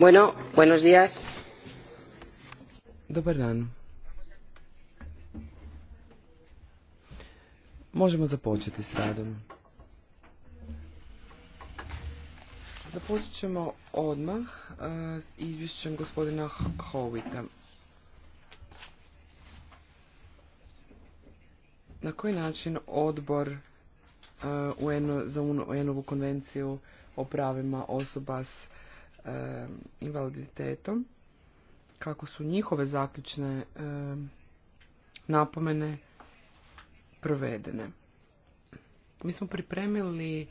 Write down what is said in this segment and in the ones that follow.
Bueno, buenos días. Dobar dan. Možemo započeti s radom. Započet ćemo odmah eh, s izvješćem gospodina Hovita. Na koji način odbor eh, za unovu ovu konvenciju o pravima osoba s E, invaliditetom, kako su njihove zaključne e, napomene provedene. Mi smo pripremili e,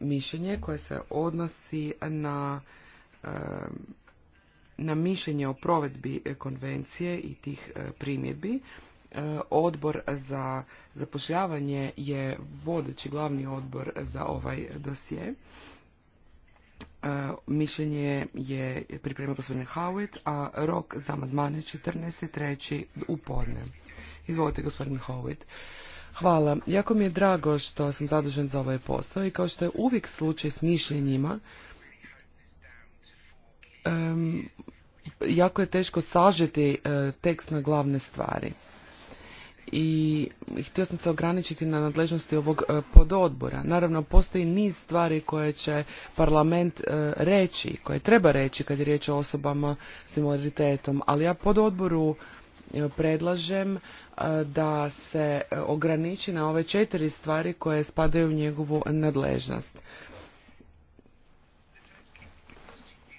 mišljenje koje se odnosi na na mišljenje o provedbi konvencije i tih primjedbi. Odbor za zapošljavanje je vodeći glavni odbor za ovaj dosje E, mišljenje je pripremio gospodin Howitt, a rok za amandmane 14.3. u podne. Izvolite gospodin Howitt. Hvala. Jako mi je drago što sam zadužen za ovaj posao i kao što je uvijek slučaj s mišljenjima, jako je teško sažeti e, tekst na glavne stvari i htio sam se ograničiti na nadležnosti ovog e, pododbora. Naravno, postoji niz stvari koje će parlament e, reći, koje treba reći kad je riječ o osobama s invaliditetom, ali ja pododboru e, predlažem da se ograniči na ove četiri stvari koje spadaju u njegovu nadležnost.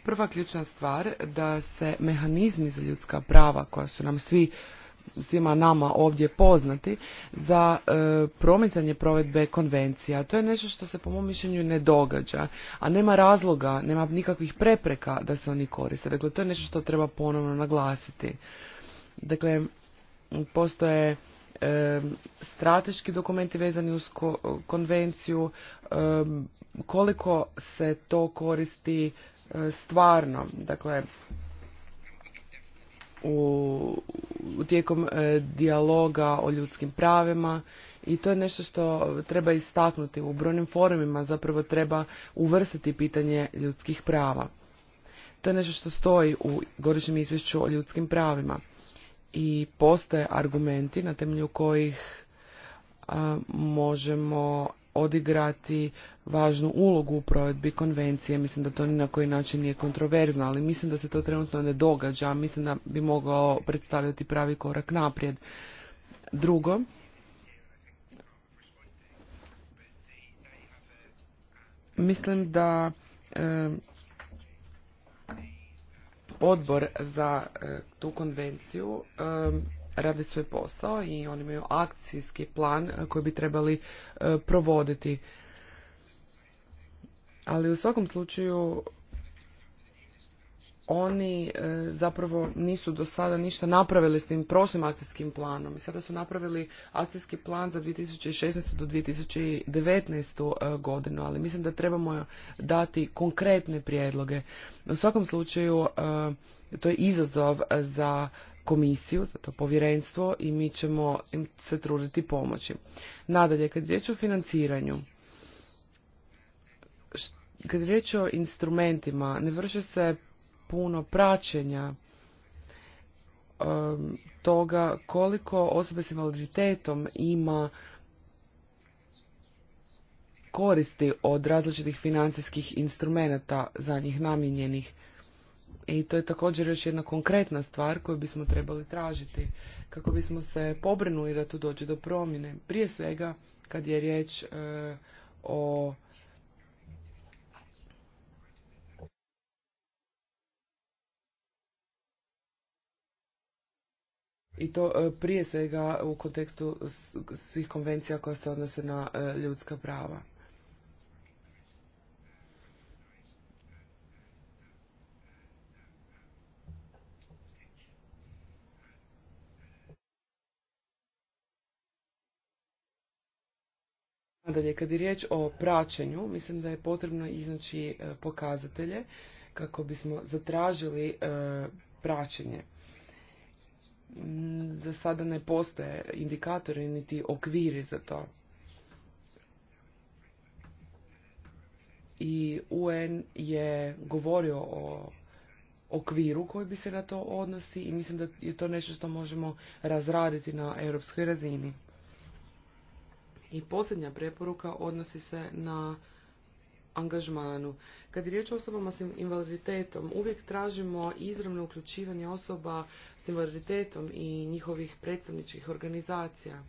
Prva ključna stvar da se mehanizmi za ljudska prava koja su nam svi svima nama ovdje poznati za e, promicanje provedbe konvencija. To je nešto što se po mom mišljenju ne događa, a nema razloga, nema nikakvih prepreka da se oni koriste. Dakle, to je nešto što treba ponovno naglasiti. Dakle, postoje e, strateški dokumenti vezani uz konvenciju, e, koliko se to koristi stvarno, dakle u, tijekom e, dijaloga o ljudskim pravima i to je nešto što treba istaknuti u brojnim forumima zapravo treba uvrstiti pitanje ljudskih prava to je nešto što stoji u godišnjem izvješću o ljudskim pravima i postoje argumenti na temelju kojih možemo odigrati važnu ulogu u provedbi konvencije. Mislim da to ni na koji način nije kontroverzno, ali mislim da se to trenutno ne događa. Mislim da bi mogao predstavljati pravi korak naprijed. Drugo, mislim da odbor za eh, tu konvenciju rade svoj posao i oni imaju akcijski plan koji bi trebali e, provoditi. Ali u svakom slučaju oni e, zapravo nisu do sada ništa napravili s tim prošlim akcijskim planom. I sada su napravili akcijski plan za 2016. do 2019. E, godinu, ali mislim da trebamo dati konkretne prijedloge. U svakom slučaju to je izazov za komisiju, za to povjerenstvo i mi ćemo im se truditi pomoći. Nadalje, kad riječ o financiranju, kad je riječ o instrumentima, ne vrše se puno praćenja um, toga koliko osoba s invaliditetom ima koristi od različitih financijskih instrumenata za njih namijenjenih i to je također još jedna konkretna stvar koju bismo trebali tražiti kako bismo se pobrinuli da tu dođe do promjene. Prije svega kad je riječ e, o i to e, prije svega u kontekstu svih konvencija koja se odnose na e, ljudska prava. Nadalje, kad je riječ o praćenju, mislim da je potrebno iznaći e, pokazatelje kako bismo zatražili e, praćenje. Mm, za sada ne postoje indikatori niti okviri za to. I UN je govorio o okviru koji bi se na to odnosi i mislim da je to nešto što možemo razraditi na europskoj razini. I posljednja preporuka odnosi se na angažmanu. Kad je riječ o osobama s invaliditetom, uvijek tražimo izravno uključivanje osoba s invaliditetom i njihovih predstavničkih organizacija.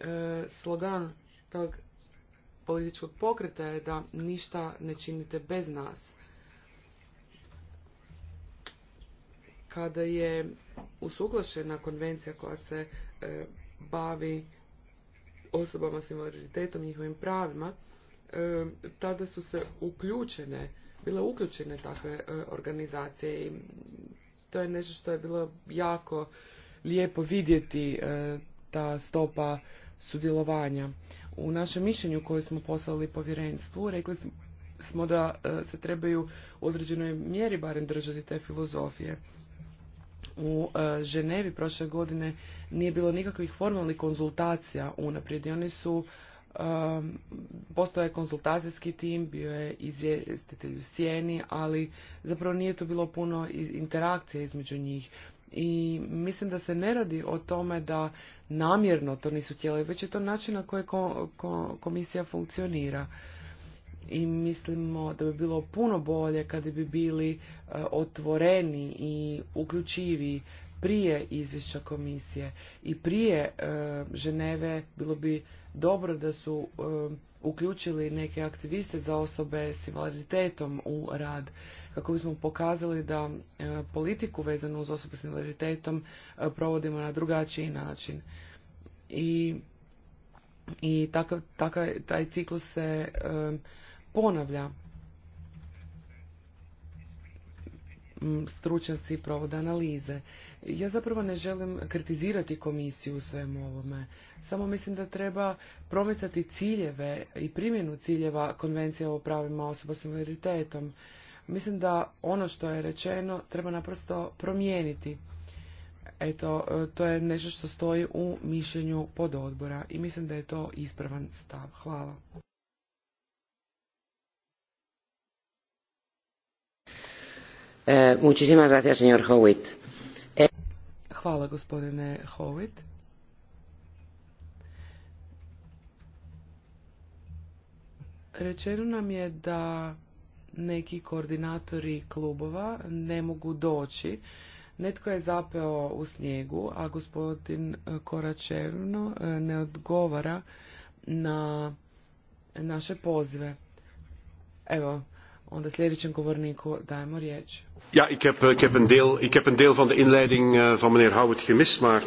E, slogan tog političkog pokreta je da ništa ne činite bez nas. Kada je usuglašena konvencija koja se e, bavi osobama s invaliditetom, njihovim pravima, e, tada su se uključene, bile uključene takve e, organizacije i to je nešto što je bilo jako lijepo vidjeti e, ta stopa sudjelovanja. U našem mišljenju koje smo poslali povjerenstvu rekli smo da se trebaju u određenoj mjeri barem držati te filozofije u e, Ženevi prošle godine nije bilo nikakvih formalnih konzultacija unaprijed oni su e, Postoje konzultacijski tim, bio je izvjestitelj u sjeni, ali zapravo nije tu bilo puno interakcije između njih. I mislim da se ne radi o tome da namjerno to nisu htjeli, već je to način na koji komisija funkcionira i mislimo da bi bilo puno bolje kada bi bili e, otvoreni i uključivi prije izvješća komisije i prije e, Ženeve bilo bi dobro da su e, uključili neke aktiviste za osobe s invaliditetom u rad kako bismo pokazali da politiku vezanu uz osobe s invaliditetom provodimo na drugačiji način. I, i takav, takav, taj ciklus se ponavlja. Mm, stručnjaci provode analize. Ja zapravo ne želim kritizirati komisiju u svemu ovome. Samo mislim da treba promicati ciljeve i primjenu ciljeva konvencije o pravima osoba s invaliditetom. Mislim da ono što je rečeno treba naprosto promijeniti. Eto, e, to je nešto što stoji u mišljenju pododbora i mislim da je to ispravan stav. Hvala. Eh, eh, Hvala, gospodine Howitt. Rečeno nam je da neki koordinatori klubova ne mogu doći. Netko je zapeo u snijegu, a gospodin Koračevno eh, ne odgovara na naše pozive. Evo, Onda sljedećem govorniku dajemo riječ. Ja, ik heb, eh, ik heb, een, deel, ik heb een deel van de inleiding eh, van meneer Howard gemist, maar...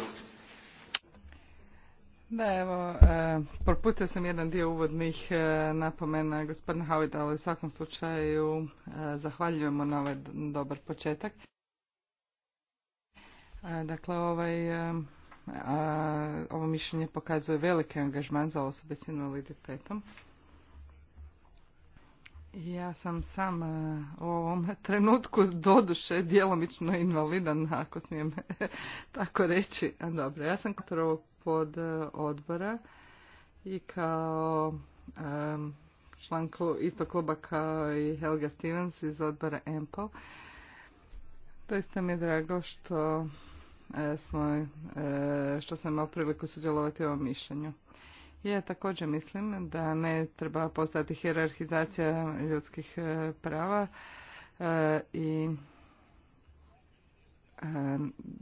Da, evo, eh, propustio sam jedan dio uvodnih napomena gospodina Howard, ali u svakom slučaju zahvaljujemo na ovaj dobar početak. Dakle, ovaj, ovo mišljenje pokazuje veliki angažman za osobe s invaliditetom. Ja sam sam e, u ovom trenutku doduše djelomično invalidan, ako smijem tako reći. A dobro, ja sam kod pod e, odbora i kao član klu, isto kluba kao i Helga Stevens iz odbora To isto mi je drago što e, što sam imao priliku sudjelovati u ovom mišljenju. Ja također mislim da ne treba postati hjerarhizacija ljudskih e, prava e, i e,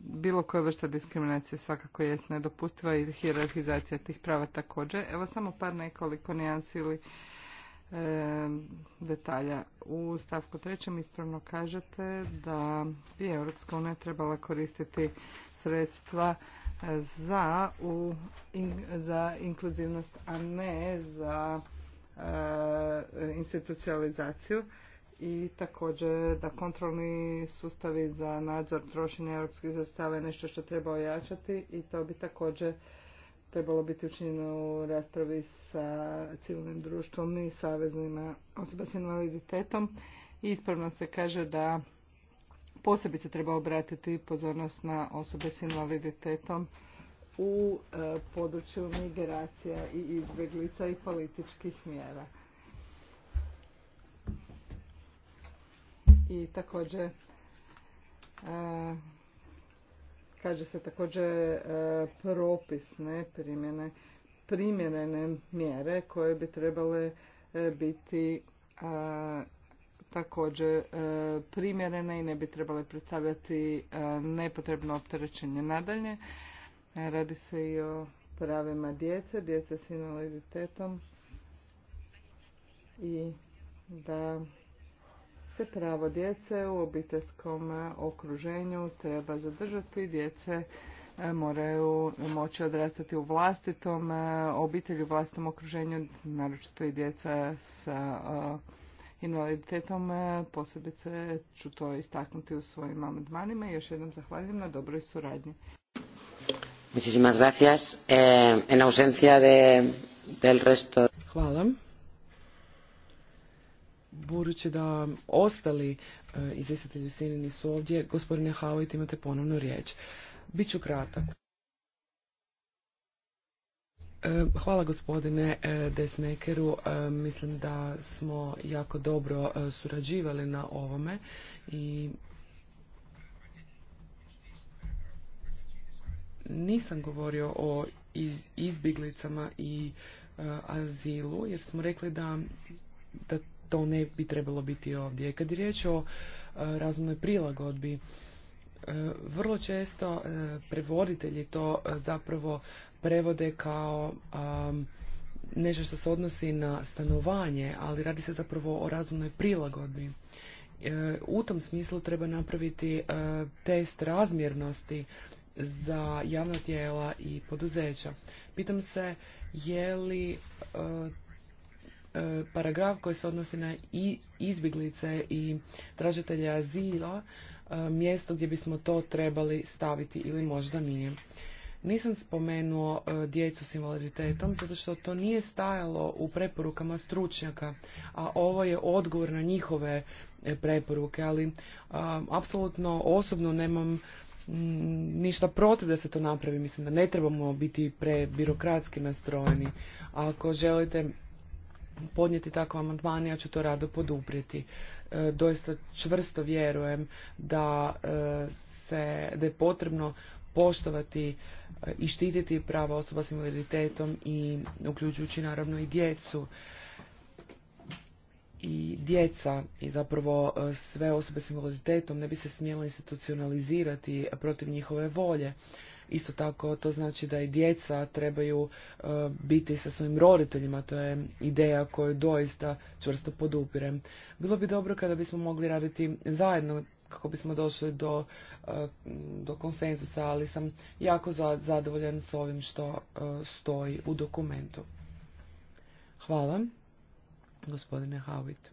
bilo koja vrsta diskriminacije svakako jest nedopustiva i hjerarhizacija tih prava također. Evo samo par nekoliko nijansi ili detalja. U stavku trećem ispravno kažete da bi Europska unija trebala koristiti sredstva za, za inkluzivnost, a ne za e, institucionalizaciju i također da kontrolni sustavi za nadzor trošenja europskih sredstava je nešto što treba ojačati i to bi također trebalo biti učinjeno u raspravi sa civilnim društvom i savezima osoba s invaliditetom. I ispravno se kaže da posebice treba obratiti pozornost na osobe s invaliditetom u e, području migracija i izbjeglica i političkih mjera. I također e, kaže se također e, propisne primjene, primjerene mjere koje bi trebale biti također e, primjerene i ne bi trebale predstavljati e, nepotrebno opterećenje nadalje. E, radi se i o pravima djece, djece s invaliditetom i da se pravo djece u obiteljskom okruženju treba zadržati. Djece moraju moći odrastati u vlastitom obitelju, u vlastitom okruženju, naročito i djeca sa invaliditetom, e, posebice ću to istaknuti u svojim amandmanima i još jednom zahvaljujem na dobroj suradnji. Eh, Hvala. Budući da ostali e, izvjestitelji u nisu ovdje, gospodine Havojt, imate ponovno riječ. Biću kratak. E, hvala gospodine e, Desmekeru. E, mislim da smo jako dobro surađivali na ovome i nisam govorio o izbjeglicama i azilu jer smo rekli da, da to ne bi trebalo biti ovdje. Kad je riječ o razumnoj prilagodbi, vrlo često prevoditelji to zapravo prevode kao nešto što se odnosi na stanovanje, ali radi se zapravo o razumnoj prilagodbi. E, u tom smislu treba napraviti e, test razmjernosti za javna tijela i poduzeća. Pitam se je li e, paragraf koji se odnosi na i izbjeglice i tražitelja azila mjesto gdje bismo to trebali staviti ili možda nije. Nisam spomenuo e, djecu s invaliditetom zato što to nije stajalo u preporukama stručnjaka, a ovo je odgovor na njihove e, preporuke, ali apsolutno osobno nemam mm, ništa protiv da se to napravi. Mislim da ne trebamo biti prebirokratski nastrojeni. Ako želite podnijeti takav amandman, ja ću to rado poduprijeti. E, doista čvrsto vjerujem da se da je potrebno poštovati e, i štititi prava osoba s invaliditetom i uključujući naravno i djecu i djeca i zapravo e, sve osobe s invaliditetom ne bi se smjele institucionalizirati protiv njihove volje. Isto tako to znači da i djeca trebaju e, biti sa svojim roditeljima, to je ideja koju doista čvrsto podupirem. Bilo bi dobro kada bismo mogli raditi zajedno kako bismo došli do, e, do konsenzusa, ali sam jako zadovoljan s ovim što e, stoji u dokumentu. Hvala, gospodine Howitt.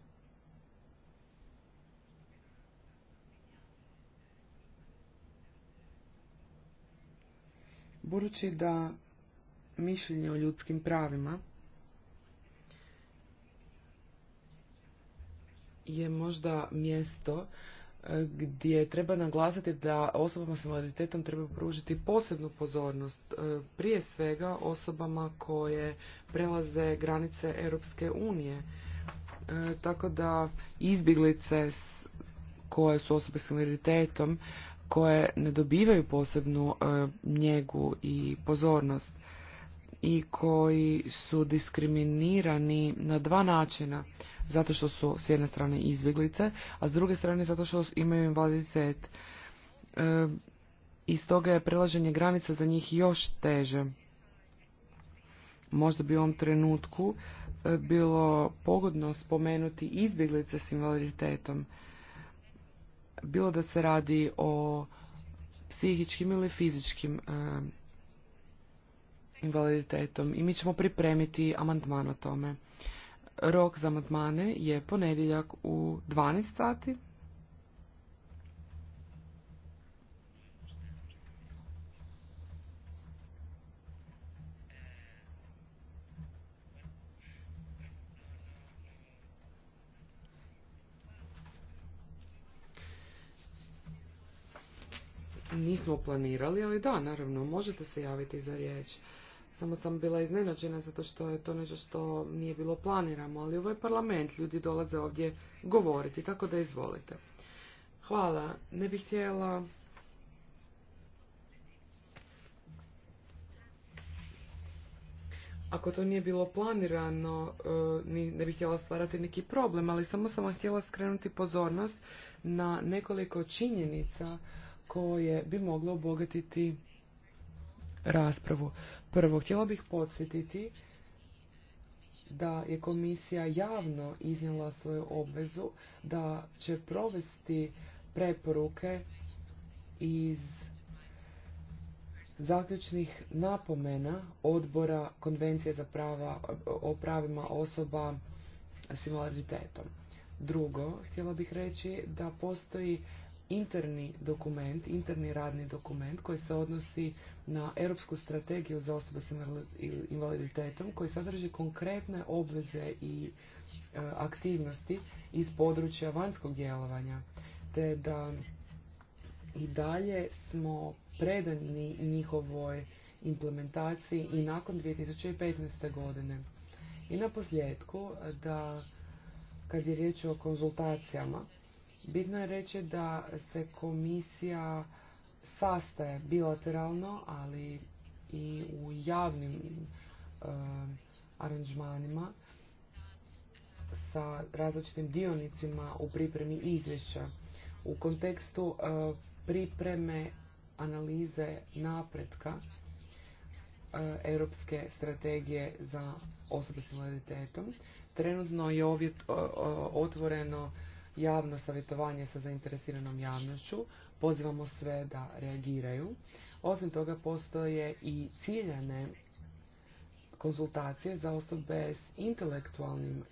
Budući da mišljenje o ljudskim pravima je možda mjesto gdje treba naglasiti da osobama s invaliditetom treba pružiti posebnu pozornost, e, prije svega osobama koje prelaze granice Europske unije. E, tako da izbjeglice koje su osobe s invaliditetom, koje ne dobivaju posebnu e, njegu i pozornost, i koji su diskriminirani na dva načina, zato što su s jedne strane izbjeglice, a s druge strane zato što imaju invaliditet. E, I stoga je prelaženje granica za njih još teže. Možda bi u ovom trenutku e, bilo pogodno spomenuti izbjeglice s invaliditetom. Bilo da se radi o psihičkim ili fizičkim e, invaliditetom i mi ćemo pripremiti amandman o tome. Rok za amandmane je ponedjeljak u 12 sati. nismo planirali, ali da, naravno, možete se javiti za riječ. Samo sam bila iznenađena zato što je to nešto što nije bilo planirano, ali ovo ovaj je parlament, ljudi dolaze ovdje govoriti, tako da izvolite. Hvala, ne bih htjela... Ako to nije bilo planirano, e, ne bih htjela stvarati neki problem, ali samo sam htjela skrenuti pozornost na nekoliko činjenica koje bi mogle obogatiti raspravu. Prvo, htjela bih podsjetiti da je komisija javno iznijela svoju obvezu da će provesti preporuke iz zaključnih napomena odbora Konvencije za prava, o pravima osoba s invaliditetom. Drugo, htjela bih reći da postoji interni dokument, interni radni dokument koji se odnosi na Europsku strategiju za osobe s invaliditetom koji sadrži konkretne obveze i e, aktivnosti iz područja vanjskog djelovanja, te da i dalje smo predani njihovoj implementaciji i nakon 2015. godine. I na posljedku da kad je riječ o konzultacijama, Bitno je reći da se komisija sastaje bilateralno, ali i u javnim e, aranžmanima sa različitim dionicima u pripremi izvješća. U kontekstu e, pripreme analize napretka e, europske strategije za osobe s invaliditetom, trenutno je ovdje otvoreno javno savjetovanje sa zainteresiranom javnošću. Pozivamo sve da reagiraju. Osim toga postoje i ciljane konzultacije za osobe s intelektualnim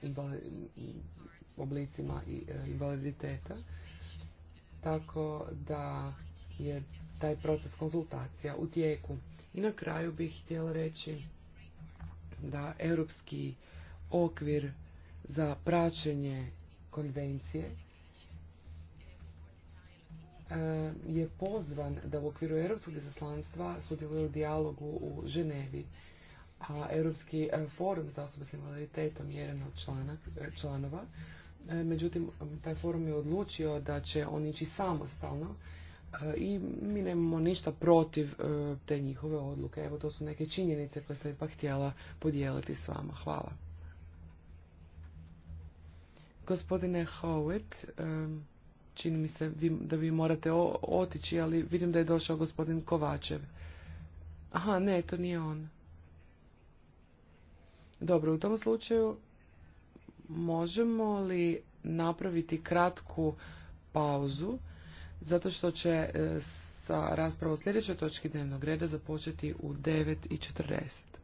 oblicima e, invaliditeta, tako da je taj proces konzultacija u tijeku. I na kraju bih htjela reći da europski okvir za praćenje konvencije Eh, je pozvan da u okviru Europskog izaslanstva sudjeluje u dijalogu u Ženevi. A Europski eh, forum za osobe s invaliditetom je jedan od eh, članova. Međutim, taj forum je odlučio da će on ići samostalno i mi nemamo ništa protiv te njihove odluke. Evo, to su neke činjenice koje sam ipak htjela podijeliti s vama. Hvala. Gospodine Howitt, čini mi se da vi morate otići, ali vidim da je došao gospodin Kovačev. Aha, ne, to nije on. Dobro, u tom slučaju možemo li napraviti kratku pauzu, zato što će e, sa raspravom sljedećoj točki dnevnog reda započeti u 9.40.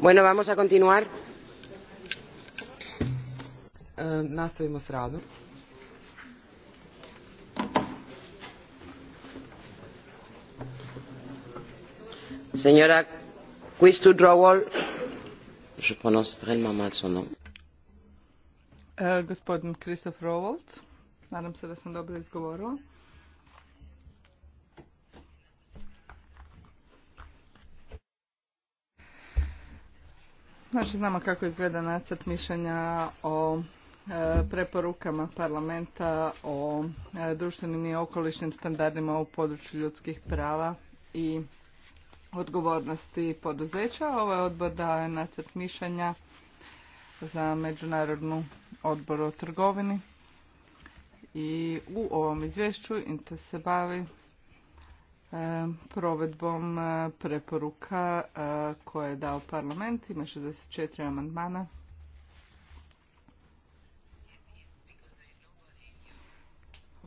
Bueno, vamos a continuar. E, nastavimo s radom. Señora Quistu Drowall, je prononce vraiment mal son nom. E, gospodin Kristof Rowald, nadam se da sam dobro izgovorila. Znači, znamo kako izgleda nacrt mišljenja o e, preporukama parlamenta o e, društvenim i okolišnim standardima u području ljudskih prava i odgovornosti poduzeća. Ovaj odbor daje nacrt mišljenja za Međunarodnu odboru o trgovini i u ovom izvješću se bavi provedbom e, preporuka e, koje je dao parlament. Ima 64 amandmana.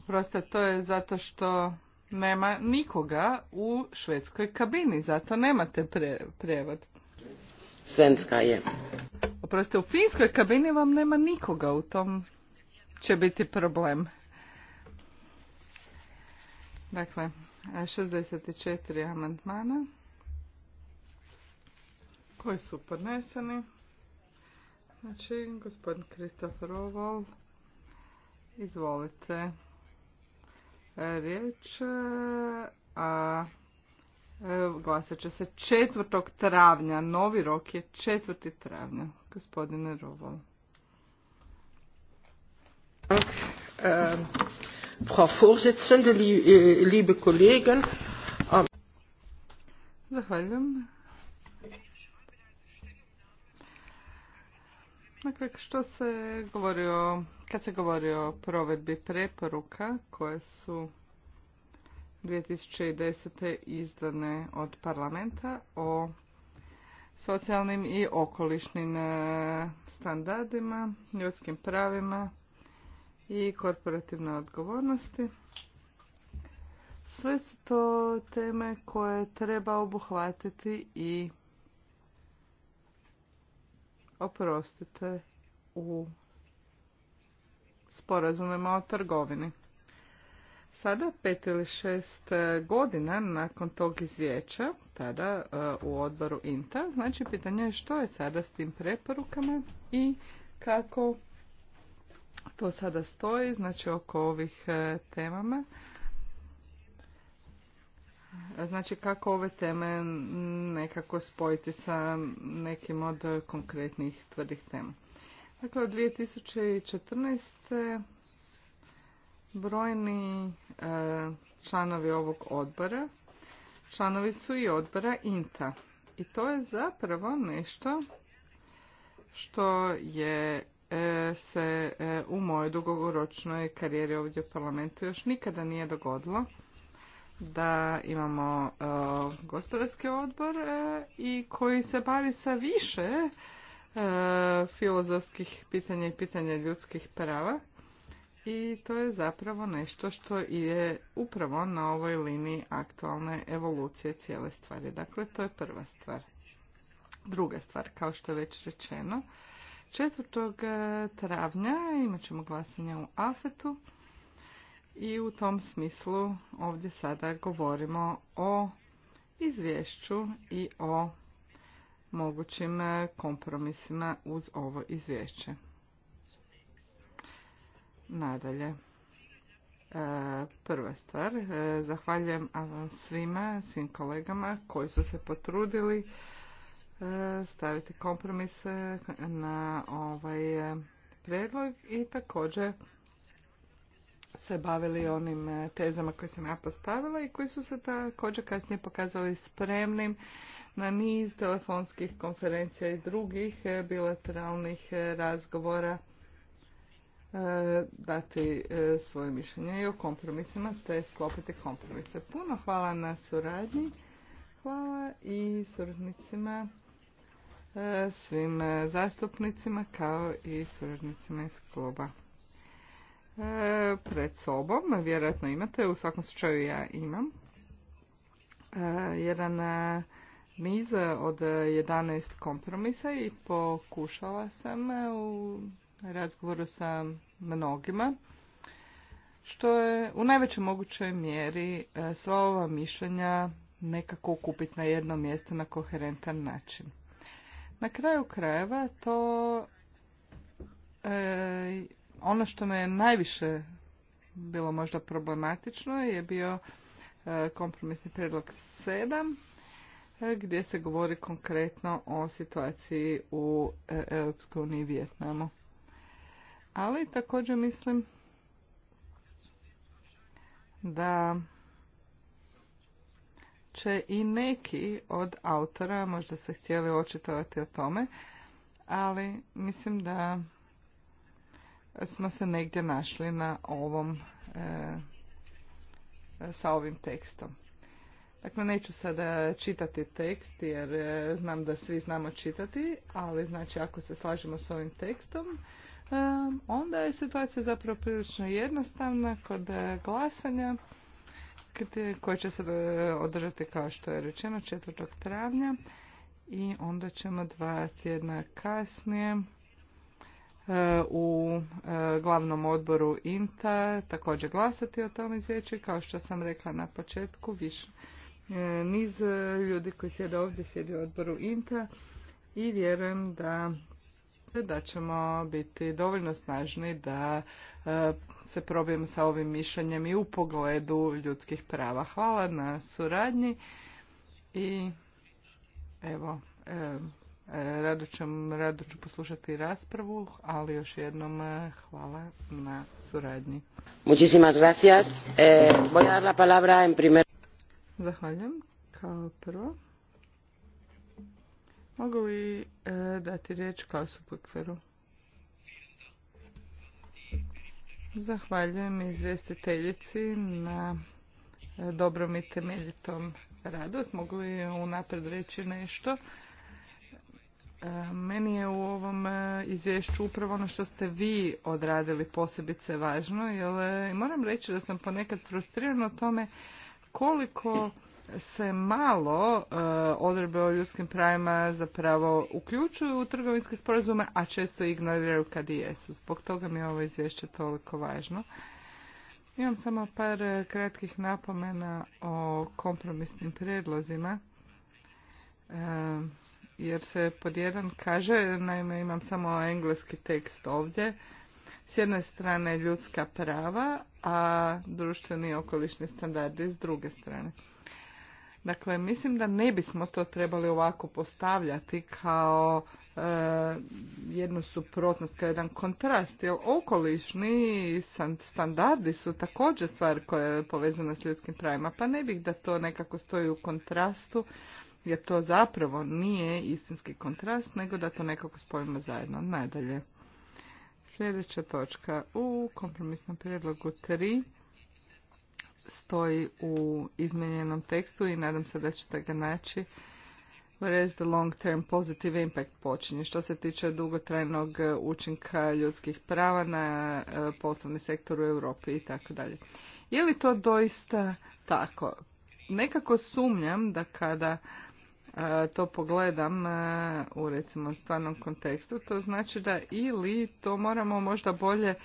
Prosto to je zato što nema nikoga u švedskoj kabini, zato nemate prijevod. Svenska je. Oprostite, u finskoj kabini vam nema nikoga, u tom će biti problem. Dakle, 64 amandmana koji su podneseni. Znači, gospodin Kristof Rovol, izvolite e, riječ, e, a e, glasat će se 4. travnja, novi rok je 4. travnja, gospodine Rovol. Äh, ähm, Zahvaljujem. Dakle, što se govori o, kad se govori o provedbi preporuka koje su 2010. izdane od parlamenta o socijalnim i okolišnim e, standardima, ljudskim pravima, i korporativne odgovornosti. Sve su to teme koje treba obuhvatiti i oprostite u sporazumima o trgovini. Sada, pet ili šest godina nakon tog izvješća, tada e, u odboru INTA, znači pitanje je što je sada s tim preporukama i kako to sada stoji, znači oko ovih e, temama. Znači kako ove teme nekako spojiti sa nekim od konkretnih tvrdih tema. Dakle, od 2014. brojni e, članovi ovog odbora, članovi su i odbora INTA. I to je zapravo nešto što je E, se e, u mojoj dugoročnoj karijeri ovdje u parlamentu još nikada nije dogodilo da imamo e, gospodarski odbor i koji se bavi sa više filozofskih pitanja i pitanja ljudskih prava i to je zapravo nešto što je upravo na ovoj liniji aktualne evolucije cijele stvari. Dakle, to je prva stvar. Druga stvar, kao što je već rečeno, 4. Eh, travnja imat ćemo glasanje u AFET-u i u tom smislu ovdje sada govorimo o izvješću i o mogućim eh, kompromisima uz ovo izvješće. Nadalje. Eh, prva stvar, zahvaljujem svima, svim kolegama koji su se potrudili staviti kompromise na ovaj e, predlog i također se bavili onim e, tezama koje sam ja postavila i koji su se također kasnije pokazali spremnim na niz telefonskih konferencija i drugih e, bilateralnih razgovora dati svoje mišljenje i o kompromisima te sklopiti kompromise. Puno hvala na suradnji. Hvala i suradnicima svim e, zastupnicima kao i suradnicima iz kluba. E, pred sobom vjerojatno imate, u svakom slučaju ja imam, e, jedan niz od 11 kompromisa i pokušala sam u razgovoru sa mnogima što je u najvećoj mogućoj mjeri sva ova mišljenja nekako ukupiti na jedno mjesto na koherentan način. Na kraju krajeva to e, ono što me je najviše bilo možda problematično je bio e, kompromisni prijedlog 7 e, gdje se govori konkretno o situaciji u EU i Vjetnamu. Ali također mislim da će i neki od autora možda se htjeli očitovati o tome, ali mislim da smo se negdje našli na ovom e, sa ovim tekstom. Dakle, neću sada čitati tekst jer e, znam da svi znamo čitati, ali znači ako se slažemo s ovim tekstom, e, onda je situacija zapravo prilično jednostavna kod glasanja koji će se e, održati kao što je rečeno 4. travnja i onda ćemo dva tjedna kasnije e, u e, glavnom odboru INTA također glasati o tom izvješću kao što sam rekla na početku više niz ljudi koji sjede ovdje sjedi u odboru INTA i vjerujem da da ćemo biti dovoljno snažni da e, se probijemo sa ovim mišljenjem i u pogledu ljudskih prava. Hvala na suradnji i evo, e, e, rado ću, rado ću poslušati raspravu, ali još jednom hvala na suradnji. Muchísimas gracias. Eh, voy a dar la palabra en Zahvaljujem. Kao prvo. Mogu li e, dati riječ Klausu Zahvaljujem izvjestiteljici na e, dobrom i temeljitom radu. Mogu li unaprijed reći nešto? E, meni je u ovom izvješću upravo ono što ste vi odradili posebice važno, jer moram reći da sam ponekad frustrirana o tome koliko se malo e, odredbe o ljudskim pravima zapravo uključuju u trgovinske sporazume, a često ignoriraju kad i jesu. Zbog toga mi je ovo izvješće toliko važno. Imam samo par e, kratkih napomena o kompromisnim prijedlozima. E, jer se pod jedan kaže, naime imam samo engleski tekst ovdje, s jedne strane ljudska prava, a društveni okolišni standardi s druge strane. Dakle, mislim da ne bismo to trebali ovako postavljati kao e, jednu suprotnost, kao jedan kontrast, jer okolišni standardi su također stvar koja je povezana s ljudskim pravima, pa ne bih da to nekako stoji u kontrastu, jer to zapravo nije istinski kontrast, nego da to nekako spojimo zajedno. Nadalje. Sljedeća točka u kompromisnom prijedlogu tri stoji u izmijenjenom tekstu i nadam se da ćete ga naći. Where is the long term positive impact počinje? Što se tiče dugotrajnog učinka ljudskih prava na e, poslovni sektor u Europi i tako dalje. Je li to doista tako? Nekako sumnjam da kada e, to pogledam e, u recimo stvarnom kontekstu, to znači da ili to moramo možda bolje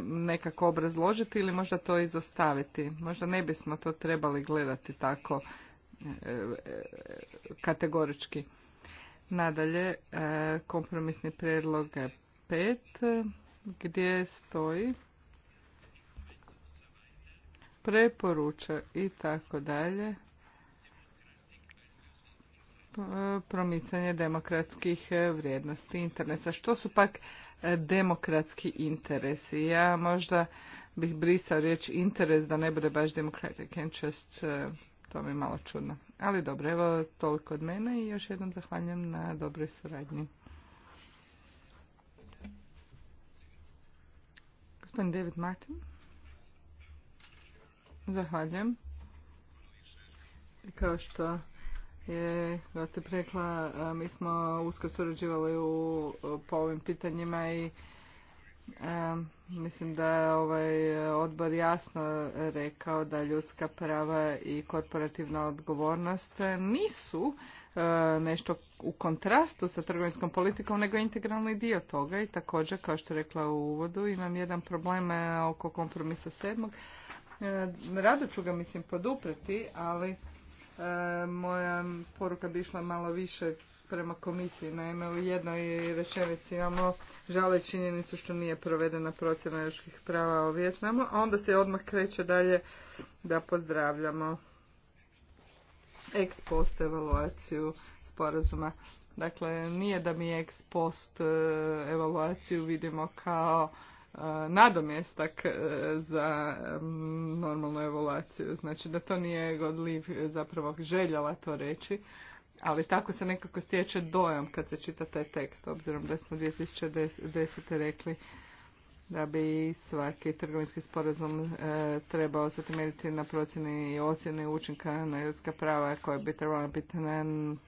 nekako obrazložiti ili možda to izostaviti. Možda ne bismo to trebali gledati tako e, e, kategorički. Nadalje, e, kompromisni prijedlog pet, gdje stoji preporuča i tako dalje promicanje demokratskih e, vrijednosti interesa. Što su pak e, demokratski interesi? Ja možda bih brisao riječ interes da ne bude baš democratic interest, e, to mi je malo čudno. Ali dobro, evo toliko od mene i još jednom zahvaljujem na dobroj suradnji. Gospodin David Martin. Zahvaljujem. Kao što je prekla, rekla, mi smo usko surađivali u, po ovim pitanjima i mislim da je ovaj odbor jasno rekao da ljudska prava i korporativna odgovornost nisu nešto u kontrastu sa trgovinskom politikom, nego integralni dio toga i također, kao što rekla u uvodu, imam jedan problem e, oko kompromisa sedmog. E, rado ću ga, mislim, poduprati, ali moja poruka bi išla malo više prema komisiji. Naime, u jednoj rečenici imamo žale činjenicu što nije provedena procjena ljudskih prava o Vjetnamu, a onda se odmah kreće dalje da pozdravljamo ex post evaluaciju sporazuma. Dakle, nije da mi ex post e, evaluaciju vidimo kao nadomjestak e, za normalnu evoluciju. Znači da to nije Godliv e, zapravo željela to reći, ali tako se nekako stječe dojam kad se čita taj tekst, obzirom da smo 2010. rekli da bi svaki trgovinski sporazum e, trebao se temeljiti na procjeni i ocjeni učinka na ljudska prava koja bi trebala biti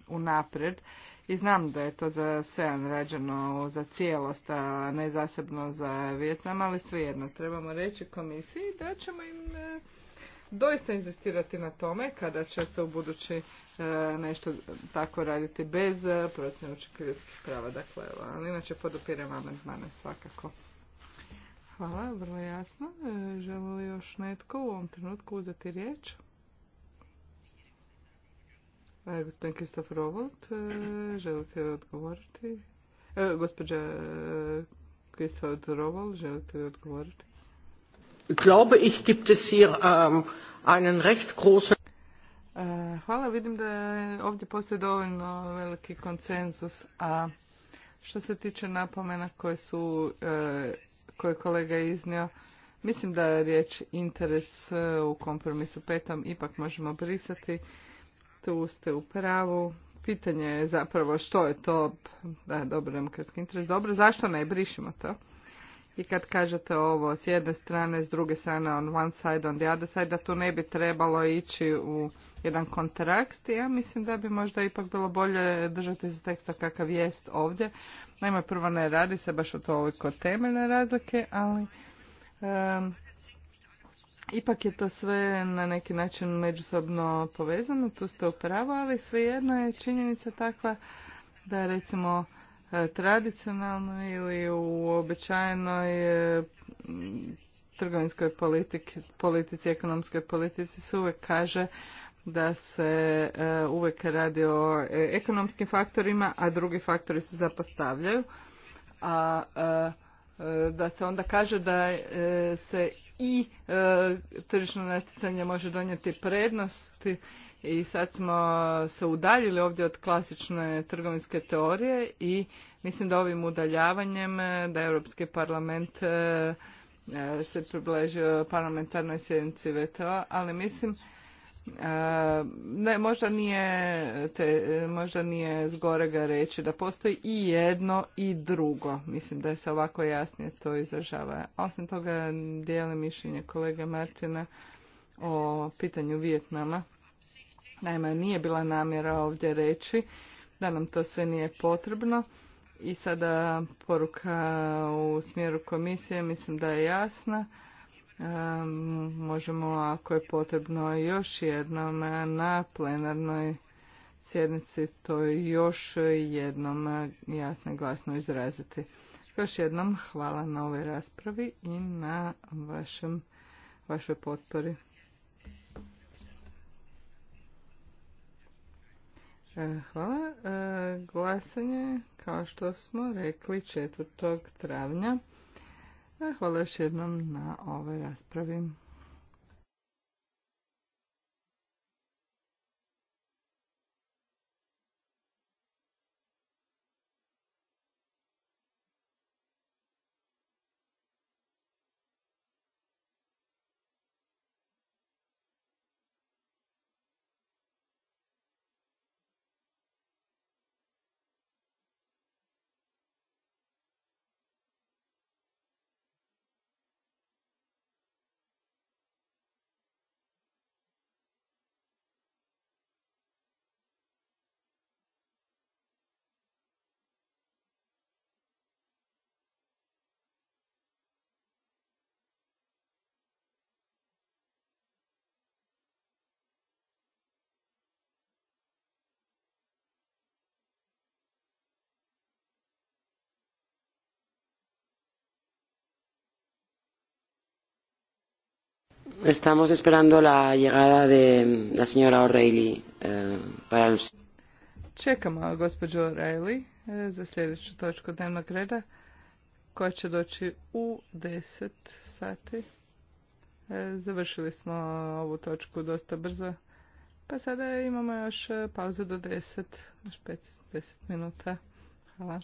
unaprijed. I znam da je to za SEAN rađeno za cijelost, a ne zasebno za Vjetnam, ali svejedno trebamo reći komisiji da ćemo im e, doista inzistirati na tome kada će se u budući e, nešto tako raditi bez procjene učinka ljudskih prava. Dakle, ali inače podupiram amandmane svakako. Hvala, vrlo jasno. E, želi li još netko u ovom trenutku uzeti riječ? E, gospodin e, Kristof Rovolt, želite li odgovoriti? Gospodin Kristof Rovolt, želite li odgovoriti? Glaube ich gibt es hier ähm, einen recht großen Hvala, vidim da ovdje postoji dovoljno veliki konsenzus, a što se tiče napomena koje su koje kolega iznio, mislim da je riječ interes e, u kompromisu petom ipak možemo brisati. Tu ste u pravu. Pitanje je zapravo što je to da, dobro demokratski interes. Dobro, zašto ne brišimo to? i kad kažete ovo s jedne strane, s druge strane on one side, on the other side, da tu ne bi trebalo ići u jedan kontrakt. Ja mislim da bi možda ipak bilo bolje držati se teksta kakav jest ovdje. Naime, prvo ne radi se baš o toliko temeljne razlike, ali ipak je to sve na neki način međusobno povezano, tu ste u pravu, ali svejedno je činjenica takva da recimo E, tradicionalno ili u običajnoj e, trgovinskoj politici, politici, ekonomskoj politici se uvijek kaže da se e, uvijek radi o ekonomskim faktorima, a drugi faktori se zapostavljaju, a da se onda kaže da se i e, tržišno natjecanje može donijeti prednosti i sad smo se udaljili ovdje od klasične trgovinske teorije i mislim da ovim udaljavanjem e, da Europski parlament e, e, se približio parlamentarnoj sjednici VTO, ali mislim ne, možda nije, te, možda nije zgorega reći da postoji i jedno i drugo. Mislim da se ovako jasnije to izražava. Osim toga dijelim mišljenje kolege Martina o pitanju Vijetnama. Naime, nije bila namjera ovdje reći da nam to sve nije potrebno. I sada poruka u smjeru komisije mislim da je jasna možemo ako je potrebno još jednom na plenarnoj sjednici to još jednom jasno i glasno izraziti. Još jednom hvala na ovoj raspravi i na vašem, vašoj potpori. Hvala. Glasanje, kao što smo rekli, 4. travnja. Hvala još jednom na ovoj raspravi. Estamos esperando la llegada de la señora O'Reilly eh, para el... Čekamo gospođu O'Reilly eh, za sljedeću točku dnevnog reda koja će doći u 10 sati. Eh, završili smo ovu točku dosta brzo. Pa sada imamo još eh, pauzu do 10, još 5, 10 minuta. Hvala.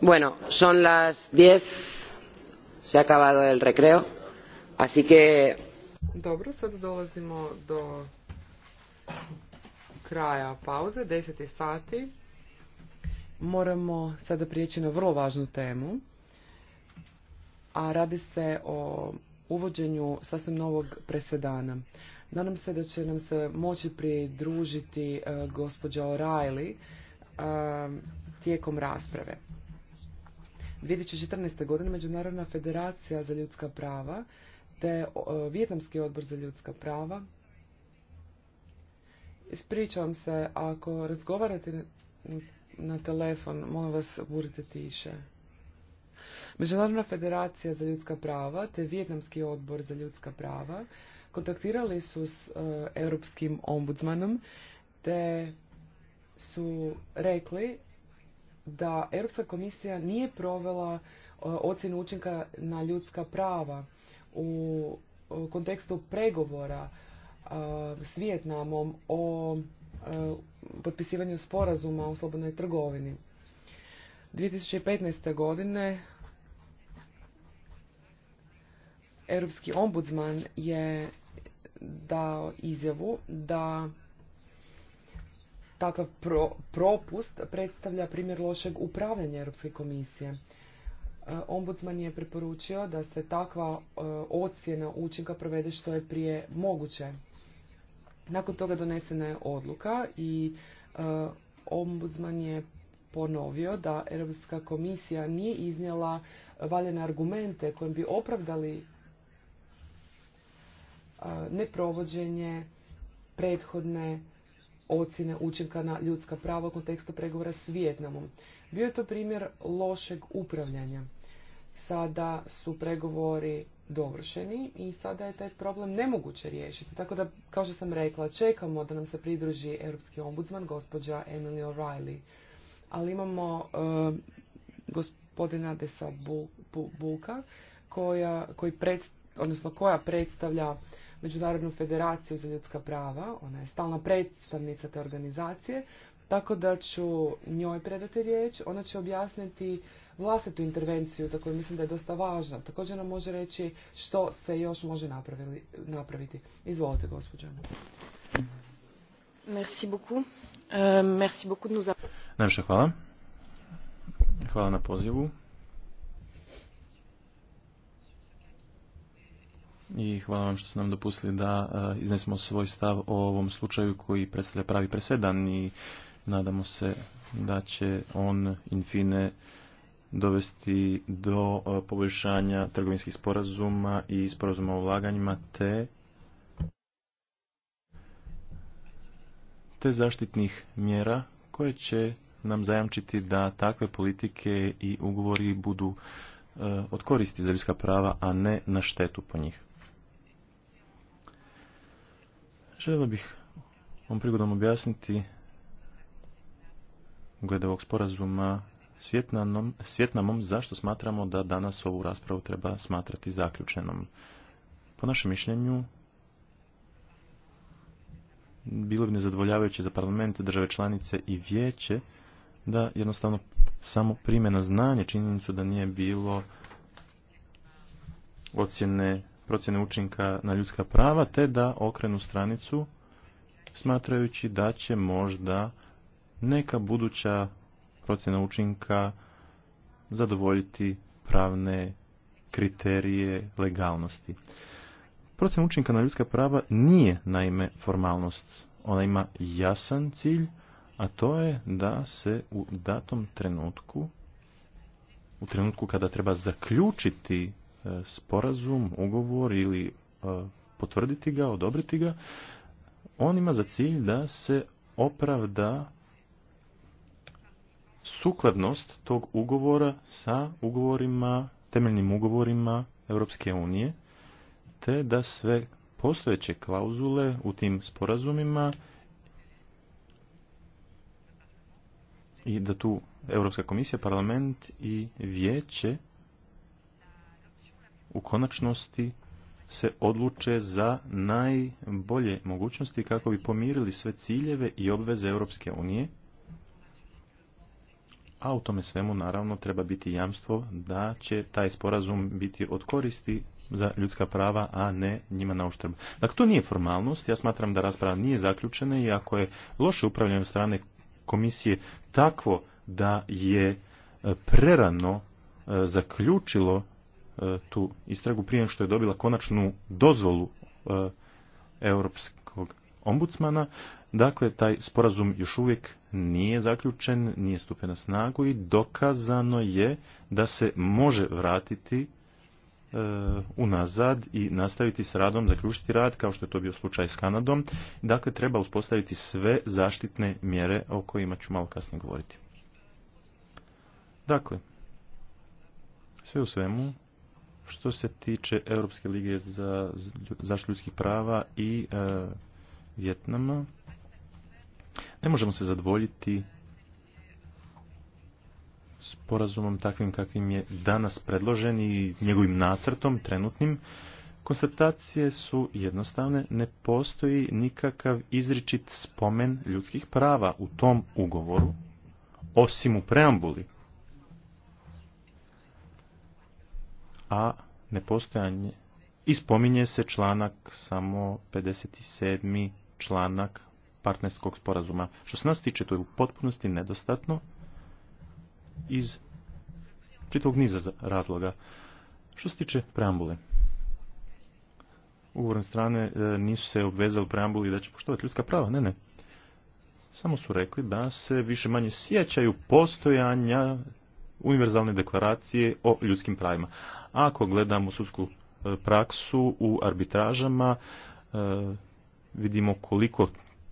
Bueno, son las se ha acabado el recreo, así que... Dobro, sad dolazimo do kraja pauze, deset sati. Moramo sada prijeći na vrlo važnu temu, a radi se o uvođenju sasvim novog presedana. Nadam se da će nam se moći pridružiti e, gospođa O'Reilly e, tijekom rasprave. 2014. godine Međunarodna federacija za ljudska prava te e, Vjetnamski odbor za ljudska prava. Ispričavam se, ako razgovarate na telefon, molim vas, budite tiše. Međunarodna federacija za ljudska prava te Vjetnamski odbor za ljudska prava kontaktirali su s e, europskim ombudsmanom te su rekli da Europska komisija nije provela e, ocjenu učinka na ljudska prava u kontekstu pregovora e, s Vijetnamom o e, potpisivanju sporazuma o slobodnoj trgovini. 2015. godine Europski ombudsman je dao izjavu da Takav propust predstavlja primjer lošeg upravljanja Europske komisije. E, ombudsman je preporučio da se takva e, ocjena učinka provede što je prije moguće. Nakon toga donesena je odluka i e, ombudsman je ponovio da Europska komisija nije iznijela valjene argumente kojim bi opravdali neprovođenje prethodne ocjene učinka na ljudska prava u kontekstu pregovora s Vijetnamom. Bio je to primjer lošeg upravljanja. Sada su pregovori dovršeni i sada je taj problem nemoguće riješiti. Tako da, kao što sam rekla, čekamo da nam se pridruži europski ombudsman, gospođa Emily O'Reilly. Ali imamo eh, gospodina Desa Bulka, koja, koji odnosno koja predstavlja Međunarodnu federaciju za ljudska prava, ona je stalna predstavnica te organizacije, tako da ću njoj predati riječ, ona će objasniti vlastitu intervenciju za koju mislim da je dosta važna. Također nam može reći što se još može napraviti. Izvolite, gospođo. Merci beaucoup. Euh, merci beaucoup Najviše hvala. Hvala na pozivu. i hvala vam što ste nam dopustili da eh, iznesemo svoj stav o ovom slučaju koji predstavlja pravi presedan i nadamo se da će on infine dovesti do eh, poboljšanja trgovinskih sporazuma i sporazuma o ulaganjima te te zaštitnih mjera koje će nam zajamčiti da takve politike i ugovori budu eh, od koristi za ljudska prava, a ne na štetu po njih. Želio bih ovom prigodom objasniti glede ovog sporazuma svjetnamom zašto smatramo da danas ovu raspravu treba smatrati zaključenom. Po našem mišljenju bilo bi nezadovoljavajuće za parlament, države članice i vijeće da jednostavno samo prime na znanje činjenicu da nije bilo ocjene procjene učinka na ljudska prava, te da okrenu stranicu smatrajući da će možda neka buduća procjena učinka zadovoljiti pravne kriterije legalnosti. Procjena učinka na ljudska prava nije naime formalnost. Ona ima jasan cilj, a to je da se u datom trenutku, u trenutku kada treba zaključiti E, sporazum, ugovor ili e, potvrditi ga, odobriti ga, on ima za cilj da se opravda sukladnost tog ugovora sa ugovorima, temeljnim ugovorima Europske unije, te da sve postojeće klauzule u tim sporazumima i da tu Europska komisija, parlament i vijeće u konačnosti se odluče za najbolje mogućnosti kako bi pomirili sve ciljeve i obveze Europske unije, a u tome svemu naravno treba biti jamstvo da će taj sporazum biti od koristi za ljudska prava, a ne njima na uštrb. Dakle, to nije formalnost, ja smatram da rasprava nije zaključena i ako je loše upravljanje od strane komisije takvo da je e, prerano e, zaključilo E, tu istragu prije što je dobila konačnu dozvolu e, europskog ombudsmana. Dakle, taj sporazum još uvijek nije zaključen, nije stupio na snagu i dokazano je da se može vratiti e, unazad i nastaviti s radom, zaključiti rad kao što je to bio slučaj s Kanadom. Dakle, treba uspostaviti sve zaštitne mjere o kojima ću malo kasnije govoriti. Dakle, sve u svemu, što se tiče Europske lige za zaštitu ljudskih prava i e, Vjetnama, ne možemo se zadovoljiti sporazumom takvim kakvim je danas predložen i njegovim nacrtom trenutnim. Konstatacije su jednostavne, ne postoji nikakav izričit spomen ljudskih prava u tom ugovoru, osim u preambuli a nepostojanje ispominje se članak samo 57. članak partnerskog sporazuma. Što se nas tiče, to je u potpunosti nedostatno iz čitavog niza razloga. Što se tiče preambule, ugovorne strane e, nisu se obvezali preambuli da će poštovati ljudska prava, ne, ne. Samo su rekli da se više manje sjećaju postojanja univerzalne deklaracije o ljudskim pravima. Ako gledamo sudsku e, praksu u arbitražama, e, vidimo koliko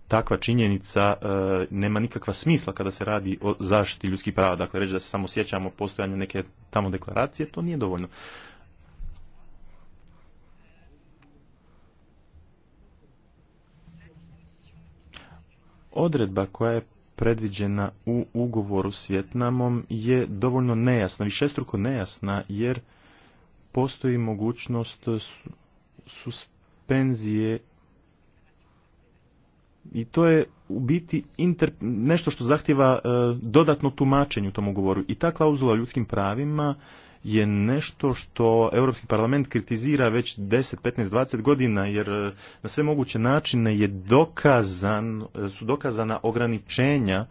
takva činjenica e, nema nikakva smisla kada se radi o zaštiti ljudskih prava. Dakle, reći da se samo sjećamo postojanja neke tamo deklaracije, to nije dovoljno. Odredba koja je predviđena u ugovoru s Vjetnamom je dovoljno nejasna, višestruko nejasna, jer postoji mogućnost suspenzije i to je u biti nešto što zahtjeva e, dodatno tumačenje u tom ugovoru. I ta klauzula o ljudskim pravima je nešto što Europski parlament kritizira već 10, 15, 20 godina jer e, na sve moguće načine je dokazan, su dokazana ograničenja e,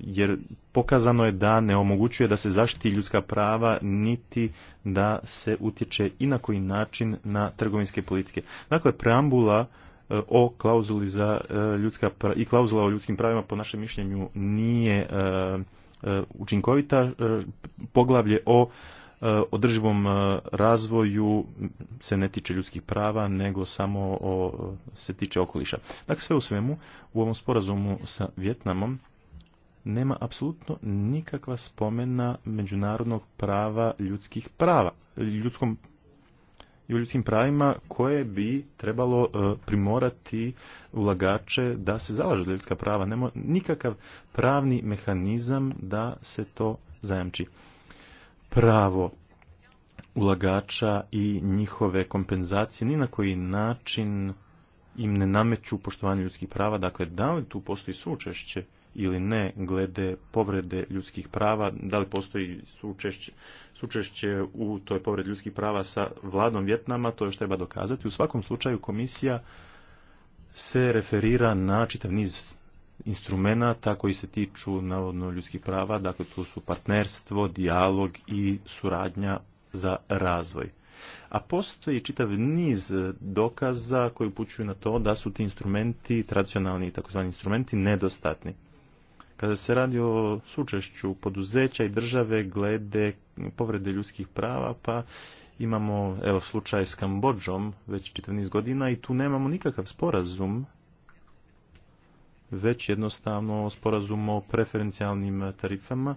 jer pokazano je da ne omogućuje da se zaštiti ljudska prava niti da se utječe i na koji način na trgovinske politike. Dakle, preambula e, o klauzuli za ljudska i klauzula o ljudskim pravima po našem mišljenju nije E, učinkovita. E, poglavlje o e, održivom razvoju se ne tiče ljudskih prava, nego samo o, se tiče okoliša. Dakle, sve u svemu, u ovom sporazumu sa Vjetnamom nema apsolutno nikakva spomena međunarodnog prava ljudskih prava, ljudskom i o ljudskim pravima koje bi trebalo e, primorati ulagače da se zalažu za ljudska prava. Nemo nikakav pravni mehanizam da se to zajamči. Pravo ulagača i njihove kompenzacije ni na koji način im ne nameću poštovanje ljudskih prava. Dakle, da li tu postoji sučešće ili ne glede povrede ljudskih prava, da li postoji sučešće, sučešće u toj povredi ljudskih prava sa vladom Vjetnama, to još treba dokazati. U svakom slučaju komisija se referira na čitav niz instrumenata koji se tiču navodno ljudskih prava, dakle tu su partnerstvo, dijalog i suradnja za razvoj. A postoji čitav niz dokaza koji upućuju na to da su ti instrumenti, tradicionalni takozvani instrumenti, nedostatni kada se radi o sučešću poduzeća i države glede povrede ljudskih prava, pa imamo evo, slučaj s Kambodžom već 14 godina i tu nemamo nikakav sporazum, već jednostavno sporazum o preferencijalnim tarifama,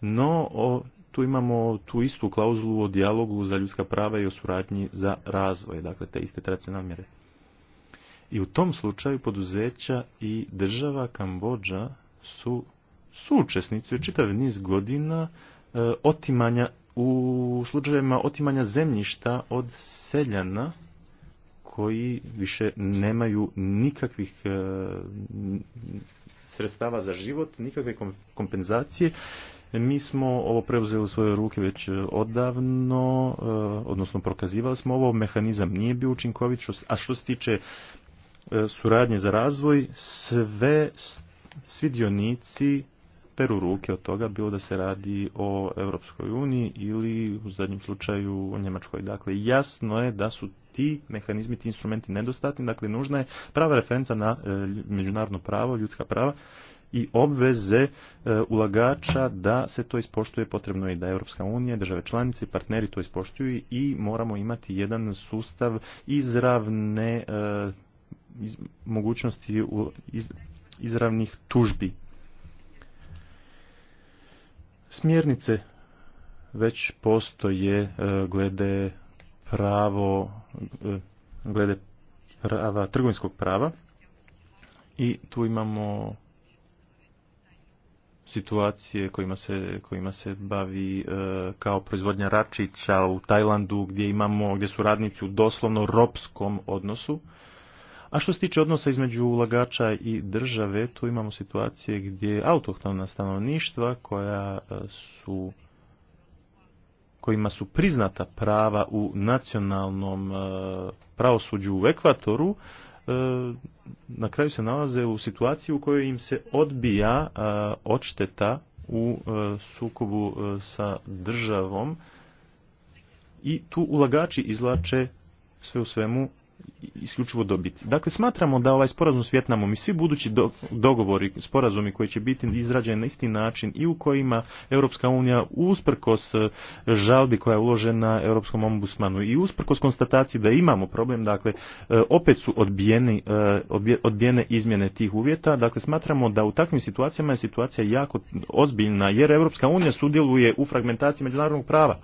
no o, tu imamo tu istu klauzulu o dijalogu za ljudska prava i o suradnji za razvoj, dakle te iste tradicionalne mjere. I u tom slučaju poduzeća i država Kambodža su suučesnici već čitav niz godina e, otimanja u slučajevima otimanja zemljišta od seljana koji više nemaju nikakvih e, sredstava za život, nikakve kompenzacije. Mi smo ovo preuzeli u svoje ruke već e, odavno, odnosno prokazivali smo ovo, mehanizam nije bio učinkovit, a što se tiče suradnje za razvoj, sve svi dionici peru ruke od toga, bilo da se radi o Europskoj uniji ili u zadnjem slučaju o Njemačkoj. Dakle, jasno je da su ti mehanizmi, ti instrumenti nedostatni, dakle nužna je prava referenca na e, međunarodno pravo, ljudska prava i obveze e, ulagača da se to ispoštuje potrebno je da Europska unija, države članice i partneri to ispoštuju i moramo imati jedan sustav izravne e, mogućnosti u, izravnih tužbi. Smjernice već postoje e, glede pravo e, glede prava trgovinskog prava i tu imamo situacije kojima se, kojima se bavi e, kao proizvodnja račića u Tajlandu gdje imamo gdje su radnici u doslovno ropskom odnosu a što se tiče odnosa između ulagača i države, tu imamo situacije gdje autohtona stanovništva koja e, su kojima su priznata prava u nacionalnom e, pravosuđu u Ekvatoru, e, na kraju se nalaze u situaciji u kojoj im se odbija odšteta u sukobu sa državom i tu ulagači izlače sve u svemu isključivo dobiti. Dakle, smatramo da ovaj sporazum s Vjetnamom i svi budući dogovori, sporazumi koji će biti izrađeni na isti način i u kojima Europska unija usprkos e, žalbi koja je uložena Europskom ombudsmanu i usprkos konstataciji da imamo problem, dakle, e, opet su odbijeni, e, odbijene izmjene tih uvjeta. Dakle, smatramo da u takvim situacijama je situacija jako ozbiljna jer Europska unija sudjeluje u fragmentaciji međunarodnog prava.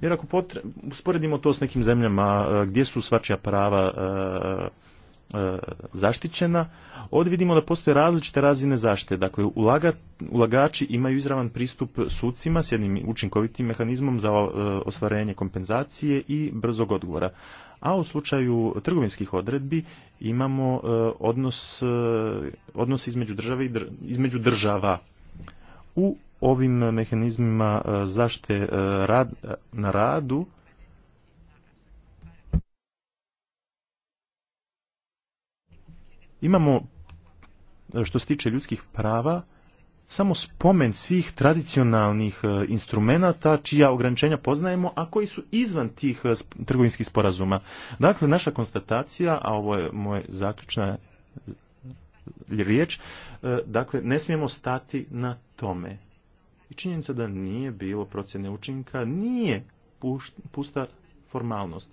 Jer ako usporedimo to s nekim zemljama e, gdje su svačija prava e, e, zaštićena, ovdje vidimo da postoje različite razine zaštite. Dakle, ulaga, ulagači imaju izravan pristup sucima s jednim učinkovitim mehanizmom za ostvarenje kompenzacije i brzog odgovora. A u slučaju trgovinskih odredbi imamo odnos, odnos između, države između država. U ovim mehanizmima e, zaštite e, rad, na radu imamo e, što se tiče ljudskih prava samo spomen svih tradicionalnih instrumenata čija ograničenja poznajemo, a koji su izvan tih trgovinskih sporazuma. Dakle, naša konstatacija, a ovo je moje zaključna riječ, dakle, ne smijemo stati na tome i činjenica da nije bilo procjene učinka nije pusta formalnost.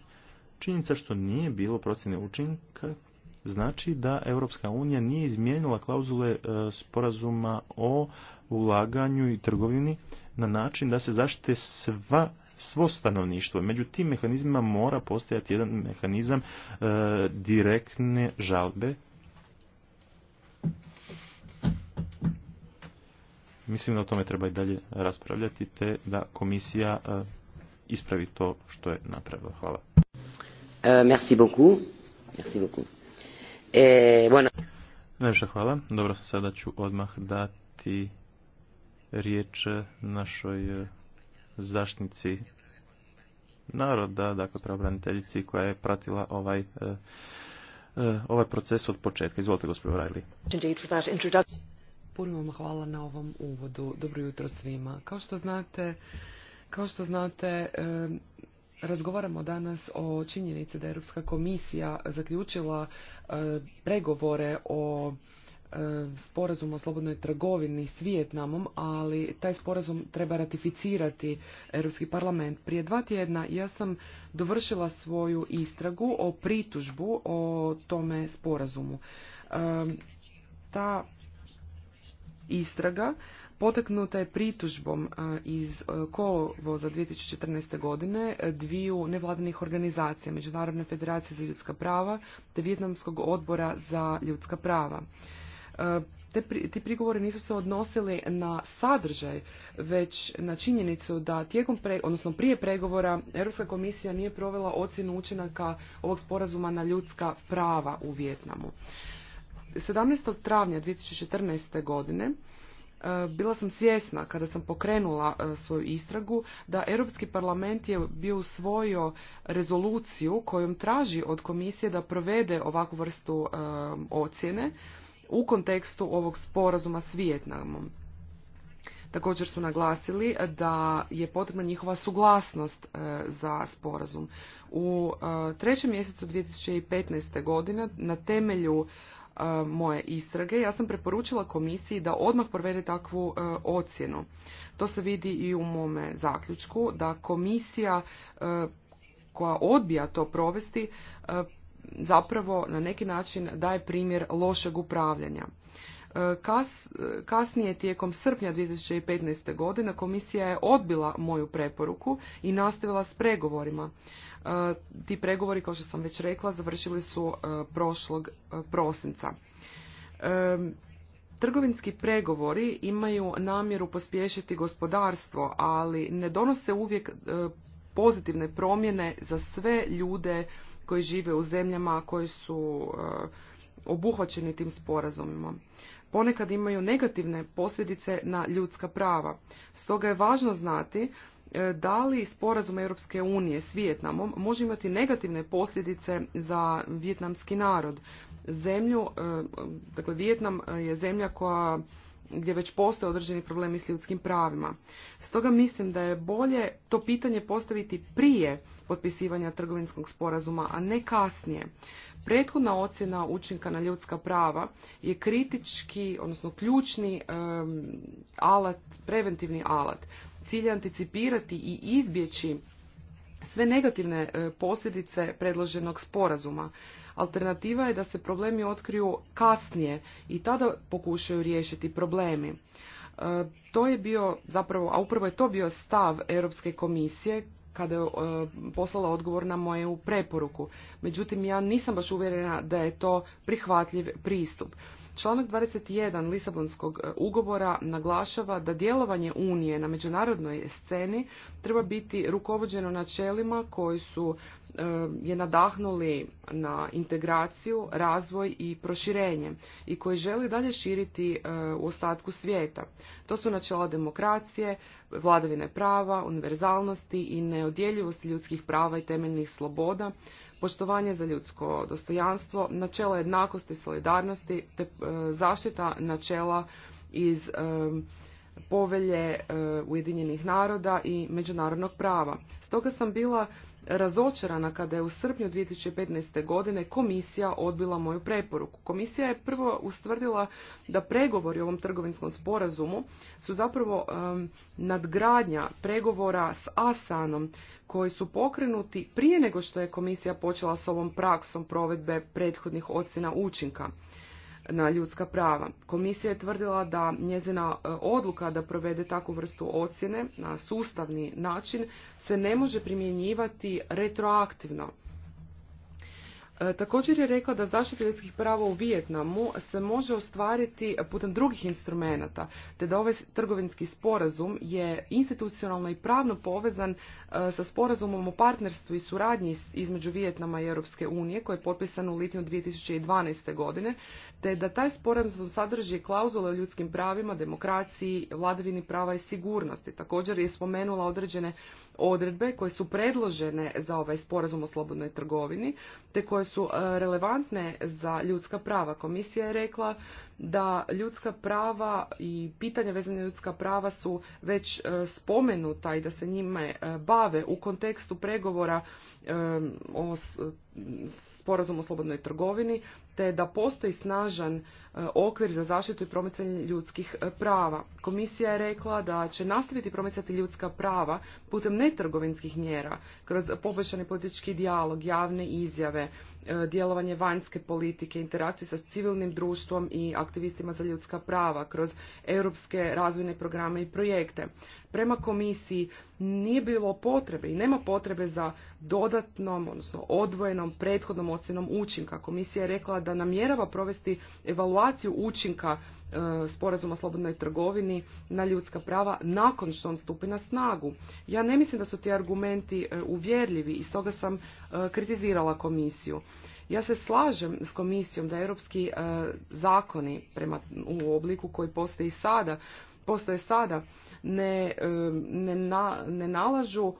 Činjenica što nije bilo procjene učinka znači da Europska unija nije izmijenila klauzule e, sporazuma o ulaganju i trgovini na način da se zaštite sva svo stanovništvo. Među tim mehanizmima mora postojati jedan mehanizam e, direktne žalbe Mislim da o tome treba i dalje raspravljati, te da komisija e, ispravi to što je napravila. Hvala. E, merci beaucoup. E, Najviše hvala. Dobro, sada ću odmah dati riječ našoj zaštnici naroda, dakle pravobraniteljici koja je pratila ovaj ovaj proces od početka. Izvolite, gospodin Rajli. Puno vam hvala na ovom uvodu. Dobro jutro svima. Kao što znate, kao što znate razgovaramo danas o činjenici da je Europska komisija zaključila e, pregovore o e, sporazumu o slobodnoj trgovini s Vijetnamom, ali taj sporazum treba ratificirati Europski parlament. Prije dva tjedna ja sam dovršila svoju istragu o pritužbu o tome sporazumu. Ta istraga poteknuta je pritužbom e, iz e, kolovoza 2014. godine e, dviju nevladinih organizacija, Međunarodne federacije za ljudska prava te Vjetnamskog odbora za ljudska prava. Te, ti prigovori nisu se odnosili na sadržaj, već na činjenicu da tijekom odnosno prije pregovora Europska komisija nije provela ocjenu učinaka ovog sporazuma na ljudska prava u Vjetnamu. 17. travnja 2014. godine e, bila sam svjesna kada sam pokrenula e, svoju istragu da Europski parlament je bio usvojio rezoluciju kojom traži od komisije da provede ovakvu vrstu e, ocjene u kontekstu ovog sporazuma s Vijetnamom. Također su naglasili da je potrebna njihova suglasnost za sporazum. U trećem mjesecu 2015. godine na temelju moje istrage, ja sam preporučila komisiji da odmah provede takvu e, ocjenu. To se vidi i u mome zaključku da komisija e, koja odbija to provesti e, zapravo na neki način daje primjer lošeg upravljanja. Kas, kasnije tijekom srpnja 2015. godine komisija je odbila moju preporuku i nastavila s pregovorima. E, ti pregovori, kao što sam već rekla, završili su e, prošlog e, prosinca. Trgovinski pregovori imaju namjeru pospješiti gospodarstvo, ali ne donose uvijek pozitivne promjene za sve ljude koji žive u zemljama koji su obuhvaćeni tim sporazumima ponekad imaju negativne posljedice na ljudska prava. Stoga je važno znati e, da li sporazum Europske unije s Vijetnamom može imati negativne posljedice za vijetnamski narod. Zemlju, e, dakle Vijetnam je zemlja koja gdje već postoje određeni problemi s ljudskim pravima. Stoga mislim da je bolje to pitanje postaviti prije potpisivanja trgovinskog sporazuma, a ne kasnije. Prethodna ocjena učinka na ljudska prava je kritički, odnosno ključni alat, preventivni alat. Cilj je anticipirati i izbjeći sve negativne e, posljedice predloženog sporazuma. Alternativa je da se problemi otkriju kasnije i tada pokušaju riješiti problemi. E, to je bio zapravo, a upravo je to bio stav Europske komisije kada je e, poslala odgovor na moju preporuku. Međutim, ja nisam baš uvjerena da je to prihvatljiv pristup. Članak 21 Lisabonskog e, ugovora naglašava da djelovanje Unije na međunarodnoj sceni treba biti rukovođeno načelima koji su e, je nadahnuli na integraciju, razvoj i proširenje i koji želi dalje širiti e, u ostatku svijeta. To su načela demokracije, vladavine prava, univerzalnosti i neodjeljivosti ljudskih prava i temeljnih sloboda, poštovanje za ljudsko dostojanstvo, načela jednakosti i solidarnosti te e, zaštita načela iz e, povelje e, Ujedinjenih naroda i međunarodnog prava. Stoga sam bila razočarana kada je u srpnju 2015. godine komisija odbila moju preporuku. Komisija je prvo ustvrdila da pregovori o ovom trgovinskom sporazumu su zapravo nadgradnja pregovora s Asanom koji su pokrenuti prije nego što je komisija počela s ovom praksom provedbe prethodnih ocjena učinka na ljudska prava. Komisija je tvrdila da njezina e, odluka da provede takvu vrstu ocjene na sustavni način se ne može primjenjivati retroaktivno E, također je rekla da zaštita ljudskih prava u Vijetnamu se može ostvariti putem drugih instrumenata, te da ovaj trgovinski sporazum je institucionalno i pravno povezan e, sa sporazumom o partnerstvu i suradnji između Vijetnama i Europske unije, koji je potpisan u lipnju 2012. godine, te da taj sporazum sadrži klauzule o ljudskim pravima, demokraciji, vladavini prava i sigurnosti. Također je spomenula određene odredbe koje su predložene za ovaj sporazum o slobodnoj trgovini, te koje su e, relevantne za ljudska prava. Komisija je rekla da ljudska prava i pitanja vezane ljudska prava su već e, spomenuta i da se njime e, bave u kontekstu pregovora o sporazum o slobodnoj trgovini, te da postoji snažan e, okvir za zaštitu i promicanje ljudskih e, prava. Komisija je rekla da će nastaviti promicati ljudska prava putem netrgovinskih mjera, kroz poboljšani politički dijalog, javne izjave, e, djelovanje vanjske politike, interakciju sa civilnim društvom i aktivistima za ljudska prava, kroz europske razvojne programe i projekte. Prema komisiji nije bilo potrebe i nema potrebe za dodatnom, odnosno odvojenom prethodnom ocjenom učinka. Komisija je rekla da namjerava provesti evaluaciju učinka e, sporazuma o slobodnoj trgovini na ljudska prava nakon što on stupi na snagu. Ja ne mislim da su ti argumenti e, uvjerljivi i stoga sam e, kritizirala komisiju. Ja se slažem s komisijom da europski zakoni prema u obliku koji postoji sada postoje sada ne, nalažu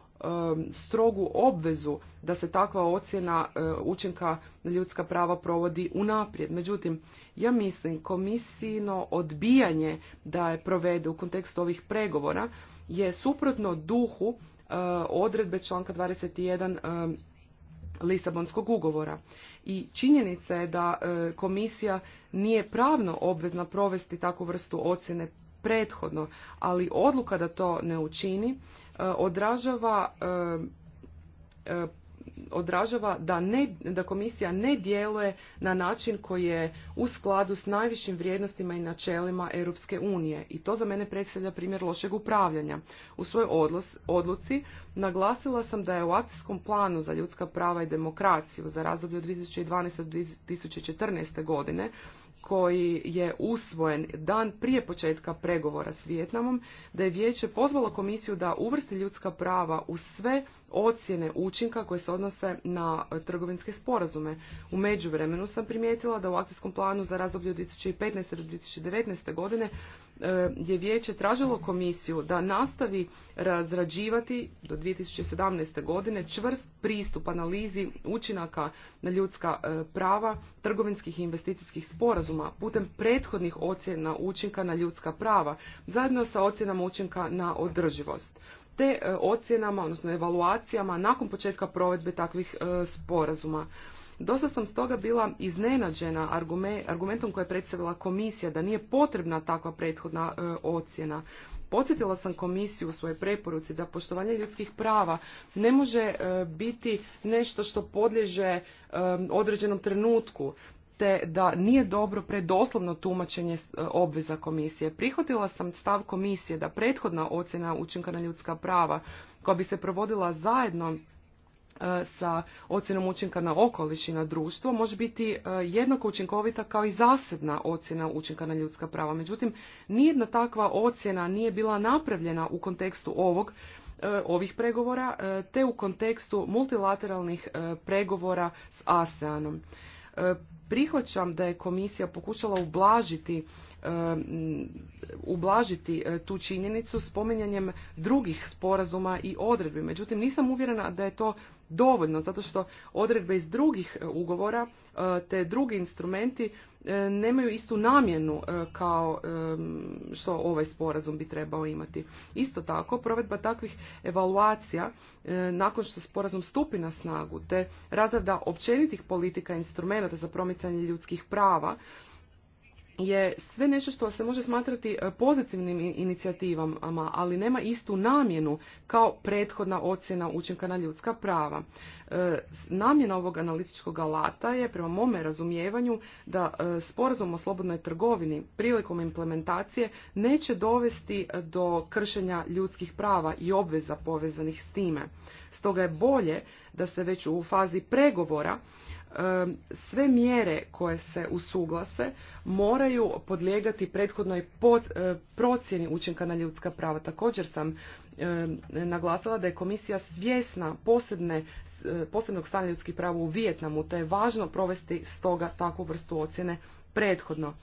strogu obvezu da se takva ocjena eh, učinka na ljudska prava provodi unaprijed. Međutim, ja mislim komisijino odbijanje da je provede u kontekstu ovih pregovora je suprotno duhu eh, odredbe članka 21 Lisabonskog ugovora. I činjenica je da eh, komisija nije pravno obvezna provesti takvu vrstu ocjene prethodno, ali odluka da to ne učini e, odražava e, e, odražava da, ne, da komisija ne djeluje na način koji je u skladu s najvišim vrijednostima i načelima Europske unije. I to za mene predstavlja primjer lošeg upravljanja. U svojoj odluci naglasila sam da je u akcijskom planu za ljudska prava i demokraciju za razdoblje od 2012. do 2014. godine koji je usvojen dan prije početka pregovora s Vijetnamom, da je vijeće pozvalo komisiju da uvrsti ljudska prava u sve ocjene učinka koje se odnose na e, trgovinske sporazume. U međuvremenu sam primijetila da u akcijskom planu za razdoblje od 2015. do 2019. godine E, je vijeće tražilo komisiju da nastavi razrađivati do 2017. godine čvrst pristup analizi učinaka na ljudska e, prava trgovinskih i investicijskih sporazuma putem prethodnih ocjena učinka na ljudska prava zajedno sa ocjenama učinka na održivost te e, ocjenama, odnosno evaluacijama nakon početka provedbe takvih sporazuma. Dosta sam stoga bila iznenađena argumentom koje je predstavila komisija da nije potrebna takva prethodna e, ocjena. Podsjetila sam komisiju u svojoj preporuci da poštovanje ljudskih prava ne može e, biti nešto što podliježe e, određenom trenutku te da nije dobro predoslovno tumačenje obveza komisije. Prihvatila sam stav komisije da prethodna ocjena učinka na ljudska prava koja bi se provodila zajedno E, sa ocjenom učinka na okoliš i na društvo može biti e, jednako učinkovita kao i zasebna ocjena učinka na ljudska prava. Međutim, nijedna takva ocjena nije bila napravljena u kontekstu ovog e, ovih pregovora, te u kontekstu multilateralnih pregovora s ASEANom prihvaćam da je komisija pokušala ublažiti ublažiti e, tu činjenicu spominjanjem drugih sporazuma i odredbi. Međutim, nisam uvjerena da je to dovoljno, zato što odredbe iz drugih e, ugovora e, te drugi instrumenti nemaju istu namjenu kao što ovaj sporazum bi trebao imati. Isto tako, provedba takvih evaluacija nakon što sporazum stupi na snagu te razrada općenitih politika instrumenta za promet promicanje ljudskih prava je sve nešto što se može smatrati e, pozitivnim inicijativama, ali nema istu namjenu kao prethodna ocjena učinka na ljudska prava. E, namjena ovog analitičkog alata je, prema mome razumijevanju, da e, sporazum o slobodnoj trgovini prilikom implementacije neće dovesti do kršenja ljudskih prava i obveza povezanih s time. Stoga je bolje da se već u fazi pregovora sve mjere koje se usuglase moraju podlijegati prethodnoj e, procjeni učinka na ljudska prava. Također sam naglasila da je komisija svjesna e, posebnog stanja ljudskih prava u Vijetnamu, te je važno provesti stoga takvu vrstu ocjene prethodno.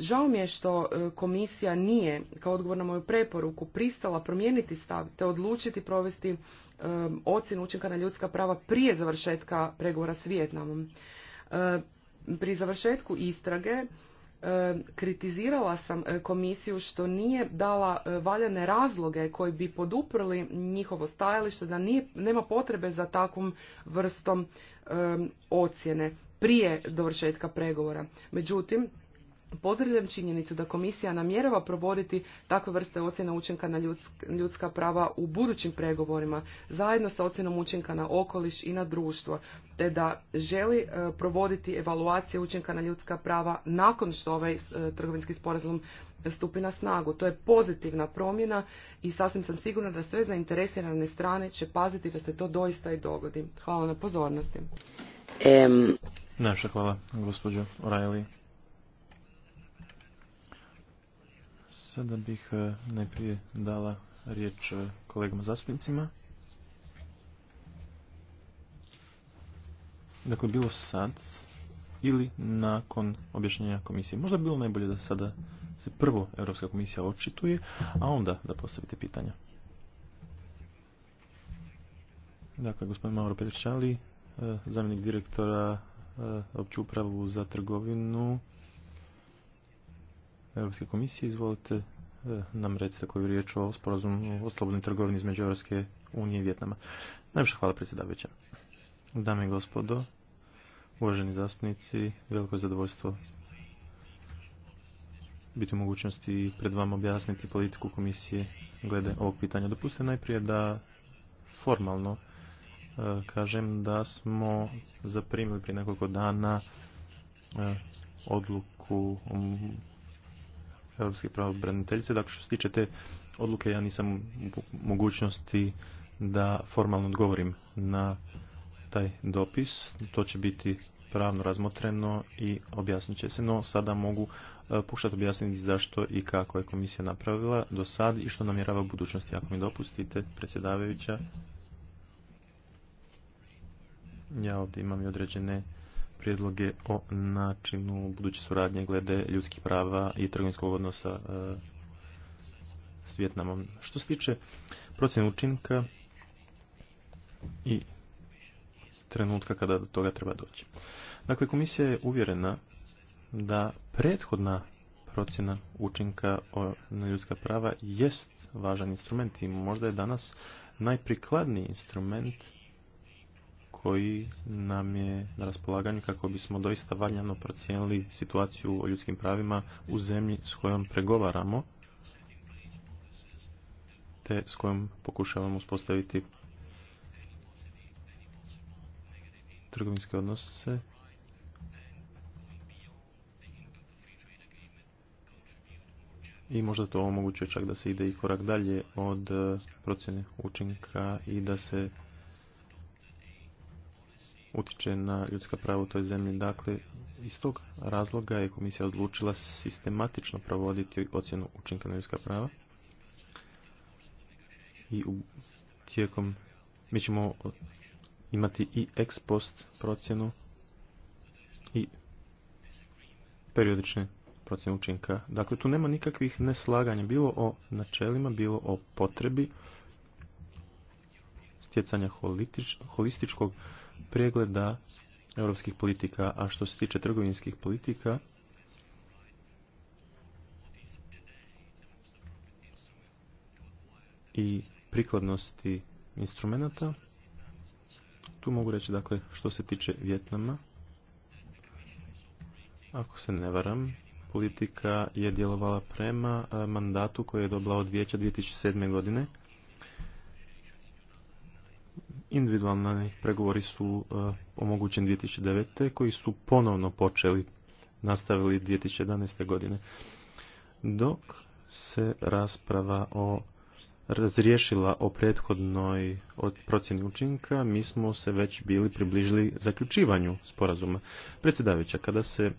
Žao mi je što e, komisija nije, kao odgovor na moju preporuku, pristala promijeniti stav te odlučiti provesti ocjenu učinka na ljudska prava prije završetka pregovora s Vijetnamom. Pri završetku istrage kritizirala sam e, komisiju što nije dala e, valjane razloge koji bi poduprli njihovo stajalište da nema potrebe za takvom vrstom ocjene prije dovršetka pregovora. Međutim, Pozdravljam činjenicu da komisija namjerava provoditi takve vrste ocjena učinka na ljudska prava u budućim pregovorima, zajedno sa ocjenom učinka na okoliš i na društvo, te da želi e, provoditi evaluacije učinka na ljudska prava nakon što ovaj e, trgovinski sporazum stupi na snagu. To je pozitivna promjena i sasvim sam sigurna da sve zainteresirane strane će paziti da se to doista i dogodi. Hvala na pozornosti. Najviše hvala, gospođo O'Reilly. Sada bih e, najprije dala riječ e, kolegama zastupnicima. Dakle, bilo sad ili nakon objašnjenja komisije. Možda bi bilo najbolje da sada se prvo Europska komisija očituje, a onda da postavite pitanja. Dakle, gospodin Mauro Petričali, e, zamjenik direktora E, opću upravu za trgovinu Europske komisije. Izvolite e, nam recite koju je riječ o sporazumu o slobodnoj trgovini između Europske unije i Vjetnama. Najviše hvala predsjedavajuća. Dame i gospodo, uvaženi zastupnici, veliko je zadovoljstvo biti u mogućnosti pred vama objasniti politiku komisije glede ovog pitanja. Dopustite najprije da formalno E, kažem da smo zaprimili prije nekoliko dana e, odluku um, Europske pravobraniteljice. Dakle, što se tiče te odluke, ja nisam u mogućnosti da formalno odgovorim na taj dopis. To će biti pravno razmotreno i objasnit će se, no sada mogu e, pokušati objasniti zašto i kako je komisija napravila do sad i što namjerava u budućnosti. Ako mi dopustite, predsjedavajuća, ja ovdje imam i određene prijedloge o načinu buduće suradnje glede ljudskih prava i trgovinskog odnosa e, s Vjetnamom. Što se tiče procjene učinka i trenutka kada do toga treba doći. Dakle, komisija je uvjerena da prethodna procjena učinka na ljudska prava jest važan instrument i možda je danas najprikladniji instrument koji nam je na raspolaganju kako bismo doista valjano procijenili situaciju o ljudskim pravima u zemlji s kojom pregovaramo te s kojom pokušavamo uspostaviti trgovinske odnose i možda to omogućuje čak da se ide i korak dalje od procjene učinka i da se utječe na ljudska prava u toj zemlji. Dakle, iz tog razloga je komisija odlučila sistematično provoditi ocjenu učinka na ljudska prava. I u tijekom mi ćemo imati i ex post procjenu i periodične procjene učinka. Dakle, tu nema nikakvih neslaganja, bilo o načelima, bilo o potrebi stjecanja holističkog pregleda europskih politika, a što se tiče trgovinskih politika, i prikladnosti instrumenta. Tu mogu reći, dakle, što se tiče Vjetnama, ako se ne varam, politika je djelovala prema eh, mandatu koji je dobila od vijeća 2007. godine individualni pregovori su e, omogućeni 2009. koji su ponovno počeli, nastavili 2011. godine, dok se rasprava o razriješila o prethodnoj procjeni učinka, mi smo se već bili približili zaključivanju sporazuma. Predsjedavića, kada se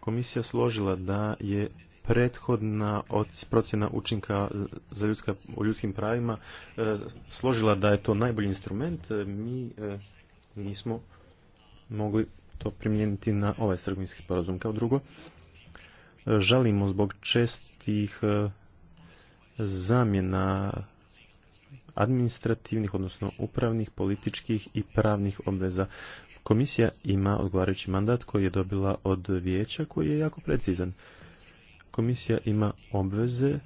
komisija složila da je prethodna procjena učinka e, za ljudska, o ljudskim pravima e, složila da je to najbolji instrument, e, mi nismo mogli to primijeniti na ovaj strgovinski sporazum. Kao drugo, žalimo zbog čestih zamjena administrativnih, odnosno upravnih, političkih i pravnih obveza. Komisija ima odgovarajući mandat koji je dobila od vijeća koji je jako precizan komisija ima obveze,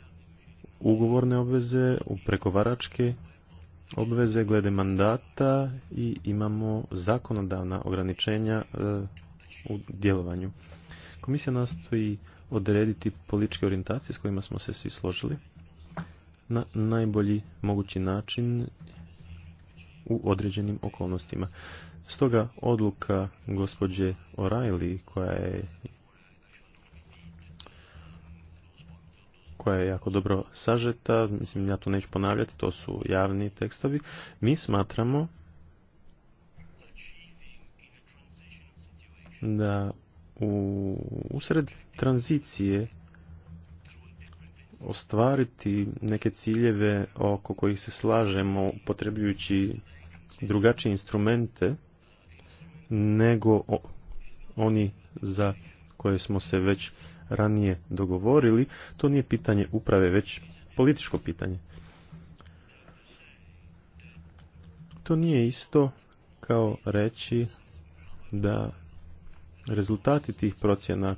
ugovorne obveze, prekovaračke obveze glede mandata i imamo zakonodavna ograničenja e, u djelovanju. Komisija nastoji odrediti političke orijentacije s kojima smo se svi složili na najbolji mogući način u određenim okolnostima. Stoga odluka gospođe O'Reilly koja je koja je jako dobro sažeta, mislim ja to neću ponavljati, to su javni tekstovi. Mi smatramo da u usred tranzicije ostvariti neke ciljeve oko kojih se slažemo potrebljujući drugačije instrumente nego oni za koje smo se već ranije dogovorili, to nije pitanje uprave, već političko pitanje. To nije isto kao reći da rezultati tih procjena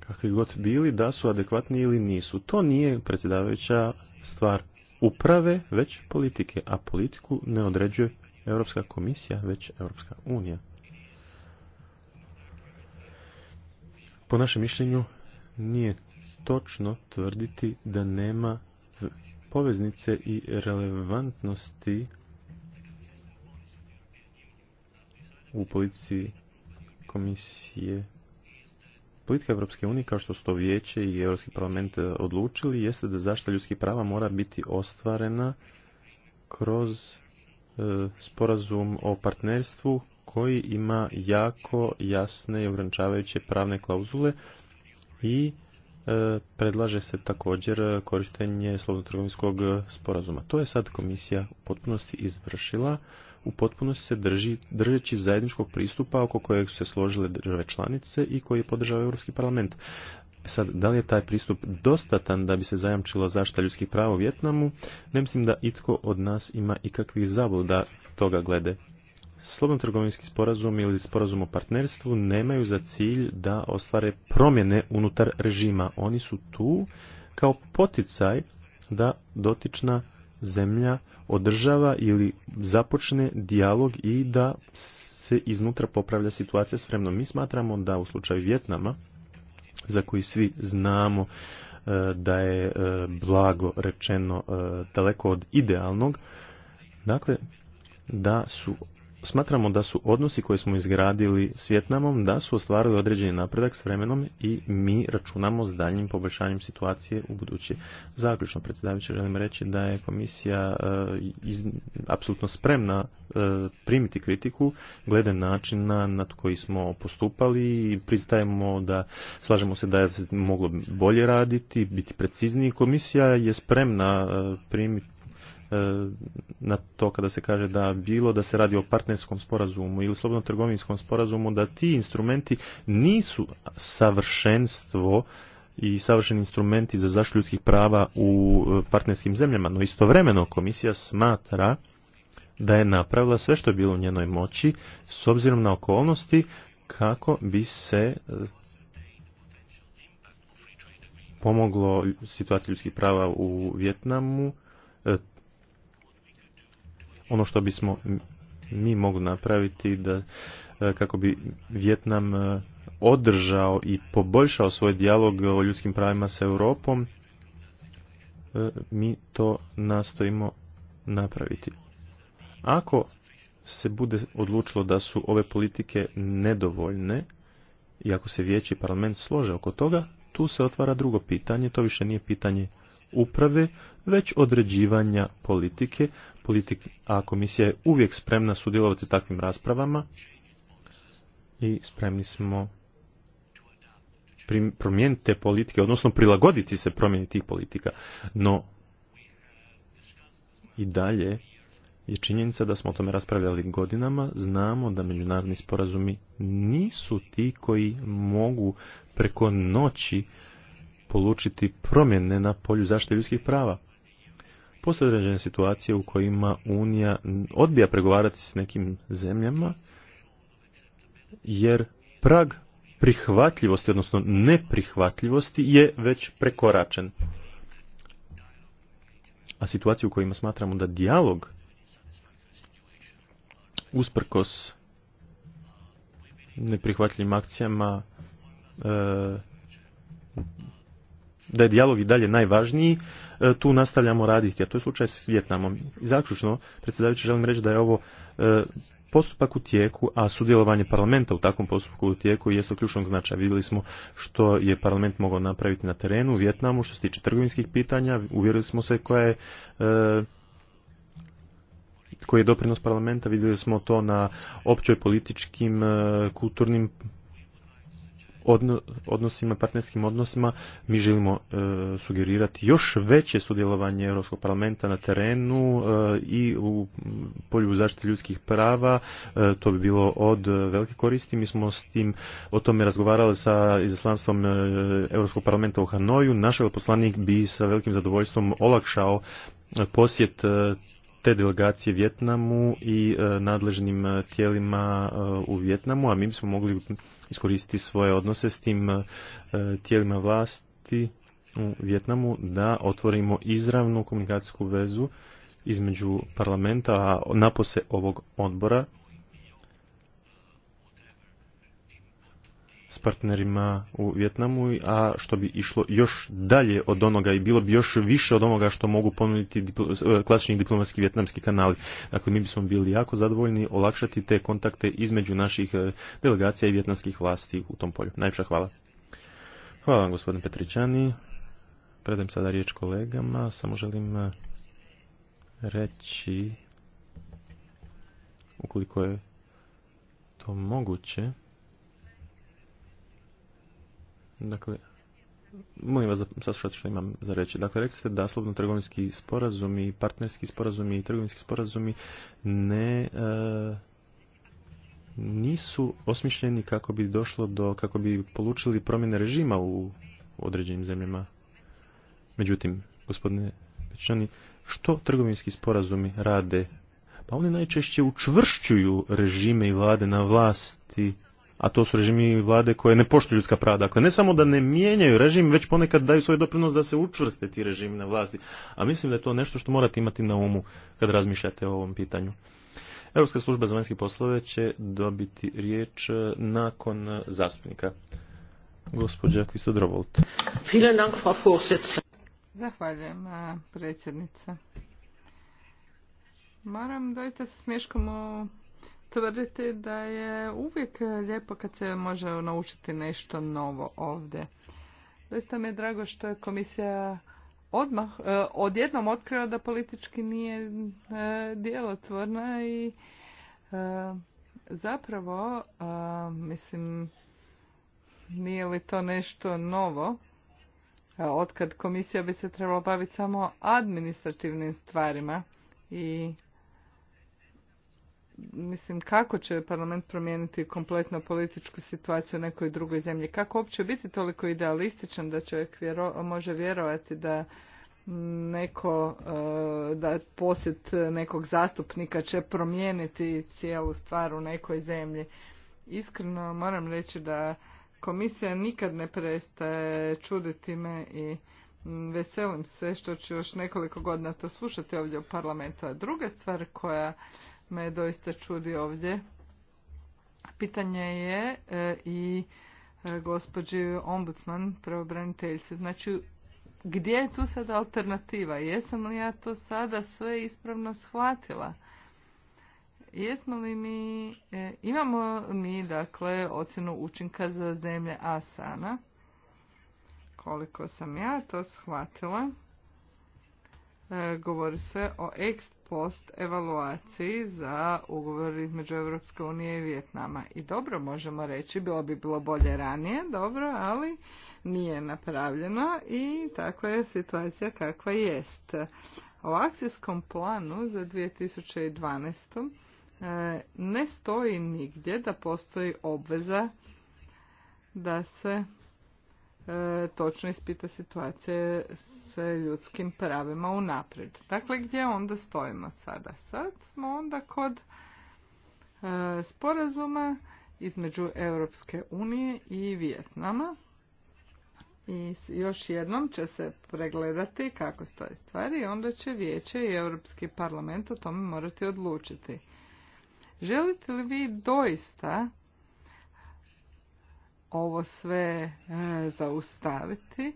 kakvi god bili, da su adekvatni ili nisu. To nije predsjedavajuća stvar uprave, već politike, a politiku ne određuje Europska komisija, već Europska unija. Po našem mišljenju nije točno tvrditi da nema poveznice i relevantnosti u politici komisije. Politika Europske unije, kao što su to vijeće i Europski parlament e, odlučili, jeste da zaštita ljudskih prava mora biti ostvarena kroz e, sporazum o partnerstvu koji ima jako jasne i ograničavajuće pravne klauzule i e, predlaže se također korištenje slobodno-trgovinskog sporazuma. To je sad komisija u potpunosti izvršila, u potpunosti se drži, držeći zajedničkog pristupa oko kojeg su se složile države članice i koji je podržao Europski parlament. E sad, da li je taj pristup dostatan da bi se zajamčila zaštita ljudskih prava u Vjetnamu? Ne mislim da itko od nas ima ikakvih zabluda toga glede slobodno trgovinski sporazum ili sporazum o partnerstvu nemaju za cilj da ostvare promjene unutar režima. Oni su tu kao poticaj da dotična zemlja održava ili započne dijalog i da se iznutra popravlja situacija s vremnom. Mi smatramo da u slučaju Vjetnama, za koji svi znamo e, da je e, blago rečeno e, daleko od idealnog, dakle, da su smatramo da su odnosi koje smo izgradili s Vjetnamom da su ostvarili određeni napredak s vremenom i mi računamo s daljnjim poboljšanjem situacije u budući. Zaključno predsjedavajući želim reći da je komisija eh, apsolutno spremna eh, primiti kritiku glede načina nad koji smo postupali i pristajemo da slažemo se da je moglo bolje raditi, biti precizniji. Komisija je spremna eh, primiti E, na to kada se kaže da bilo da se radi o partnerskom sporazumu ili slobodno trgovinskom sporazumu da ti instrumenti nisu savršenstvo i savršeni instrumenti za zaštitu ljudskih prava u e, partnerskim zemljama, no istovremeno komisija smatra da je napravila sve što je bilo u njenoj moći s obzirom na okolnosti kako bi se e, pomoglo situaciji ljudskih prava u Vjetnamu ono što bismo mi mogli napraviti da e, kako bi Vjetnam e, održao i poboljšao svoj dijalog o ljudskim pravima sa Europom, e, mi to nastojimo napraviti. Ako se bude odlučilo da su ove politike nedovoljne, i ako se vijeći parlament slože oko toga, tu se otvara drugo pitanje, to više nije pitanje uprave, već određivanja politike, politik, a komisija je uvijek spremna sudjelovati u takvim raspravama i spremni smo promijeniti te politike, odnosno prilagoditi se promjeni tih politika. No, i dalje je činjenica da smo o tome raspravljali godinama, znamo da međunarodni sporazumi nisu ti koji mogu preko noći polučiti promjene na polju zaštite ljudskih prava. Postoje određene situacije u kojima Unija odbija pregovarati s nekim zemljama, jer prag prihvatljivosti, odnosno neprihvatljivosti je već prekoračen. A situacije u kojima smatramo da dijalog usprkos neprihvatljivim akcijama e, da je dijalog i dalje najvažniji, e, tu nastavljamo raditi, a to je slučaj s Vjetnamom. I zaključno, predsjedavajući, želim reći da je ovo e, postupak u tijeku, a sudjelovanje parlamenta u takvom postupku u tijeku je ključnog značaja. Vidjeli smo što je parlament mogao napraviti na terenu u Vjetnamu što se tiče trgovinskih pitanja, uvjerili smo se koja je e, koji je doprinos parlamenta, vidjeli smo to na općoj političkim, kulturnim odnosima, partnerskim odnosima, mi želimo e, sugerirati još veće sudjelovanje Europskog parlamenta na terenu e, i u polju zaštite ljudskih prava. E, to bi bilo od velike koristi. Mi smo s tim o tome razgovarali sa izaslanstvom Europskog parlamenta u Hanoju. Naš poslanik bi sa velikim zadovoljstvom olakšao posjet te delegacije Vjetnamu i nadležnim tijelima u Vjetnamu, a mi bismo mogli iskoristiti svoje odnose s tim e, tijelima vlasti u Vjetnamu da otvorimo izravnu komunikacijsku vezu između parlamenta, a napose ovog odbora s partnerima u Vjetnamu, a što bi išlo još dalje od onoga i bilo bi još više od onoga što mogu ponuditi e, klasični diplomatski vjetnamski kanali. Dakle, mi bismo bili jako zadovoljni olakšati te kontakte između naših e, delegacija i vjetnamskih vlasti u tom polju. Najviše hvala. Hvala vam, gospodine Petričani. Predajem sada riječ kolegama. Samo želim e, reći ukoliko je to moguće Dakle, molim vas da saslušate što imam za reći. Dakle, rekli ste da slobodno trgovinski sporazumi, partnerski sporazumi i trgovinski sporazumi ne e, nisu osmišljeni kako bi došlo do, kako bi polučili promjene režima u, određenim zemljama. Međutim, gospodine Pećani, što trgovinski sporazumi rade? Pa oni najčešće učvršćuju režime i vlade na vlasti a to su režimi vlade koje ne poštuju ljudska prava. Dakle, ne samo da ne mijenjaju režim, već ponekad daju svoj doprinos da se učvrste ti režimi na vlasti. A mislim da je to nešto što morate imati na umu kad razmišljate o ovom pitanju. Europska služba za vanjske poslove će dobiti riječ e, nakon zastupnika. Gospođa Zahvaljujem, e, predsjednica. Moram doista se smješkom tvrditi da je uvijek lijepo kad se može naučiti nešto novo ovdje. Doista mi je drago što je komisija odmah, e, odjednom otkrila da politički nije e, djelotvorna i e, zapravo, mislim, nije li to nešto novo? Otkad komisija bi se trebala baviti samo administrativnim stvarima i mislim kako će parlament promijeniti kompletno političku situaciju u nekoj drugoj zemlji kako uopće biti toliko idealističan da čovjek vjero, može vjerovati da neko eh, da posjet nekog zastupnika će promijeniti cijelu stvar u nekoj zemlji iskreno moram reći da komisija nikad ne prestaje čuditi me i veselim se što ću još nekoliko godina to slušati ovdje u parlamentu a druga stvar koja me doista čudi ovdje. Pitanje je e, i e, gospođi ombudsman, pravobraniteljice. Znači, gdje je tu sada alternativa? Jesam li ja to sada sve ispravno shvatila? Jesmo li mi, e, imamo mi dakle ocjenu učinka za zemlje Asana, koliko sam ja to shvatila, govori se o ex post evaluaciji za ugovor između Europske unije i Vijetnama. I dobro možemo reći, bilo bi bilo bolje ranije, dobro, ali nije napravljeno i takva je situacija kakva jest. O akcijskom planu za 2012. E, ne stoji nigdje da postoji obveza da se E, točno ispita situacije s ljudskim pravima unaprijed. Dakle, gdje onda stojimo sada? Sad smo onda kod e, sporazuma između Europske unije i Vijetnama. I još jednom će se pregledati kako stoje stvari i onda će vijeće i Europski parlament o tome morati odlučiti. Želite li vi doista ovo sve e, zaustaviti e,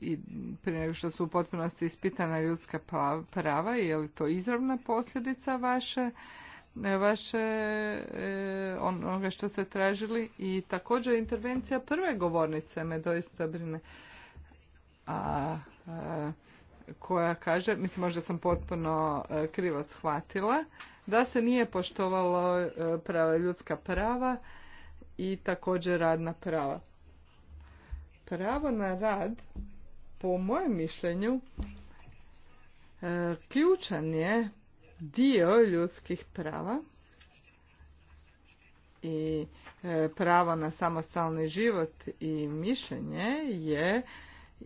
i prije nego što su u potpunosti ispitana ljudska prava, je li to izravna posljedica vaše e, vaše onoga što ste tražili i također intervencija prve govornice me doista brine. A, koja kaže, mislim možda sam potpuno krivo shvatila, da se nije poštovalo prava ljudska prava i također radna prava. Pravo na rad, po mojem mišljenju, e, ključan je dio ljudskih prava i e, pravo na samostalni život i mišljenje je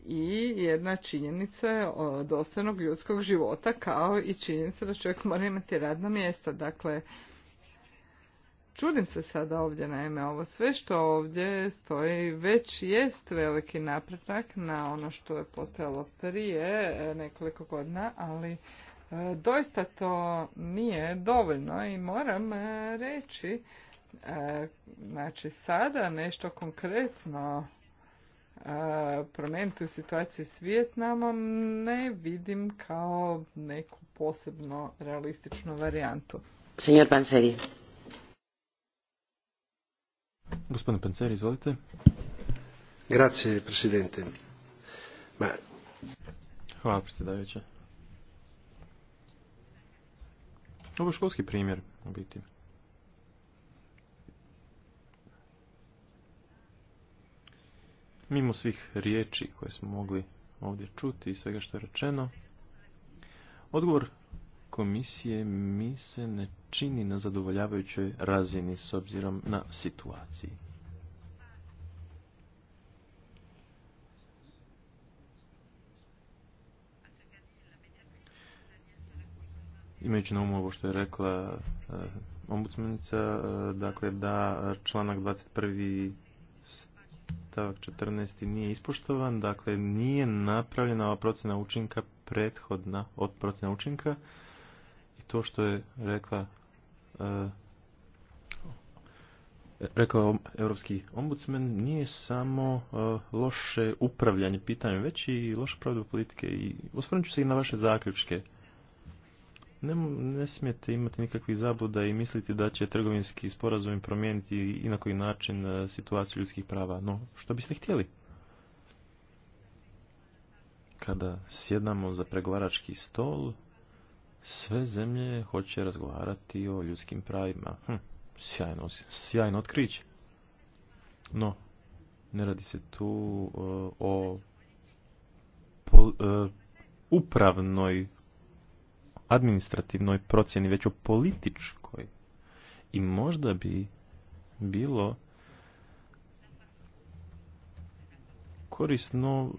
i jedna činjenica dostojnog ljudskog života kao i činjenica da čovjek mora imati radno mjesto. Dakle, Čudim se sada ovdje, naime, ovo sve što ovdje stoji već jest veliki napredak na ono što je postojalo prije e, nekoliko godina, ali e, doista to nije dovoljno i moram e, reći, znači sada nešto konkretno promijeniti u situaciji s Vijetnamom ne vidim kao neku posebno realističnu varijantu. Senjor Panseri. Gospodine Pencer, izvolite. Grazie, presidente. Ma... Hvala, predsjedavajuća. Ovo je školski primjer, u biti. Mimo svih riječi koje smo mogli ovdje čuti i svega što je rečeno, odgovor komisije mi se ne čini na zadovoljavajućoj razini s obzirom na situaciju. Imajući na umu ovo što je rekla eh, ombudsmanica, eh, dakle da članak 21 stavak 14. nije ispoštovan, dakle nije napravljena ova procjena učinka prethodna od procjena učinka to što je rekla e, rekao europski ombudsman nije samo e, loše upravljanje pitanjem, već i loše pravdu politike i osvrnut ću se i na vaše zaključke. Ne, ne smijete imati nikakvih zabuda i misliti da će trgovinski sporazum promijeniti i na koji način e, situaciju ljudskih prava. No, što biste htjeli? Kada sjednamo za pregovarački stol, sve zemlje hoće razgovarati o ljudskim pravima. Hm, sjajno, sjajno otkriće. No, ne radi se tu e, o e, upravnoj, administrativnoj procjeni, već o političkoj. I možda bi bilo korisno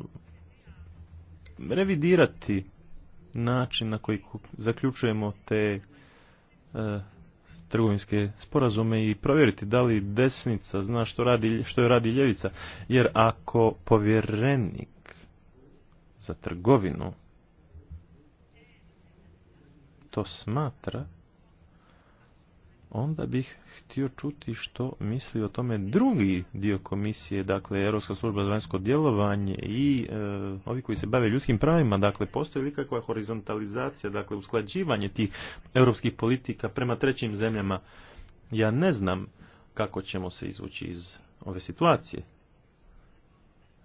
revidirati način na koji zaključujemo te e, trgovinske sporazume i provjeriti da li desnica zna što, radi, što je radi ljevica. Jer ako povjerenik za trgovinu to smatra, onda bih htio čuti što misli o tome drugi dio komisije, dakle Europska služba za vanjsko djelovanje i e, ovi koji se bave ljudskim pravima, dakle postoji li kakva horizontalizacija, dakle usklađivanje tih europskih politika prema trećim zemljama. Ja ne znam kako ćemo se izvući iz ove situacije.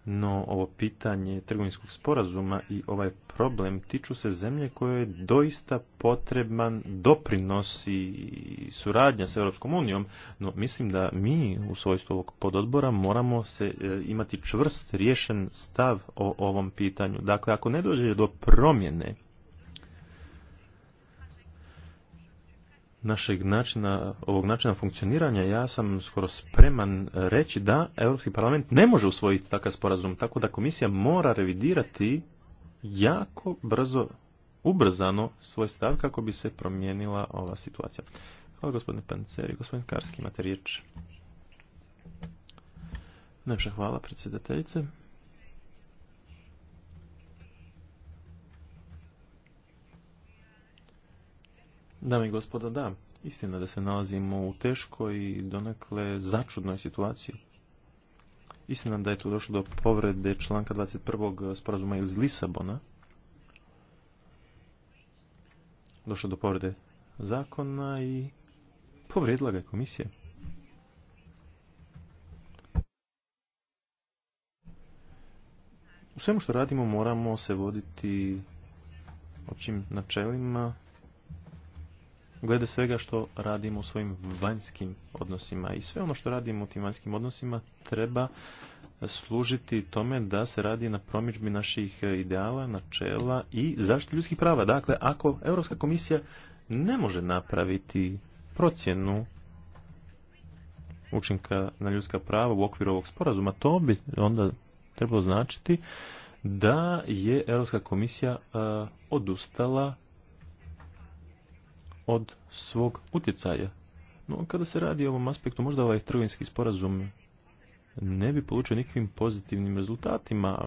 No, ovo pitanje trgovinskog sporazuma i ovaj problem tiču se zemlje koje je doista potreban doprinos i suradnja s Europskom unijom, no mislim da mi u svojstvu ovog pododbora moramo se e, imati čvrst riješen stav o ovom pitanju. Dakle, ako ne dođe do promjene našeg načina, ovog načina funkcioniranja, ja sam skoro spreman reći da Europski parlament ne može usvojiti takav sporazum, tako da komisija mora revidirati jako brzo, ubrzano svoj stav kako bi se promijenila ova situacija. Hvala gospodine Panceri, gospodin Karski, imate riječ. hvala predsjedateljice. Dame i gospodo, da, istina da se nalazimo u teškoj i donekle začudnoj situaciji. Istina da je tu došlo do povrede članka 21. sporazuma iz Lisabona. Došlo do povrede zakona i povredila ga je komisija. U svemu što radimo moramo se voditi općim načelima glede svega što radimo u svojim vanjskim odnosima. I sve ono što radimo u tim vanjskim odnosima treba služiti tome da se radi na promičbi naših ideala, načela i zaštiti ljudskih prava. Dakle, ako Europska komisija ne može napraviti procjenu učinka na ljudska prava u okviru ovog sporazuma, to bi onda trebalo značiti da je Europska komisija odustala od svog utjecaja. No, kada se radi o ovom aspektu, možda ovaj trgovinski sporazum ne bi polučio nikakvim pozitivnim rezultatima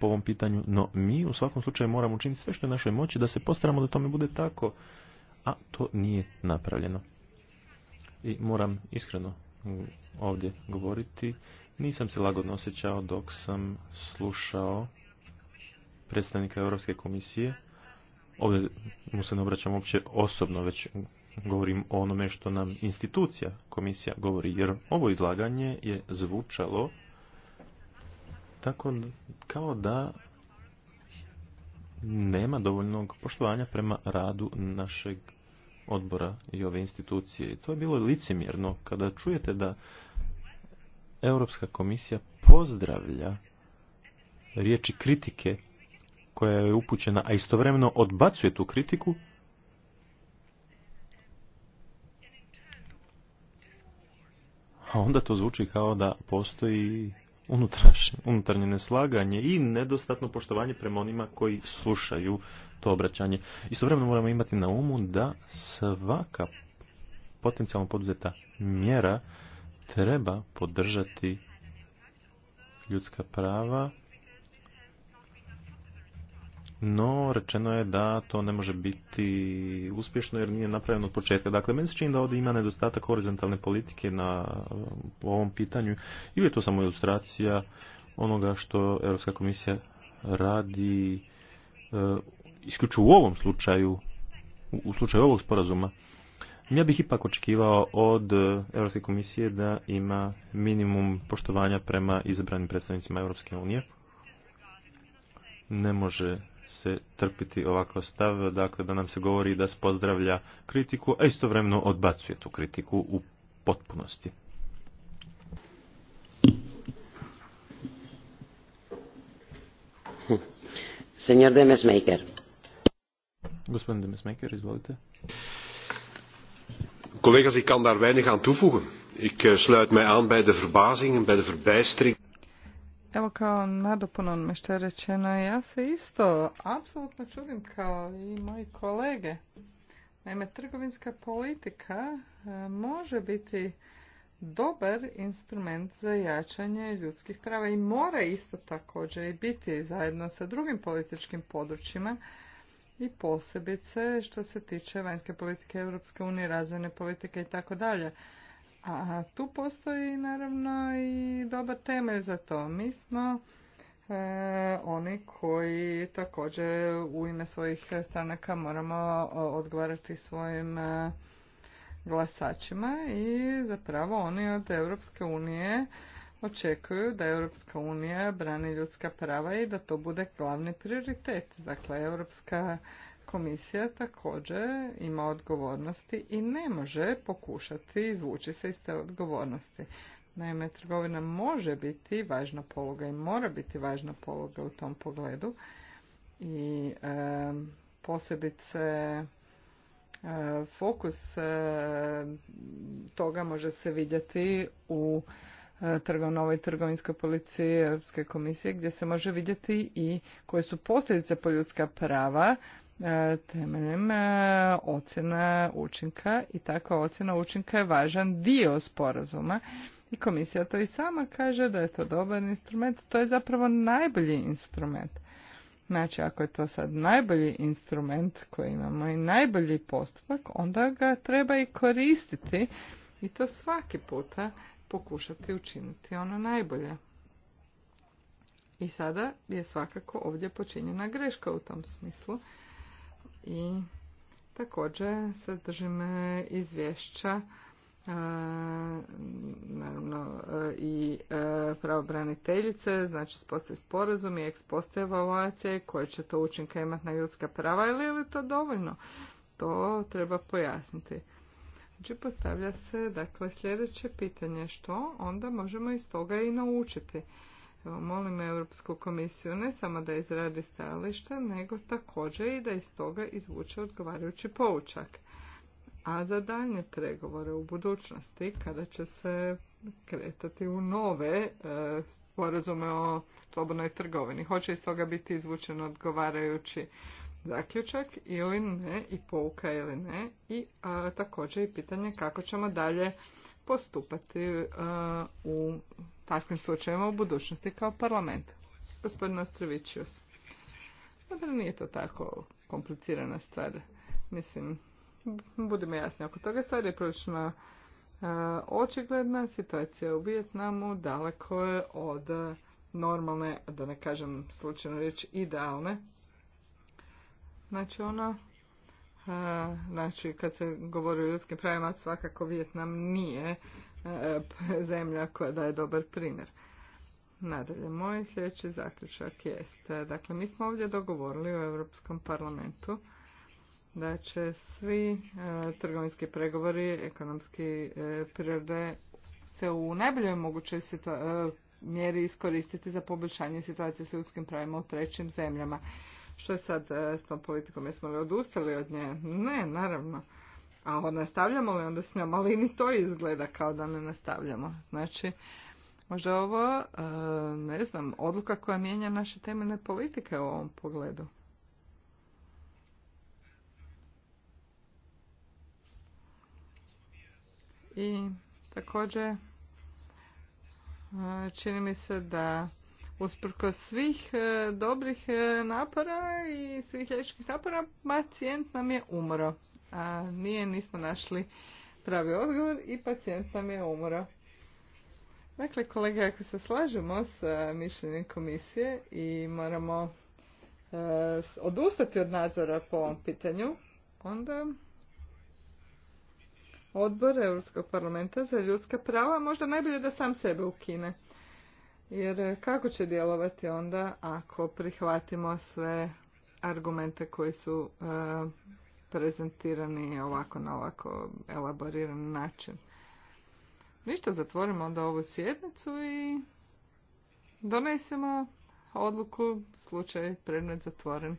po ovom pitanju, no mi u svakom slučaju moramo učiniti sve što je našoj moći da se postaramo da tome bude tako, a to nije napravljeno. I moram iskreno ovdje govoriti, nisam se lagodno osjećao dok sam slušao predstavnika Europske komisije ovdje mu se ne obraćam uopće osobno, već govorim o onome što nam institucija komisija govori, jer ovo izlaganje je zvučalo tako kao da nema dovoljnog poštovanja prema radu našeg odbora i ove institucije. I to je bilo licemjerno kada čujete da Europska komisija pozdravlja riječi kritike koja je upućena, a istovremeno odbacuje tu kritiku, a onda to zvuči kao da postoji unutarnje neslaganje i nedostatno poštovanje prema onima koji slušaju to obraćanje. Istovremeno moramo imati na umu da svaka potencijalno poduzeta mjera treba podržati ljudska prava no rečeno je da to ne može biti uspješno jer nije napravljeno od početka. Dakle, meni se čini da ovdje ima nedostatak horizontalne politike na ovom pitanju ili je to samo ilustracija onoga što Europska komisija radi e, isključivo u ovom slučaju, u, u slučaju ovog sporazuma. Ja bih ipak očekivao od Europske komisije da ima minimum poštovanja prema izabranim predstavnicima Europske unije. Ne može se trpiti ovakav stav, dakle da nam se govori da se pozdravlja kritiku, a istovremeno odbacuje tu kritiku u potpunosti. Senjor Demesmaker. Gospodin Demesmaker, izvolite. Collega's, ik kan daar weinig aan toevoegen. Ik eh, sluit mij aan bij de verbazing en bij de verbijstering. Evo kao nadopuno što je rečeno, ja se isto apsolutno čudim kao i moji kolege. Naime, trgovinska politika e, može biti dobar instrument za jačanje ljudskih prava i mora isto također i biti zajedno sa drugim političkim područjima i posebice što se tiče vanjske politike Europske unije, razvojne politike i tako dalje. A tu postoji naravno i dobar temelj za to. Mi smo e, oni koji također u ime svojih stranaka moramo odgovarati svojim e, glasačima i zapravo oni od Europske unije očekuju da Europska unija brani ljudska prava i da to bude glavni prioritet. Dakle, Europska komisija također ima odgovornosti i ne može pokušati izvući se iz te odgovornosti. Naime, trgovina može biti važna pologa i mora biti važna pologa u tom pogledu i e, posebice eh, fokus eh, toga može se vidjeti u eh, novoj trgovinskoj policiji Europske komisije gdje se može vidjeti i koje su posljedice po ljudska prava E, temeljem e, ocjena učinka i takva ocjena učinka je važan dio sporazuma i komisija to i sama kaže da je to dobar instrument, to je zapravo najbolji instrument. Znači, ako je to sad najbolji instrument koji imamo i najbolji postupak, onda ga treba i koristiti i to svaki puta pokušati učiniti ono najbolje. I sada je svakako ovdje počinjena greška u tom smislu i također se držim e, izvješća e, naravno e, i pravobraniteljice, znači postoji sporazum i eksposte evaluacije koje će to učinka imati na ljudska prava ili je li to dovoljno? To treba pojasniti. Znači postavlja se dakle sljedeće pitanje što onda možemo iz toga i naučiti molim Europsku komisiju ne samo da izradi stajalište, nego također i da iz toga izvuče odgovarajući poučak. A za dalje pregovore u budućnosti, kada će se kretati u nove e, sporazume o slobodnoj trgovini, hoće iz toga biti izvučen odgovarajući zaključak ili ne, i pouka ili ne, i a, također i pitanje kako ćemo dalje postupati e, u takvim slučajevima u budućnosti kao parlament. Gospodin Ostrovićius. Dobro, nije to tako komplicirana stvar. Mislim, budimo jasni oko toga. Stvar je prilično e, očigledna. Situacija u Vijetnamu daleko je od normalne, da ne kažem slučajno reći idealne. Znači ona znači kad se govori o ljudskim pravima svakako Vijetnam nije e, zemlja koja daje dobar primjer. Nadalje, moj sljedeći zaključak jest, e, dakle mi smo ovdje dogovorili u Europskom parlamentu da će svi e, trgovinski pregovori ekonomski prirode se u najboljoj mogućoj mjeri iskoristiti za poboljšanje situacije s ljudskim pravima u trećim zemljama. Što je sad e, s tom politikom? Jesmo li odustali od nje? Ne, naravno. A nastavljamo li onda s njom? Ali ni to izgleda kao da ne nastavljamo. Znači, možda ovo, e, ne znam, odluka koja mijenja naše temeljne politike u ovom pogledu. I također e, čini mi se da usprko svih e, dobrih e, napora i svih liječkih napora, pacijent nam je umro. A nije, nismo našli pravi odgovor i pacijent nam je umro. Dakle, kolege, ako se slažemo sa mišljenjem komisije i moramo e, odustati od nadzora po ovom pitanju, onda odbor Europskog parlamenta za ljudska prava možda najbolje da sam sebe ukine. Jer e, kako će djelovati onda ako prihvatimo sve argumente koji su e, prezentirani ovako na ovako elaboriran način. Ništa, zatvorimo onda ovu sjednicu i donesemo odluku, slučaj, predmet zatvoren.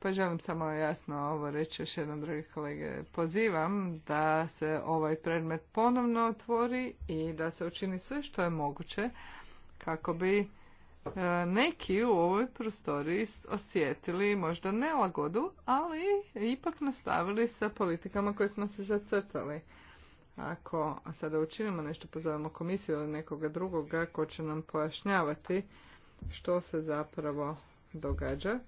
Pa želim samo jasno ovo reći još jednom drugi kolege. Pozivam da se ovaj predmet ponovno otvori i da se učini sve što je moguće kako bi e, neki u ovoj prostoriji osjetili možda nelagodu, ali ipak nastavili sa politikama koje smo se zacrtali. Ako sada učinimo nešto, pozovemo komisiju ili nekoga drugoga ko će nam pojašnjavati što se zapravo događa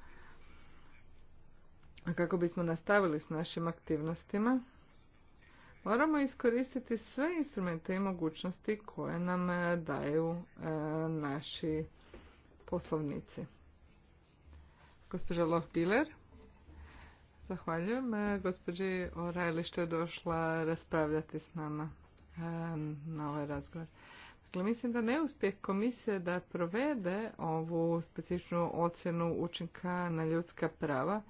a kako bismo nastavili s našim aktivnostima, moramo iskoristiti sve instrumente i mogućnosti koje nam e, daju e, naši poslovnici. Gospođa Lohbiler. Zahvaljujem. E, gospođi Orajli što je došla raspravljati s nama na ovaj razgovor. Dakle, mislim da neuspjeh komisije da provede ovu specifičnu ocjenu učinka na ljudska prava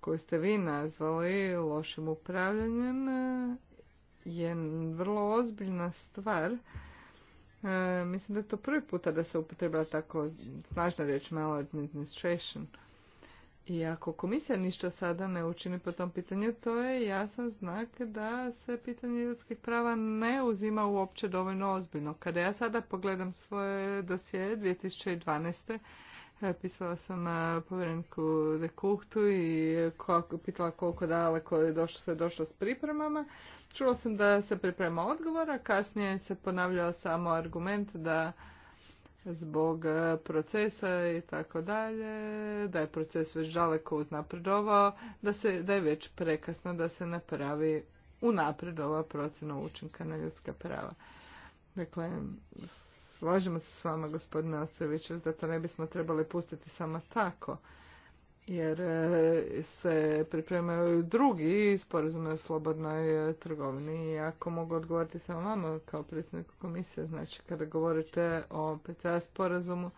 koju ste vi nazvali lošim upravljanjem e, je vrlo ozbiljna stvar. E, mislim da je to prvi puta da se upotrebila tako snažna riječ administration. I ako komisija ništa sada ne učini po tom pitanju, to je jasan znak da se pitanje ljudskih prava ne uzima uopće dovoljno ozbiljno. Kada ja sada pogledam svoje dosije 2012 E, pisala sam e, povjereniku de Kuhtu i pitala koliko daleko je došlo, se došlo s pripremama. Čula sam da se priprema odgovora. kasnije se ponavljao samo argument da zbog e, procesa i tako dalje, da je proces već daleko uznapredovao, da, se, da je već prekasno da se napravi unapredova ova procjena učinka na ljudska prava. Dakle, slažemo se s vama gospodine Ostroviću da to ne bismo trebali pustiti samo tako jer e, se pripremaju drugi sporazume o slobodnoj e, trgovini i ako mogu odgovoriti samo vama kao predsjedniku komisije, znači kada govorite o PTA sporazumu,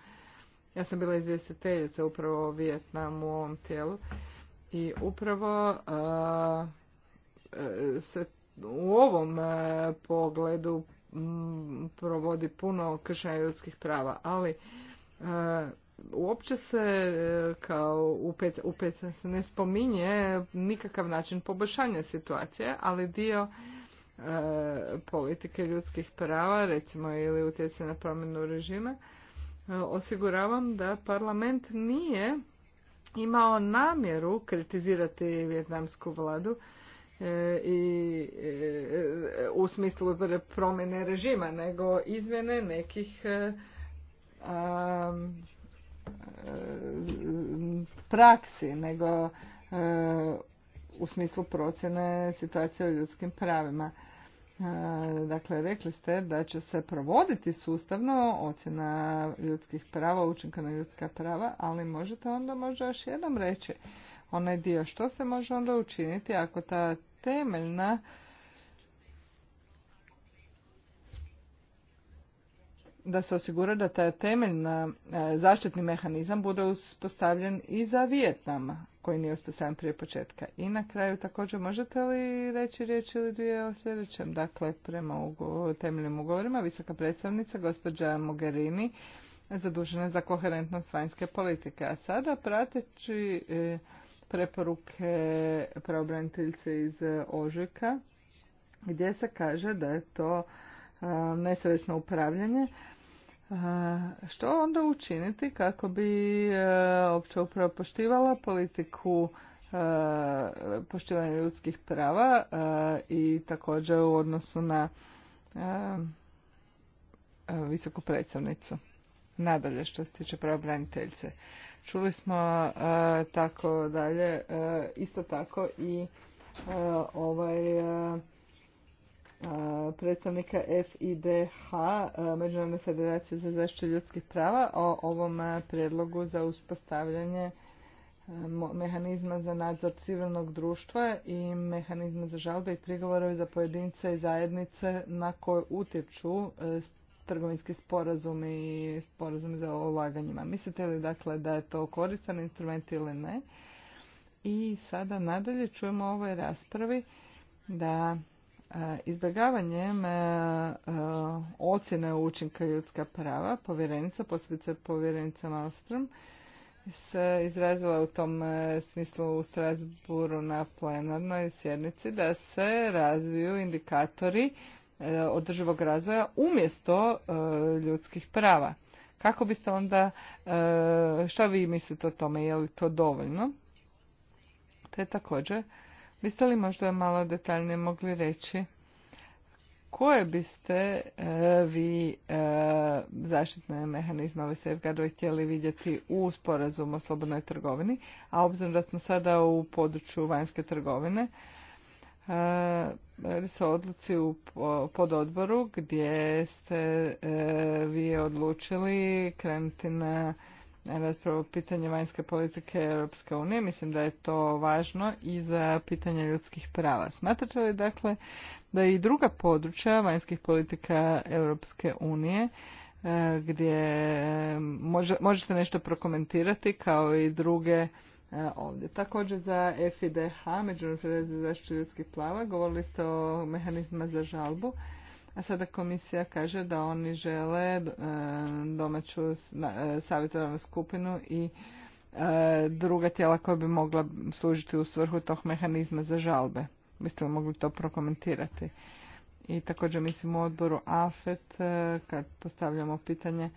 ja sam bila izvjestiteljica upravo o Vijetnamu u ovom tijelu i upravo e, se u ovom pogledu provodi puno kršenja ljudskih prava, ali e, uopće se e, kao u, pet, se ne spominje nikakav način poboljšanja situacije, ali dio e, politike ljudskih prava, recimo ili utjecaj na promjenu režima, osiguravam da parlament nije imao namjeru kritizirati vjetnamsku vladu, E, i e, e, u smislu promjene režima, nego izmjene nekih praksi, nego u smislu procjene situacije o ljudskim pravima. Dakle, rekli ste da će se provoditi sustavno ocjena ljudskih prava, učinka na ljudska prava, ali možete onda možda još jednom reći onaj dio. Što se može onda učiniti ako ta temeljna da se osigura da taj temeljna e, zaštitni mehanizam bude uspostavljen i za Vijetnam koji nije uspostavljen prije početka. I na kraju također možete li reći riječ ili dvije o sljedećem? Dakle, prema temeljnim ugovorima visoka predstavnica gospođa Mogherini zadužena za koherentnost vanjske politike. A sada prateći e, preporuke pravobraniteljice iz Ožujka gdje se kaže da je to nesavjesno upravljanje. Što onda učiniti kako bi e, opća upravo poštivala politiku e, poštivanja ljudskih prava e, i također u odnosu na visoku predstavnicu. Nadalje što se tiče pravobraniteljice. Čuli smo e, tako dalje, e, isto tako i e, ovaj predstavnika FIDH, Međunarodne federacije za zaštitu ljudskih prava, o ovom prijedlogu za uspostavljanje mehanizma za nadzor civilnog društva i mehanizma za žalbe i prigovore za pojedince i zajednice na koje utječu trgovinski sporazumi i sporazumi za ulaganjima. Mislite li dakle da je to koristan instrument ili ne? I sada nadalje čujemo u ovoj raspravi da e, izbjegavanjem e, e, ocjene učinka ljudska prava povjerenica, posljedice povjerenica Malstrom, se izrazila u tom smislu u Strasburu na plenarnoj sjednici da se razviju indikatori E, održivog razvoja umjesto e, ljudskih prava. Kako biste onda, e, šta vi mislite o tome, je li to dovoljno? Te također, biste li možda malo detaljnije mogli reći koje biste vi zaštitne mehanizme ove safeguardove htjeli vidjeti u sporazumu o slobodnoj trgovini, a obzirom da smo sada u području vanjske trgovine, radi se o odluci u pododboru gdje ste e, vi odlučili krenuti na raspravu pitanje vanjske politike Europske unije. Mislim da je to važno i za pitanje ljudskih prava. Smatrate li dakle da i druga područja vanjskih politika Europske unije e, gdje e, možete nešto prokomentirati kao i druge E, ovdje. Također za FIDH, Međunarodnu za zaštitu ljudskih plava, govorili ste o mehanizma za žalbu, a sada komisija kaže da oni žele e, domaću e, savjetodavnu skupinu i druga tijela koja bi mogla služiti u svrhu tog mehanizma za žalbe. Biste li mogli to prokomentirati? I također mislim u odboru AFET kad postavljamo pitanje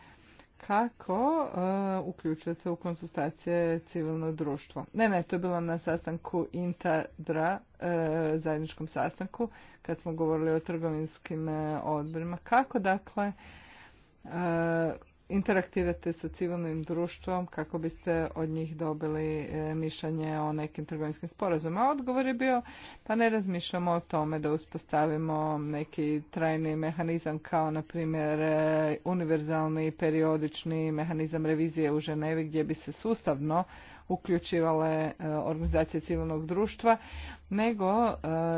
kako e, uključujete u konsultacije civilno društvo. Ne, ne, to je bilo na sastanku Intadra, e, zajedničkom sastanku, kad smo govorili o trgovinskim e, odborima. Kako, dakle, interaktirate sa civilnim društvom kako biste od njih dobili e, mišljenje o nekim trgovinskim sporazumima. Odgovor je bio pa ne razmišljamo o tome da uspostavimo neki trajni mehanizam kao na primjer e, univerzalni periodični mehanizam revizije u Ženevi gdje bi se sustavno uključivale e, organizacije civilnog društva, nego e,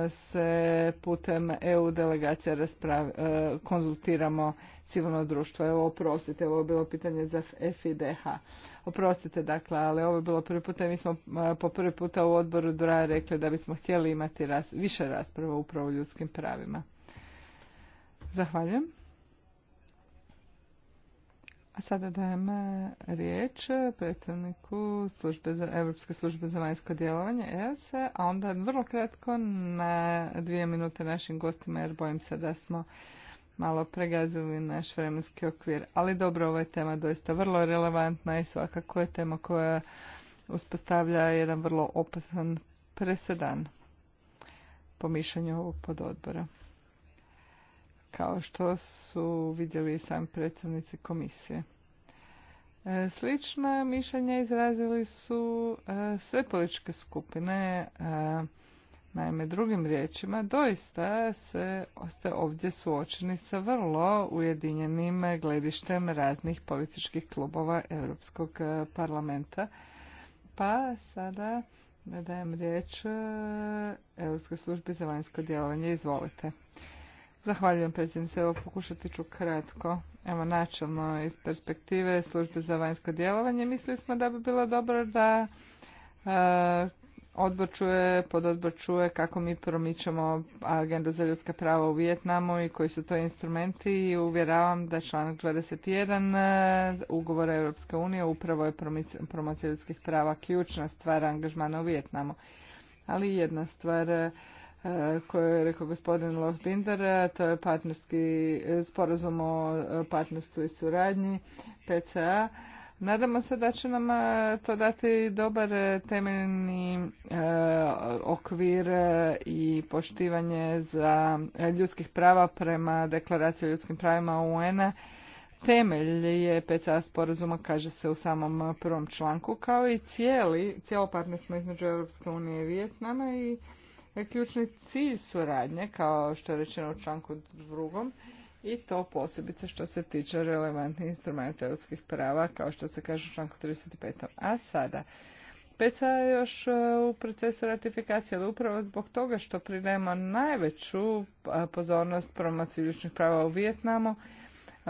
se putem EU delegacija e, konzultiramo civilno društvo. Evo, oprostite, ovo je bilo pitanje za FIDH. Oprostite, dakle, ali ovo je bilo prvi puta i mi smo po prvi puta u odboru DRA rekli da bismo htjeli imati više rasprava upravo o ljudskim pravima. Zahvaljujem sada dajem e, riječ predstavniku službe za, Europske službe za vanjsko djelovanje se, a onda vrlo kratko na dvije minute našim gostima jer bojim se da smo malo pregazili naš vremenski okvir. Ali dobro, ova je tema doista vrlo relevantna i svakako je tema koja uspostavlja jedan vrlo opasan presedan po mišljenju ovog pododbora kao što su vidjeli i sami predstavnici komisije. E, slična mišljenja izrazili su e, sve političke skupine, e, naime drugim riječima, doista se ste ovdje suočeni sa vrlo ujedinjenim gledištem raznih političkih klubova Europskog parlamenta. Pa sada dajem riječ Europskoj službi za vanjsko djelovanje. Izvolite. Zahvaljujem predsjednice, evo pokušati ću kratko. Evo načelno iz perspektive službe za vanjsko djelovanje mislili smo da bi bilo dobro da e, odbor čuje, kako mi promičemo agendu za ljudska prava u Vijetnamu i koji su to instrumenti i uvjeravam da članak 21 e, ugovora Europske unije upravo je promocija ljudskih prava ključna stvar angažmana u Vijetnamu. Ali jedna stvar koje je rekao gospodin Lohbinder. to je partnerski e, sporazum o e, partnerstvu i suradnji PCA. Nadamo se da će nam e, to dati dobar temeljni okvir i poštivanje za ljudskih prava prema deklaraciji o ljudskim pravima UN-a. Temelj je PCA sporazuma, kaže se u samom prvom članku, kao i cijeli, cijelo partnerstvo između Europske unije i Vijetnama i ključni cilj suradnje, kao što je rečeno u članku drugom, i to posebice što se tiče relevantnih instrumenta ljudskih prava, kao što se kaže u članku 35. A sada, peta je još e, u procesu ratifikacije, ali upravo zbog toga što pridajemo najveću pozornost promociji ljudskih prava u Vijetnamu, e,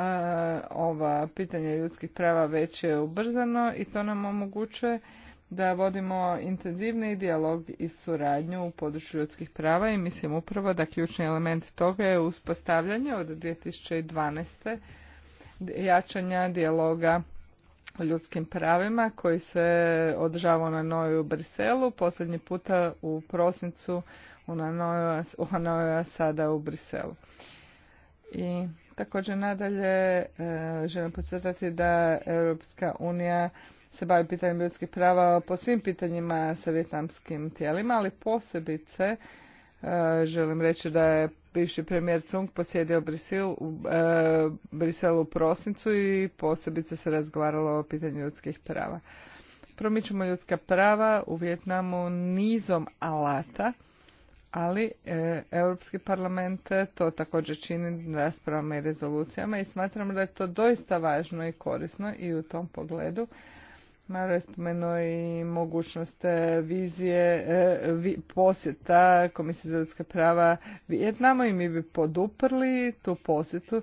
ova pitanje ljudskih prava već je ubrzano i to nam omogućuje da vodimo intenzivni dijalog i suradnju u području ljudskih prava i mislim upravo da ključni element toga je uspostavljanje od 2012. jačanja dijaloga o ljudskim pravima koji se održavao na Noju u Briselu, posljednji puta u prosincu u, Hanoju, a sada u Briselu. I također nadalje e, želim podcrtati da Europska unija se bavi pitanjem ljudskih prava po svim pitanjima sa vjetnamskim tijelima, ali posebice e, želim reći da je bivši premijer Cung posjedio e, Brisel, u Briselu u prosincu i posebice se razgovaralo o pitanju ljudskih prava. Promičemo ljudska prava u Vjetnamu nizom alata, ali e, Europski parlament to također čini raspravama i rezolucijama i smatramo da je to doista važno i korisno i u tom pogledu Naravno je spomenuo i mogućnost vizije, e, posjeta Komisije za ljudska prava Vijetnamo i mi bi poduprli tu posjetu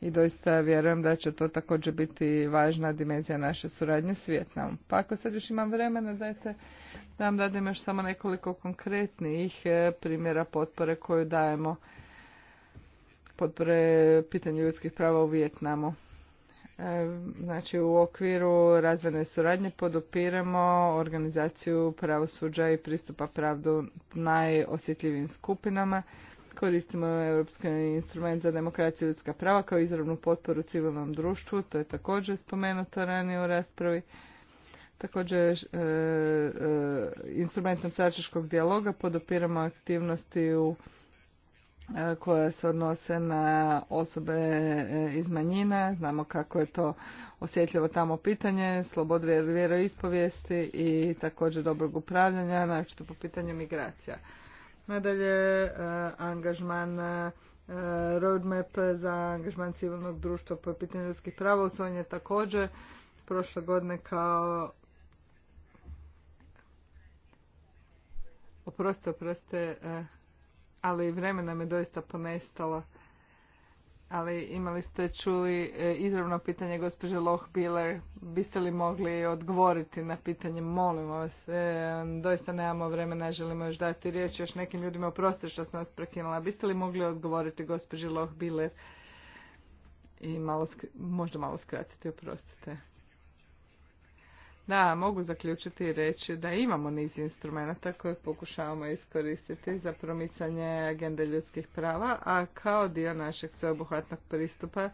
i doista vjerujem da će to također biti važna dimenzija naše suradnje s Vijetnamom. Pa ako sad još imam vremena, dajte da vam dadim još samo nekoliko konkretnih e, primjera potpore koju dajemo potpore pitanju ljudskih prava u Vijetnamu. E, znači u okviru razvojne suradnje podupiramo organizaciju pravosuđa i pristupa pravdu najosjetljivim skupinama. Koristimo Europski instrument za demokraciju i ljudska prava kao izravnu potporu civilnom društvu, to je također spomenuto ranije u raspravi. Također e, e, instrumentom strateškog dijaloga podopiramo aktivnosti u E, koja se odnose na osobe e, iz manjina. Znamo kako je to osjetljivo tamo pitanje, slobode vjeroispovijesti i također dobrog upravljanja, naročito po pitanju migracija. Nadalje, e, angažman roadmap za angažman civilnog društva po pitanju ljudskih prava usvojen je također prošle godine kao oprostite, oprostite, ali vremena me doista ponestalo. Ali imali ste čuli e, izravno pitanje gospođe Lohbiler. Biste li mogli odgovoriti na pitanje? Molim vas. E, doista nemamo vremena, želimo još dati riječ još nekim ljudima. Oprosti što sam vas prekinula. Biste li mogli odgovoriti gospođi Lohbiler? I malo, možda malo skratiti, oprostite. Da, mogu zaključiti i reći da imamo niz instrumenta koje pokušavamo iskoristiti za promicanje agende ljudskih prava, a kao dio našeg sveobuhvatnog pristupa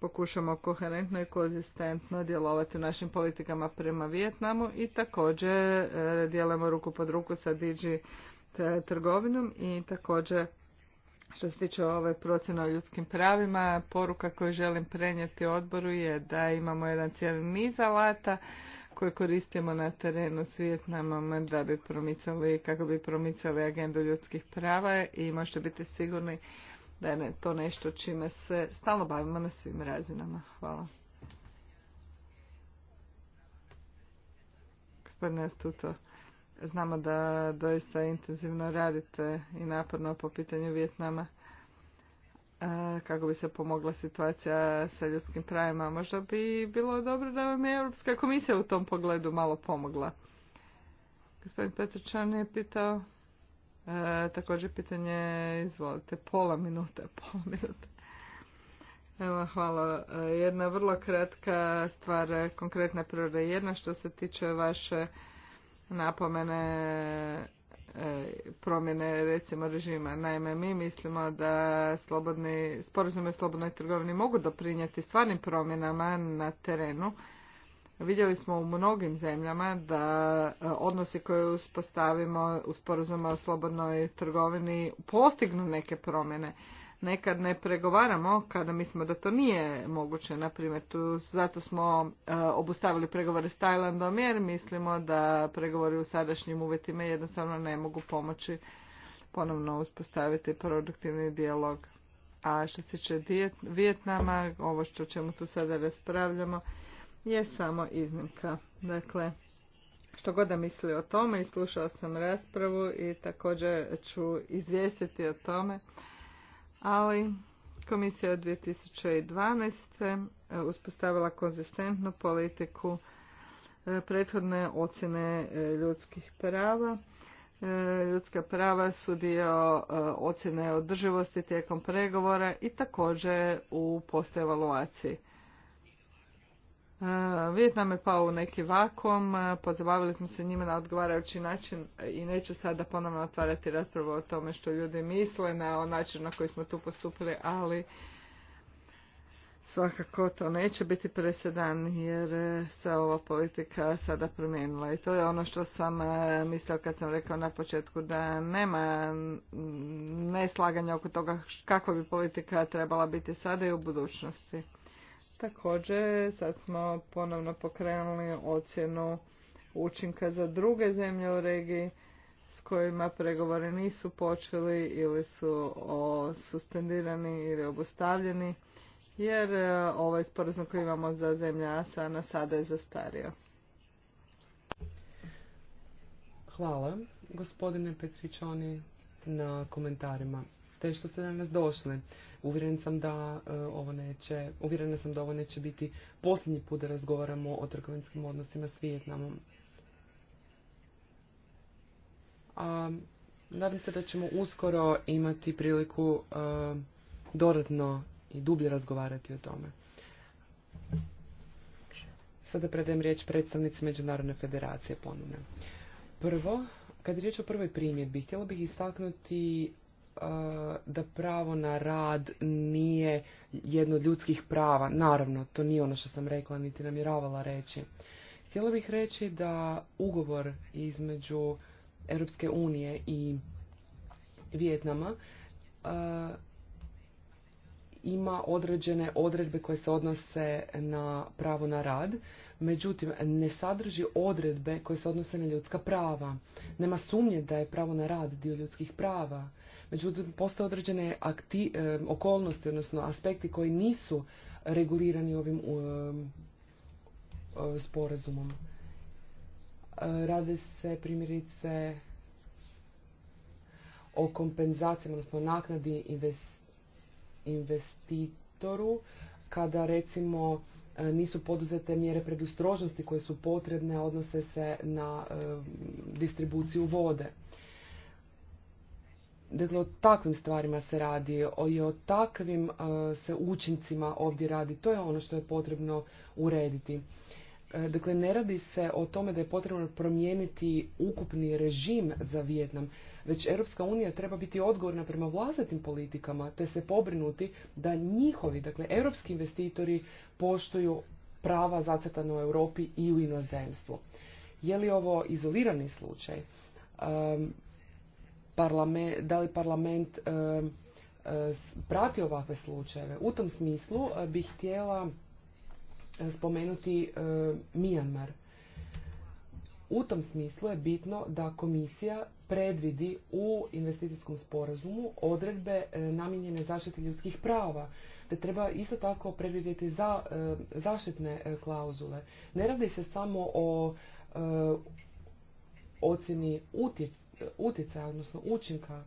pokušamo koherentno i konzistentno djelovati u našim politikama prema Vijetnamu i također e, djelujemo ruku pod ruku sa Digi e, trgovinom i također što se tiče ove procjene o ljudskim pravima, poruka koju želim prenijeti odboru je da imamo jedan cijeli niz alata koje koristimo na terenu s Vijetnamom da bi promicali, kako bi promicali agendu ljudskih prava i možete biti sigurni da je to nešto čime se stalno bavimo na svim razinama. Hvala. Gospodine Astuto, znamo da doista intenzivno radite i naporno po pitanju Vijetnama kako bi se pomogla situacija sa ljudskim pravima. Možda bi bilo dobro da vam je Europska komisija u tom pogledu malo pomogla. Gospodin Petrčan je pitao također pitanje, izvolite, pola minute, pola minute. Evo, hvala. Jedna vrlo kratka stvar, konkretna priroda. Jedna što se tiče vaše napomene E, promjene recimo režima. Naime, mi mislimo da slobodni, sporazume o slobodnoj trgovini mogu doprinijeti stvarnim promjenama na terenu. Vidjeli smo u mnogim zemljama da e, odnosi koje uspostavimo u sporozume o slobodnoj trgovini postignu neke promjene nekad ne pregovaramo kada mislimo da to nije moguće. Naprimjer, tu, zato smo e, obustavili pregovore s Tajlandom jer mislimo da pregovori u sadašnjim uvjetima jednostavno ne mogu pomoći ponovno uspostaviti produktivni dijalog. A što se tiče Vijetnama, ovo što čemu tu sada raspravljamo je samo iznimka. Dakle, što god da misli o tome i slušao sam raspravu i također ću izvijestiti o tome ali komisija od 2012. E, uspostavila konzistentnu politiku e, prethodne ocjene e, ljudskih prava. Ljudska prava su dio ocjene održivosti tijekom pregovora i također u postevaluaciji. E, Vjetnam je pao u neki vakum, e, pozabavili smo se njima na odgovarajući način i neću sada ponovno otvarati raspravu o tome što ljudi misle na o način na koji smo tu postupili, ali svakako to neće biti presedan jer e, se ova politika sada promijenila i to je ono što sam mislio kad sam rekao na početku da nema neslaganja oko toga kakva bi politika trebala biti sada i u budućnosti. Također, sad smo ponovno pokrenuli ocjenu učinka za druge zemlje u regiji s kojima pregovore nisu počeli ili su o, suspendirani ili obustavljeni, jer e, ovaj sporazum koji imamo za zemlje ASANA sada je zastario. Hvala, gospodine Petričani, na komentarima te što ste danas došli. Uvjeren sam da e, ovo neće, uvjerena sam da ovo neće biti posljednji put da razgovaramo o trgovinskim odnosima s Vijetnamom. A, nadam se da ćemo uskoro imati priliku e, dodatno i dublje razgovarati o tome. Sada predajem riječ predstavnici Međunarodne federacije ponovno. Prvo, kad je riječ o prvoj primjedbi, htjela bih istaknuti da pravo na rad nije jedno od ljudskih prava. Naravno, to nije ono što sam rekla, niti namjeravala reći. Htjela bih reći da ugovor između Europske unije i Vijetnama ima određene odredbe koje se odnose na pravo na rad, međutim ne sadrži odredbe koje se odnose na ljudska prava. Nema sumnje da je pravo na rad dio ljudskih prava Međutim, postoje određene akti, e, okolnosti, odnosno aspekti koji nisu regulirani ovim e, e, sporazumom. E, rade se primjerice o kompenzaciji, odnosno naknadi investitoru kada recimo nisu poduzete mjere predustrožnosti koje su potrebne, odnose se na distribuciju vode. Dakle, o takvim stvarima se radi i o takvim se učincima ovdje radi. To je ono što je potrebno urediti. E, dakle, ne radi se o tome da je potrebno promijeniti ukupni režim za Vijetnam, već Europska unija treba biti odgovorna prema vlastitim politikama, te se pobrinuti da njihovi, dakle, europski investitori poštuju prava zacrtana u Europi i u inozemstvu. Je li ovo izolirani slučaj? Um, da li parlament e, e, prati ovakve slučajeve. U tom smislu e, bih htjela spomenuti Mijanmar. U tom smislu je bitno da komisija predvidi u investicijskom sporazumu odredbe namijenjene zaštiti ljudskih prava, te treba isto tako predvidjeti za zaštitne klauzule. Ne radi se samo o ocjeni utjec, utjecaja, odnosno učinka,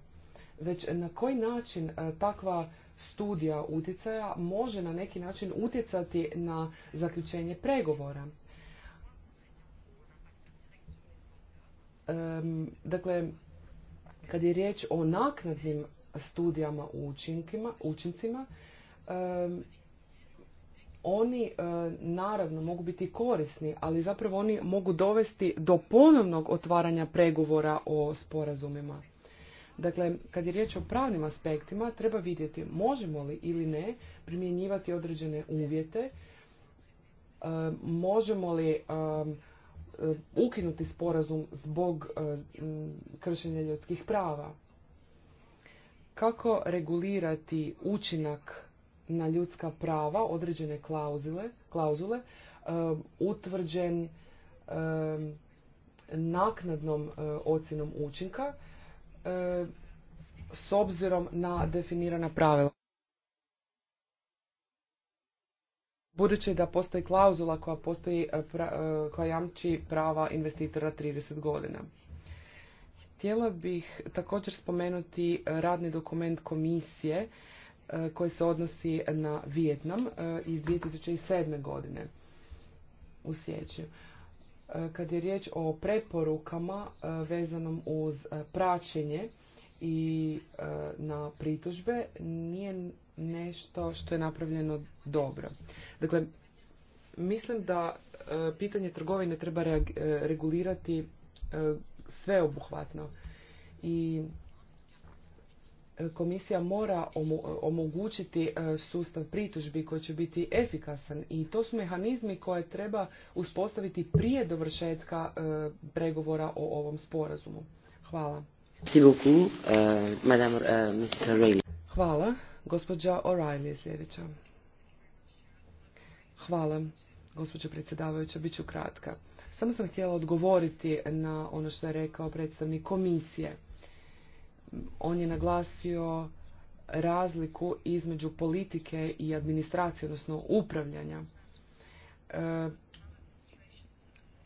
već na koji način e, takva studija utjecaja može na neki način utjecati na zaključenje pregovora. dakle, kad je riječ o naknadnim studijama učinkima, učincima, oni e, naravno mogu biti korisni, ali zapravo oni mogu dovesti do ponovnog otvaranja pregovora o sporazumima. Dakle, kad je riječ o pravnim aspektima, treba vidjeti možemo li ili ne primjenjivati određene uvjete, e, možemo li e, ukinuti sporazum zbog kršenja ljudskih prava. Kako regulirati učinak na ljudska prava određene klauzule, um, utvrđen um, naknadnom uh, ocjenom učinka um, s obzirom na definirana pravila. Budući da postoji klauzula koja, postoji, uh, uh, koja jamči prava investitora 30 godina. Htjela bih također spomenuti radni dokument komisije E, koji se odnosi na Vijetnam e, iz 2007. godine u sjeću. E, kad je riječ o preporukama vezanom uz praćenje i na pritužbe, nije nešto što je napravljeno dobro. Dakle, mislim da pitanje trgovine treba regulirati sveobuhvatno i komisija mora omogućiti e, sustav pritužbi koji će biti efikasan i to su mehanizmi koje treba uspostaviti prije dovršetka e, pregovora o ovom sporazumu. Hvala. E, Hvala. Gospođa O'Reilly je sljedeća. Hvala, gospođo predsjedavajuća, bit ću kratka. Samo sam htjela odgovoriti na ono što je rekao predstavnik komisije on je naglasio razliku između politike i administracije, odnosno upravljanja. E,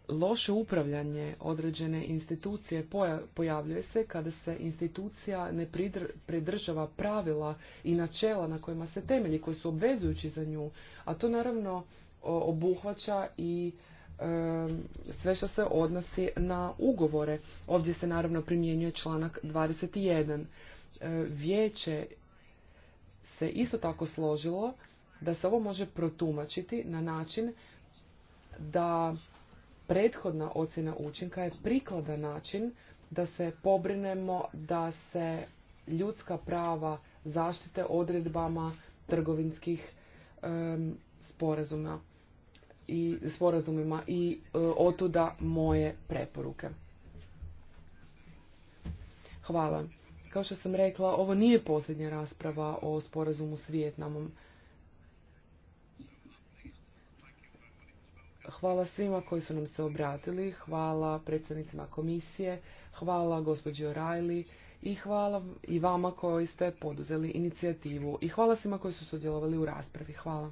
loše upravljanje određene institucije pojavljuje se kada se institucija ne pridr pridržava pravila i načela na kojima se temelji, koji su obvezujući za nju, a to naravno obuhvaća i sve što se odnosi na ugovore. Ovdje se naravno primjenjuje članak 21. E, vijeće se isto tako složilo da se ovo može protumačiti na način da prethodna ocjena učinka je prikladan način da se pobrinemo da se ljudska prava zaštite odredbama trgovinskih sporazuma i sporazumima i e, otuda moje preporuke. Hvala. Kao što sam rekla, ovo nije posljednja rasprava o sporazumu s Vijetnamom. Hvala svima koji su nam se obratili, hvala predsjednicima komisije, hvala gospođi O'Reilly i hvala i vama koji ste poduzeli inicijativu i hvala svima koji su sudjelovali u raspravi. Hvala.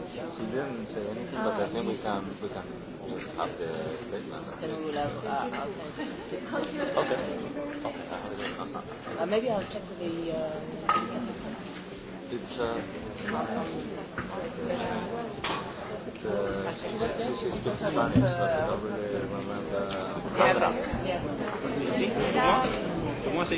she didn't say anything, but I think we can, we can just have the statement. okay. Uh, maybe I'll check the uh, assistant. It's, uh, it's, uh, se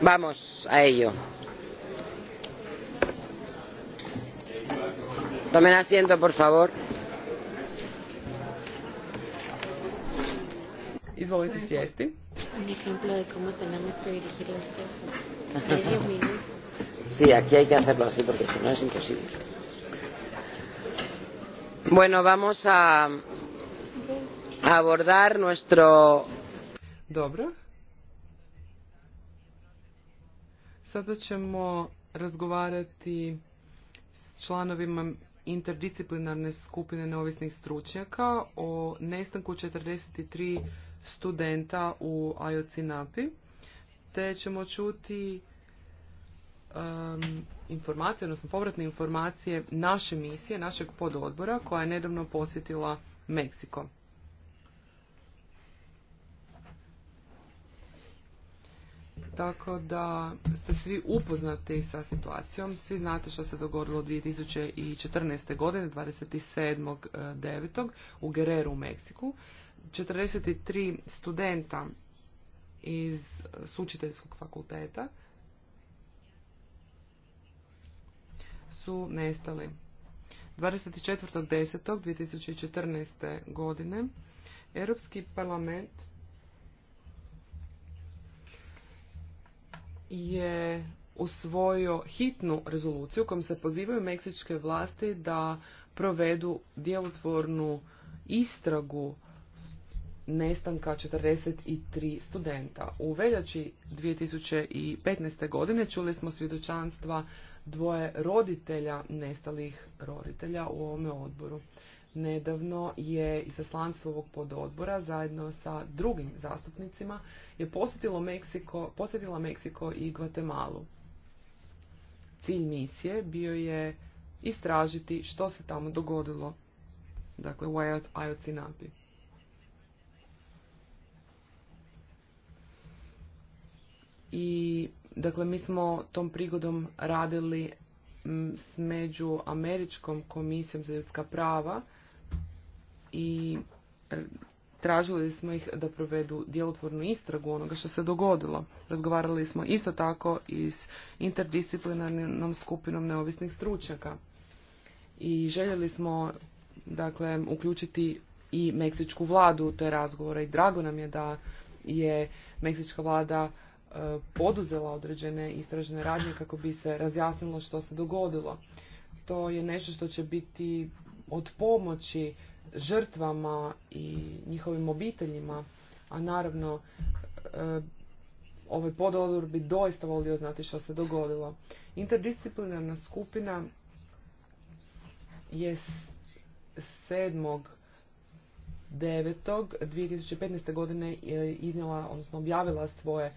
Vamos a ello. Tomen asiento, por favor. Izvolite sjesti. Un ejemplo de cómo tenemos que dirigir las cosas. Sí, aquí hay que hacerlo así porque si no es imposible. Bueno, vamos a abordar nuestro... Dobro, Sada ćemo razgovarati s članovima interdisciplinarne skupine neovisnih stručnjaka o nestanku 43 studenta u NAPI. te ćemo čuti um, informacije, odnosno povratne informacije naše misije, našeg pododbora koja je nedavno posjetila Meksiko. tako da ste svi upoznati sa situacijom. Svi znate što se dogodilo 2014. godine, 27.9. Eh, u gereru u Meksiku. 43 studenta iz eh, sučiteljskog fakulteta su nestali. 24.10.2014. godine Europski parlament je usvojio hitnu rezoluciju kojom se pozivaju meksičke vlasti da provedu djelotvornu istragu nestanka 43 studenta. U veljači 2015. godine čuli smo svjedočanstva dvoje roditelja nestalih roditelja u ovome odboru. Nedavno je izaslanstvo ovog pododbora zajedno sa drugim zastupnicima je posjetilo Meksiko, posjetila Meksiko i Gvatemalu. Cilj misije bio je istražiti što se tamo dogodilo, dakle u Ayotzinapi. I dakle mi smo tom prigodom radili s među Američkom komisijom za ljudska prava i e, tražili smo ih da provedu djelotvornu istragu onoga što se dogodilo. Razgovarali smo isto tako i s interdisciplinarnom skupinom neovisnih stručnjaka i željeli smo dakle uključiti i meksičku vladu u te razgovore i drago nam je da je meksička vlada e, poduzela određene istražne radnje kako bi se razjasnilo što se dogodilo. To je nešto što će biti od pomoći žrtvama i njihovim obiteljima, a naravno e, ovaj pododor bi doista volio znati što se dogodilo. Interdisciplinarna skupina je 7.9.2015. godine e, iznijela, odnosno objavila svoje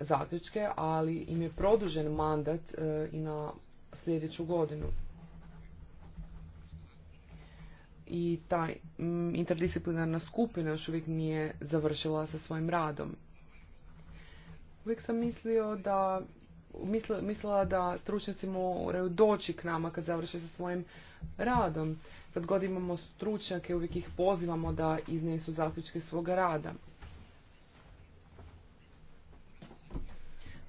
zaključke, ali im je produžen mandat e, i na sljedeću godinu i ta mm, interdisciplinarna skupina još uvijek nije završila sa svojim radom. Uvijek sam mislio da mislila da stručnjaci moraju doći k nama kad završe sa svojim radom. Kad god imamo stručnjake, uvijek ih pozivamo da iznesu zaključke svoga rada.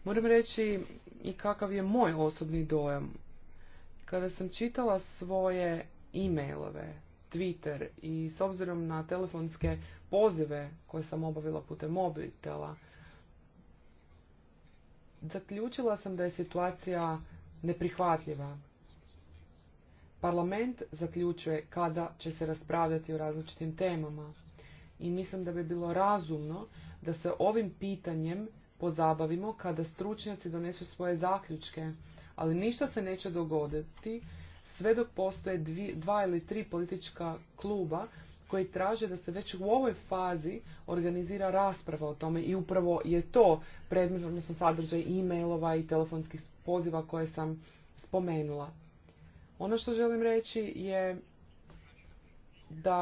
Moram reći i kakav je moj osobni dojam. Kada sam čitala svoje e-mailove Twitter i s obzirom na telefonske pozive koje sam obavila putem mobitela, zaključila sam da je situacija neprihvatljiva. Parlament zaključuje kada će se raspravljati o različitim temama i mislim da bi bilo razumno da se ovim pitanjem pozabavimo kada stručnjaci donesu svoje zaključke, ali ništa se neće dogoditi sve dok postoje dva ili tri politička kluba koji traže da se već u ovoj fazi organizira rasprava o tome i upravo je to predmet, odnosno sadržaj e-mailova i telefonskih poziva koje sam spomenula. Ono što želim reći je da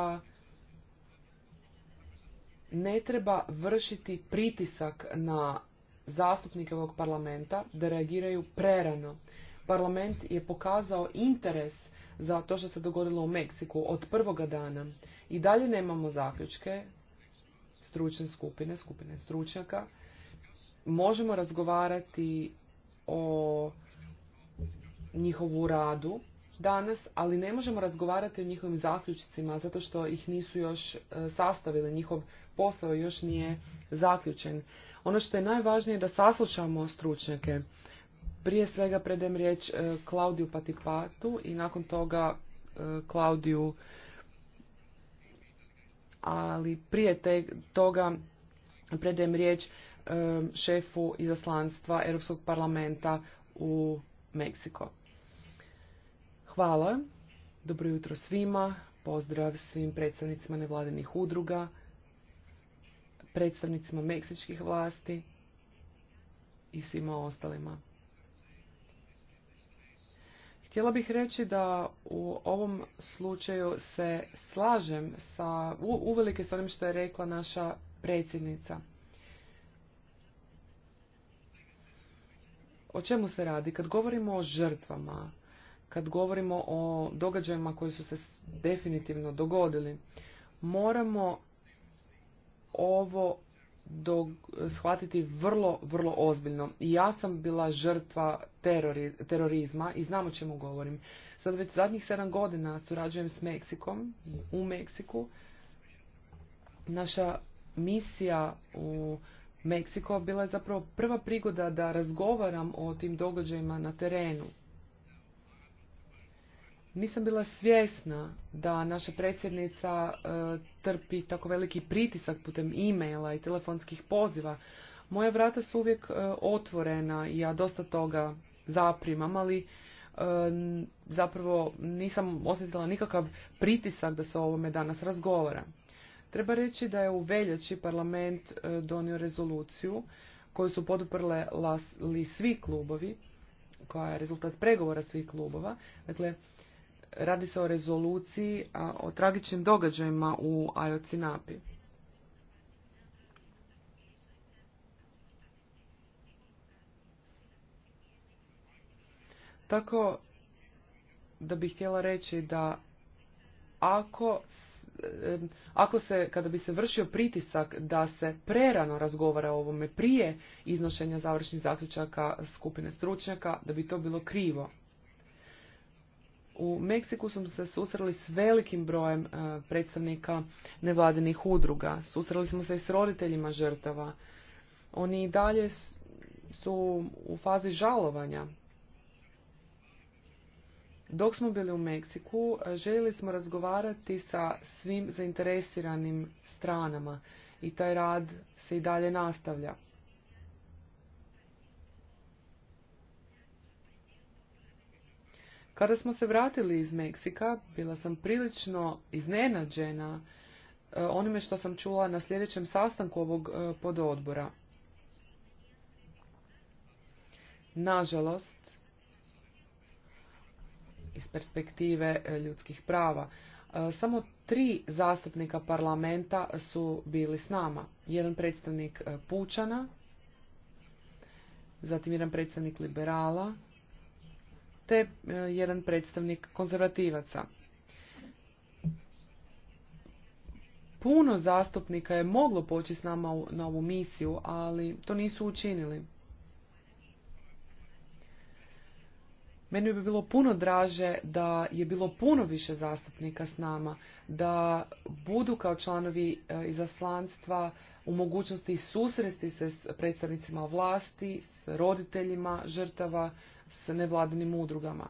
ne treba vršiti pritisak na zastupnike ovog parlamenta da reagiraju prerano. Parlament je pokazao interes za to što se dogodilo u Meksiku od prvoga dana. I dalje nemamo zaključke stručne skupine, skupine stručnjaka. Možemo razgovarati o njihovu radu danas, ali ne možemo razgovarati o njihovim zaključcima zato što ih nisu još e, sastavili, njihov posao još nije zaključen. Ono što je najvažnije je da saslušamo stručnjake prije svega predajem riječ e, Klaudiju Patipatu i nakon toga e, Klaudiju ali prije toga predajem riječ e, šefu izaslanstva Europskog parlamenta u Meksiko. Hvala. Dobro jutro svima. Pozdrav svim predstavnicima nevladinih udruga, predstavnicima meksičkih vlasti i svima ostalima. Htjela bih reći da u ovom slučaju se slažem sa, uvelike s onim što je rekla naša predsjednica. O čemu se radi? Kad govorimo o žrtvama, kad govorimo o događajima koji su se definitivno dogodili, moramo ovo dog, shvatiti vrlo, vrlo ozbiljno. I ja sam bila žrtva terorizma i znam o čemu govorim. Sad već zadnjih sedam godina surađujem s Meksikom, u Meksiku. Naša misija u Meksiko bila je zapravo prva prigoda da razgovaram o tim događajima na terenu. Nisam bila svjesna da naša predsjednica e, trpi tako veliki pritisak putem e-maila i telefonskih poziva. Moja vrata su uvijek e, otvorena i ja dosta toga zaprimam, ali e, zapravo nisam osjetila nikakav pritisak da se o ovome danas razgovara. Treba reći da je u veljači parlament donio rezoluciju koju su poduprle svi klubovi, koja je rezultat pregovora svih klubova. Dakle, Radi se o rezoluciji o tragičnim događajima u Ajocinapi. Tako da bih htjela reći da ako, ako se, kada bi se vršio pritisak da se prerano razgovara o ovome prije iznošenja završnih zaključaka skupine stručnjaka, da bi to bilo krivo. U Meksiku smo se susreli s velikim brojem e, predstavnika nevladinih udruga. Susreli smo se i s roditeljima žrtava. Oni i dalje su u fazi žalovanja. Dok smo bili u Meksiku, e, željeli smo razgovarati sa svim zainteresiranim stranama i taj rad se i dalje nastavlja. Kada smo se vratili iz Meksika, bila sam prilično iznenađena e, onime što sam čula na sljedećem sastanku ovog e, pododbora. Nažalost, iz perspektive e, ljudskih prava, samo tri zastupnika parlamenta su bili s nama. Jedan predstavnik Pučana, zatim jedan predstavnik liberala te e, jedan predstavnik konzervativaca. Puno zastupnika je moglo poći s nama na ovu misiju, ali to nisu učinili. Meni bi bilo puno draže da je bilo puno više zastupnika s nama, da budu kao članovi e, izaslanstva u mogućnosti susresti se s predstavnicima vlasti, s roditeljima žrtava, s nevladinim udrugama.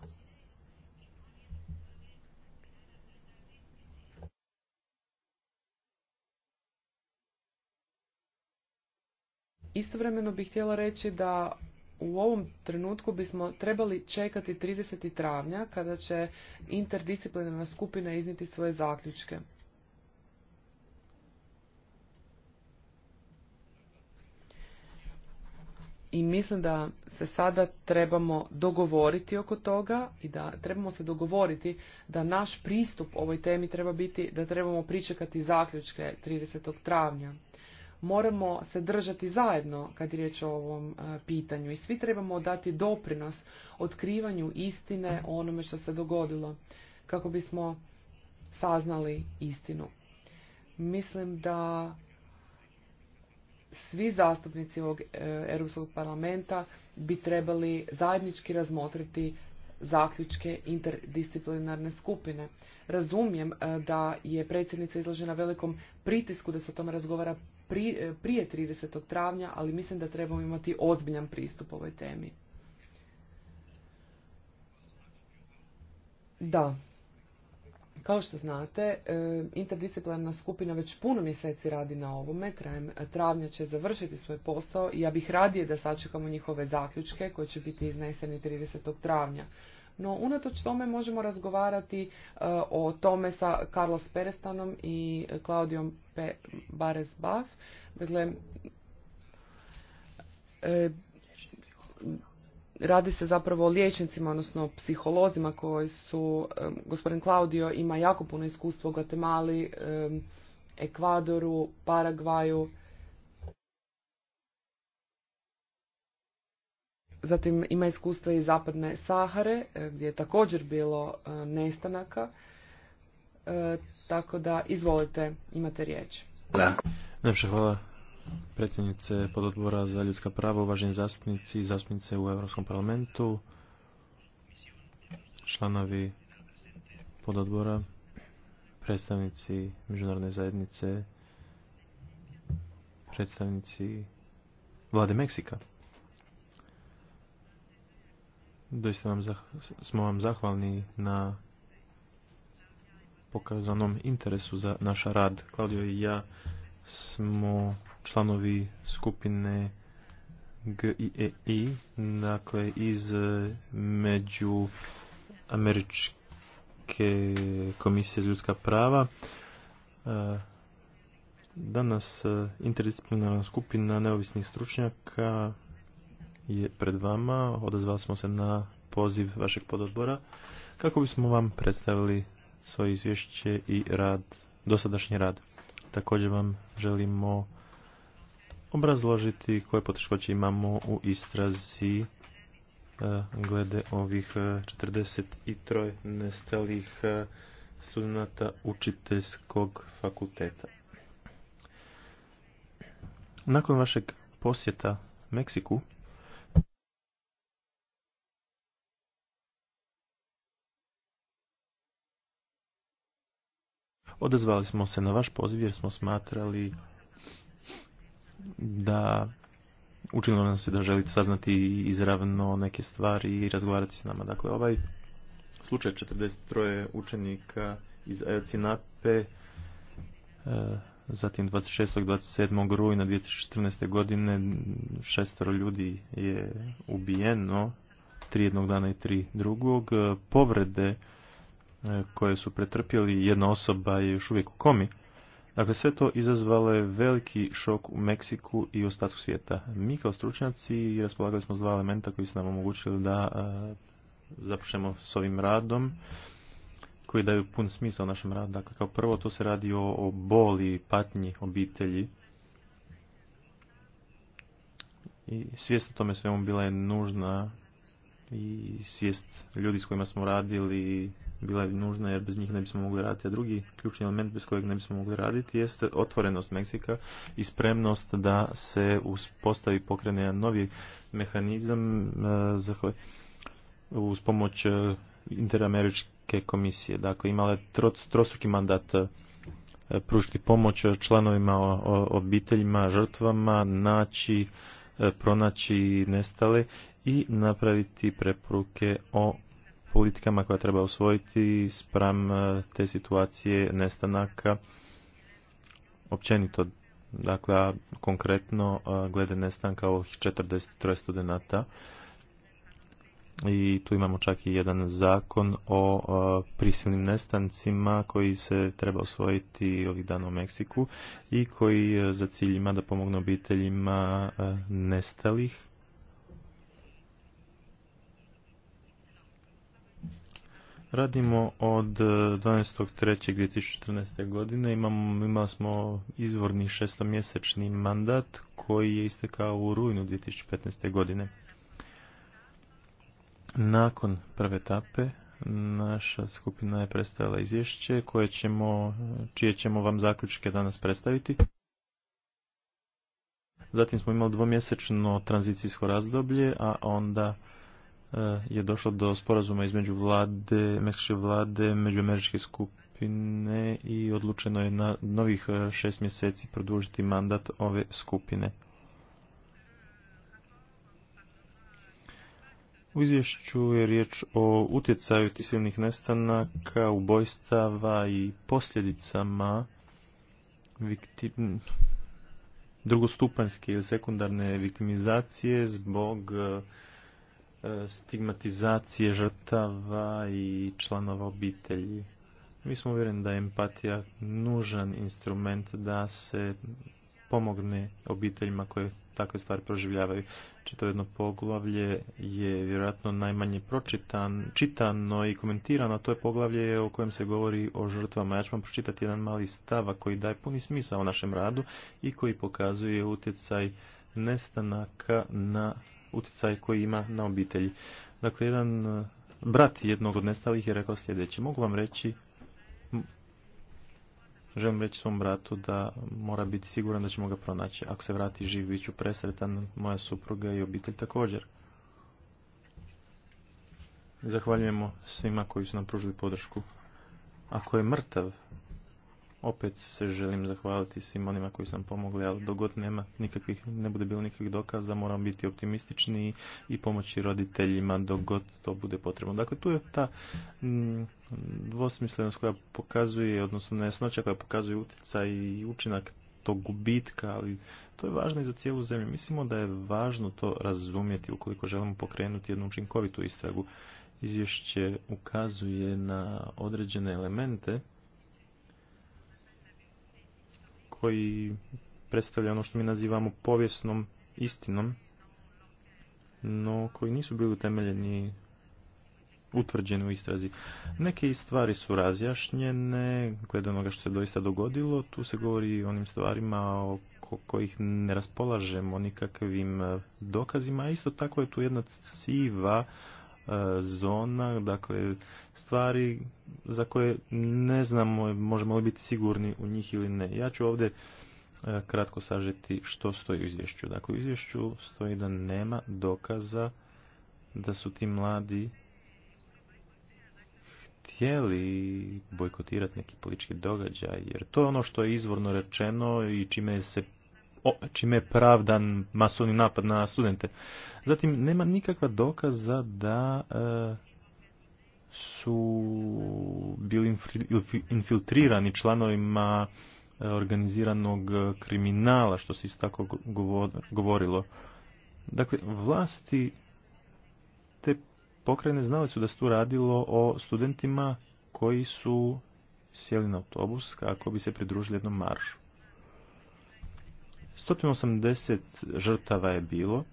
Istovremeno bih htjela reći da u ovom trenutku bismo trebali čekati 30. travnja kada će interdisciplinarna skupina izniti svoje zaključke. i mislim da se sada trebamo dogovoriti oko toga i da trebamo se dogovoriti da naš pristup ovoj temi treba biti da trebamo pričekati zaključke 30. travnja. Moramo se držati zajedno kad je riječ o ovom e, pitanju i svi trebamo dati doprinos otkrivanju istine o onome što se dogodilo kako bismo saznali istinu. Mislim da svi zastupnici ovog e, Europskog parlamenta bi trebali zajednički razmotriti zaključke interdisciplinarne skupine. Razumijem e, da je predsjednica izložena velikom pritisku da se o tome razgovara e, prije 30. travnja, ali mislim da trebamo imati ozbiljan pristup ovoj temi. Da, kao što znate, e, interdisciplinarna skupina već puno mjeseci radi na ovome, krajem travnja će završiti svoj posao i ja bih radije da sačekamo njihove zaključke koje će biti izneseni 30. travnja. No, unatoč tome možemo razgovarati e, o tome sa Carlos Perestanom i Claudijom Bares Baf. Dakle, e, radi se zapravo o liječnicima, odnosno psiholozima koji su, gospodin Claudio ima jako puno iskustva u Guatemali, Ekvadoru, Paragvaju, zatim ima iskustva iz Zapadne Sahare, e, gdje je također bilo e, nestanaka, e, tako da izvolite, imate riječ. Da. hvala predsjednice pododbora za ljudska prava, uvaženi zastupnici i zastupnice u Europskom parlamentu, članovi pododbora, predstavnici međunarodne zajednice, predstavnici vlade Meksika. Doista vam smo vam zahvalni na pokazanom interesu za naš rad. Claudio i ja smo članovi skupine GIEI, e dakle iz e, među američke komisije za ljudska prava. E, danas interdisciplinarna skupina neovisnih stručnjaka je pred vama. Odazvali smo se na poziv vašeg pododbora kako bismo vam predstavili svoje izvješće i rad, dosadašnji rad. Također vam želimo obrazložiti koje poteškoće imamo u istrazi e, glede ovih 43 e, nestalih e, studenta učiteljskog fakulteta. Nakon vašeg posjeta Meksiku, odezvali smo se na vaš poziv jer smo smatrali da učinilo nas da želite saznati izravno neke stvari i razgovarati s nama. Dakle, ovaj slučaj 43 učenika iz Nape e, zatim 26. 27. rujna 2014. godine šestero ljudi je ubijeno, tri jednog dana i tri drugog. E, povrede e, koje su pretrpjeli, jedna osoba je još uvijek u komi, Dakle, sve to izazvalo je veliki šok u Meksiku i u ostatku svijeta. Mi kao stručnjaci raspolagali smo s dva elementa koji su nam omogućili da e, započnemo s ovim radom koji daju pun smisao našem radu. Dakle, kao prvo to se radi o, o boli, patnji obitelji. I svijest o tome svemu bila je nužna i svijest ljudi s kojima smo radili bila je nužna jer bez njih ne bismo mogli raditi. A drugi ključni element bez kojeg ne bismo mogli raditi jeste otvorenost Meksika i spremnost da se uspostavi pokrene jedan novi mehanizam e, uz pomoć e, interameričke komisije. Dakle, imala je trostruki mandat e, pružiti pomoć članovima obiteljima, žrtvama, naći, pronaći nestale i napraviti preporuke o politikama koja treba usvojiti spram e, te situacije nestanaka općenito dakle konkretno e, glede nestanka ovih 43 studenata i tu imamo čak i jedan zakon o e, prisilnim nestancima koji se treba osvojiti ovih dana u Meksiku i koji za cilj ima da pomogne obiteljima nestalih Radimo od 12.3.2014. E, godine, imali smo izvorni šestomjesečni mandat koji je istekao u rujnu 2015. godine. Nakon prve etape naša skupina je predstavila izvješće koje ćemo, čije ćemo vam zaključke danas predstaviti. Zatim smo imali dvomjesečno tranzicijsko razdoblje, a onda E, je došlo do sporazuma između vlade, meksičke vlade, međuameričke skupine i odlučeno je na novih e, šest mjeseci produžiti mandat ove skupine. U izvješću je riječ o utjecaju tisilnih nestanaka, ubojstava i posljedicama viktim, ili sekundarne viktimizacije zbog e, stigmatizacije žrtava i članova obitelji. Mi smo uvjereni da je empatija nužan instrument da se pomogne obiteljima koje takve stvari proživljavaju. Čitav jedno poglavlje je vjerojatno najmanje pročitano čitano i komentirano, to je poglavlje o kojem se govori o žrtvama. Ja ću vam pročitati jedan mali stavak koji daje puni smisao našem radu i koji pokazuje utjecaj nestanaka na utjecaj koji ima na obitelji. Dakle, jedan e, brat jednog od nestalih je rekao sljedeće. Mogu vam reći, želim reći svom bratu da mora biti siguran da ćemo ga pronaći. Ako se vrati živ, bit ću presretan, moja supruga i obitelj također. Zahvaljujemo svima koji su nam pružili podršku. Ako je mrtav, opet se želim zahvaliti svim onima koji sam pomogli, ali dogod nema nikakvih, ne bude bilo nikakvih dokaza, moram biti optimistični i pomoći roditeljima dogod to bude potrebno. Dakle, tu je ta mm, dvosmislenost koja pokazuje, odnosno nesnoća koja pokazuje utjecaj i učinak tog gubitka, ali to je važno i za cijelu zemlju. Mislimo da je važno to razumjeti ukoliko želimo pokrenuti jednu učinkovitu istragu. Izvješće ukazuje na određene elemente koji predstavlja ono što mi nazivamo povijesnom istinom, no koji nisu bili utemeljeni utvrđeni u istrazi. Neke stvari su razjašnjene, glede onoga što se doista dogodilo, tu se govori o onim stvarima o kojih ne raspolažemo nikakvim dokazima, a isto tako je tu jedna siva zona, dakle stvari za koje ne znamo možemo li biti sigurni u njih ili ne. Ja ću ovdje e, kratko sažeti što stoji u izvješću. Dakle, u izvješću stoji da nema dokaza da su ti mladi htjeli bojkotirati neki politički događaj, jer to je ono što je izvorno rečeno i čime se čime je pravdan masovni napad na studente. Zatim, nema nikakva dokaza da e, su bili infiltrirani članovima e, organiziranog kriminala, što se isto tako govorilo. Dakle, vlasti te pokrajine znali su da se tu radilo o studentima koji su sjeli na autobus kako bi se pridružili jednom maršu. 180 žrtava je bilo,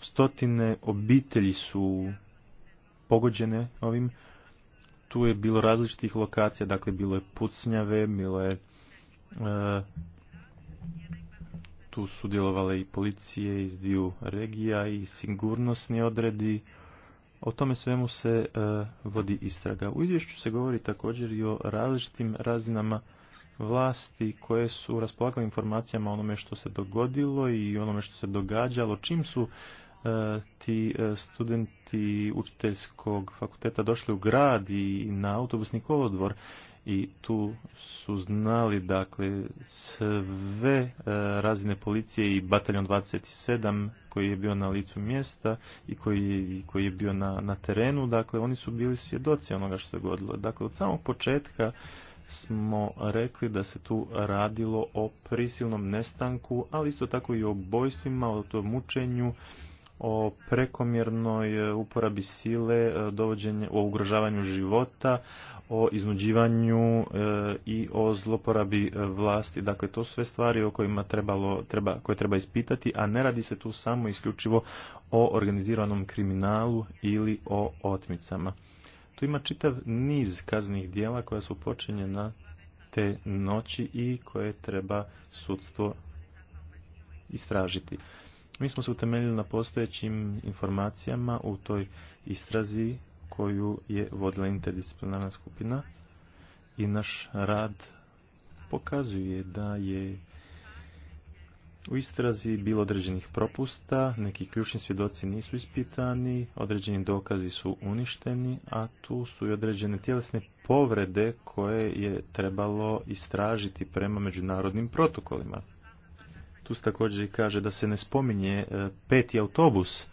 stotine obitelji su pogođene ovim, tu je bilo različitih lokacija, dakle bilo je pucnjave, bilo je e, tu su djelovale i policije iz dviju regija i sigurnosni odredi. O tome svemu se e, vodi istraga. U izvješću se govori također i o različitim razinama vlasti koje su raspolagale informacijama onome što se dogodilo i onome što se događalo, čim su e, ti e, studenti učiteljskog fakulteta došli u grad i na autobusni kolodvor i tu su znali dakle sve e, razine policije i bataljon 27 koji je bio na licu mjesta i koji je, koji je bio na, na terenu dakle oni su bili svjedoci onoga što se dogodilo dakle od samog početka smo rekli da se tu radilo o prisilnom nestanku, ali isto tako i o bojstvima, o tom mučenju, o prekomjernoj e, uporabi sile, e, o ugrožavanju života, o iznuđivanju e, i o zloporabi vlasti. Dakle, to su sve stvari o kojima trebalo, treba, koje treba ispitati, a ne radi se tu samo isključivo o organiziranom kriminalu ili o otmicama. Tu ima čitav niz kaznih dijela koja su počinjena te noći i koje treba sudstvo istražiti. Mi smo se utemeljili na postojećim informacijama u toj istrazi koju je vodila interdisciplinarna skupina i naš rad pokazuje da je u istrazi bilo određenih propusta, neki ključni svjedoci nisu ispitani, određeni dokazi su uništeni, a tu su i određene tjelesne povrede koje je trebalo istražiti prema međunarodnim protokolima. Tu se također i kaže da se ne spominje e, peti autobus,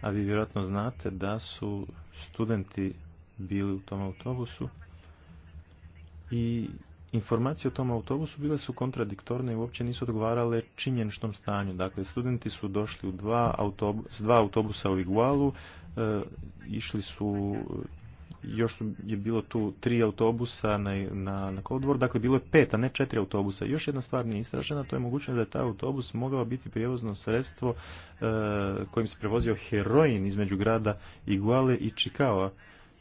a vi vjerojatno znate da su studenti bili u tom autobusu i informacije o tom autobusu bile su kontradiktorne i uopće nisu odgovarale činjeničnom stanju. Dakle, studenti su došli u dva s dva autobusa u Igualu, e, išli su još je bilo tu tri autobusa na, na, na kolodvor, dakle bilo je pet, a ne četiri autobusa. Još jedna stvar nije istražena, to je mogućnost da je taj autobus mogao biti prijevozno sredstvo e, kojim se prevozio heroin između grada Iguale i Čikaoa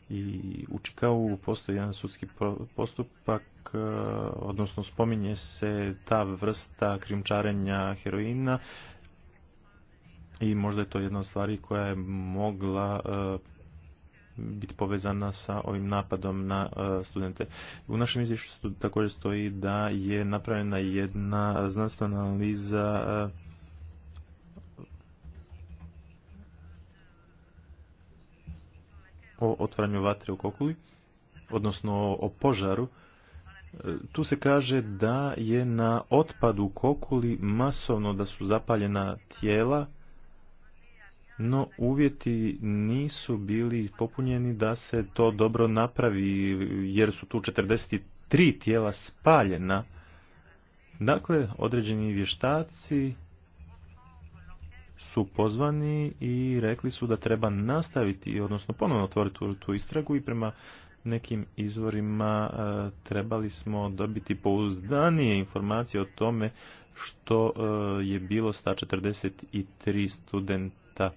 i u Čikavu postoji jedan sudski postupak, e, odnosno spominje se ta vrsta krimčarenja heroina i možda je to jedna od stvari koja je mogla e, biti povezana sa ovim napadom na e, studente. U našem izvješću također stoji da je napravljena jedna znanstvena analiza o otvaranju vatre u Kokuli, odnosno o požaru, e, tu se kaže da je na otpadu u Kokuli masovno da su zapaljena tijela, no uvjeti nisu bili popunjeni da se to dobro napravi, jer su tu 43 tijela spaljena. Dakle, određeni vještaci su pozvani i rekli su da treba nastaviti, odnosno ponovno otvoriti tu, istragu i prema nekim izvorima e, trebali smo dobiti pouzdanije informacije o tome što e, je bilo 143 studenta.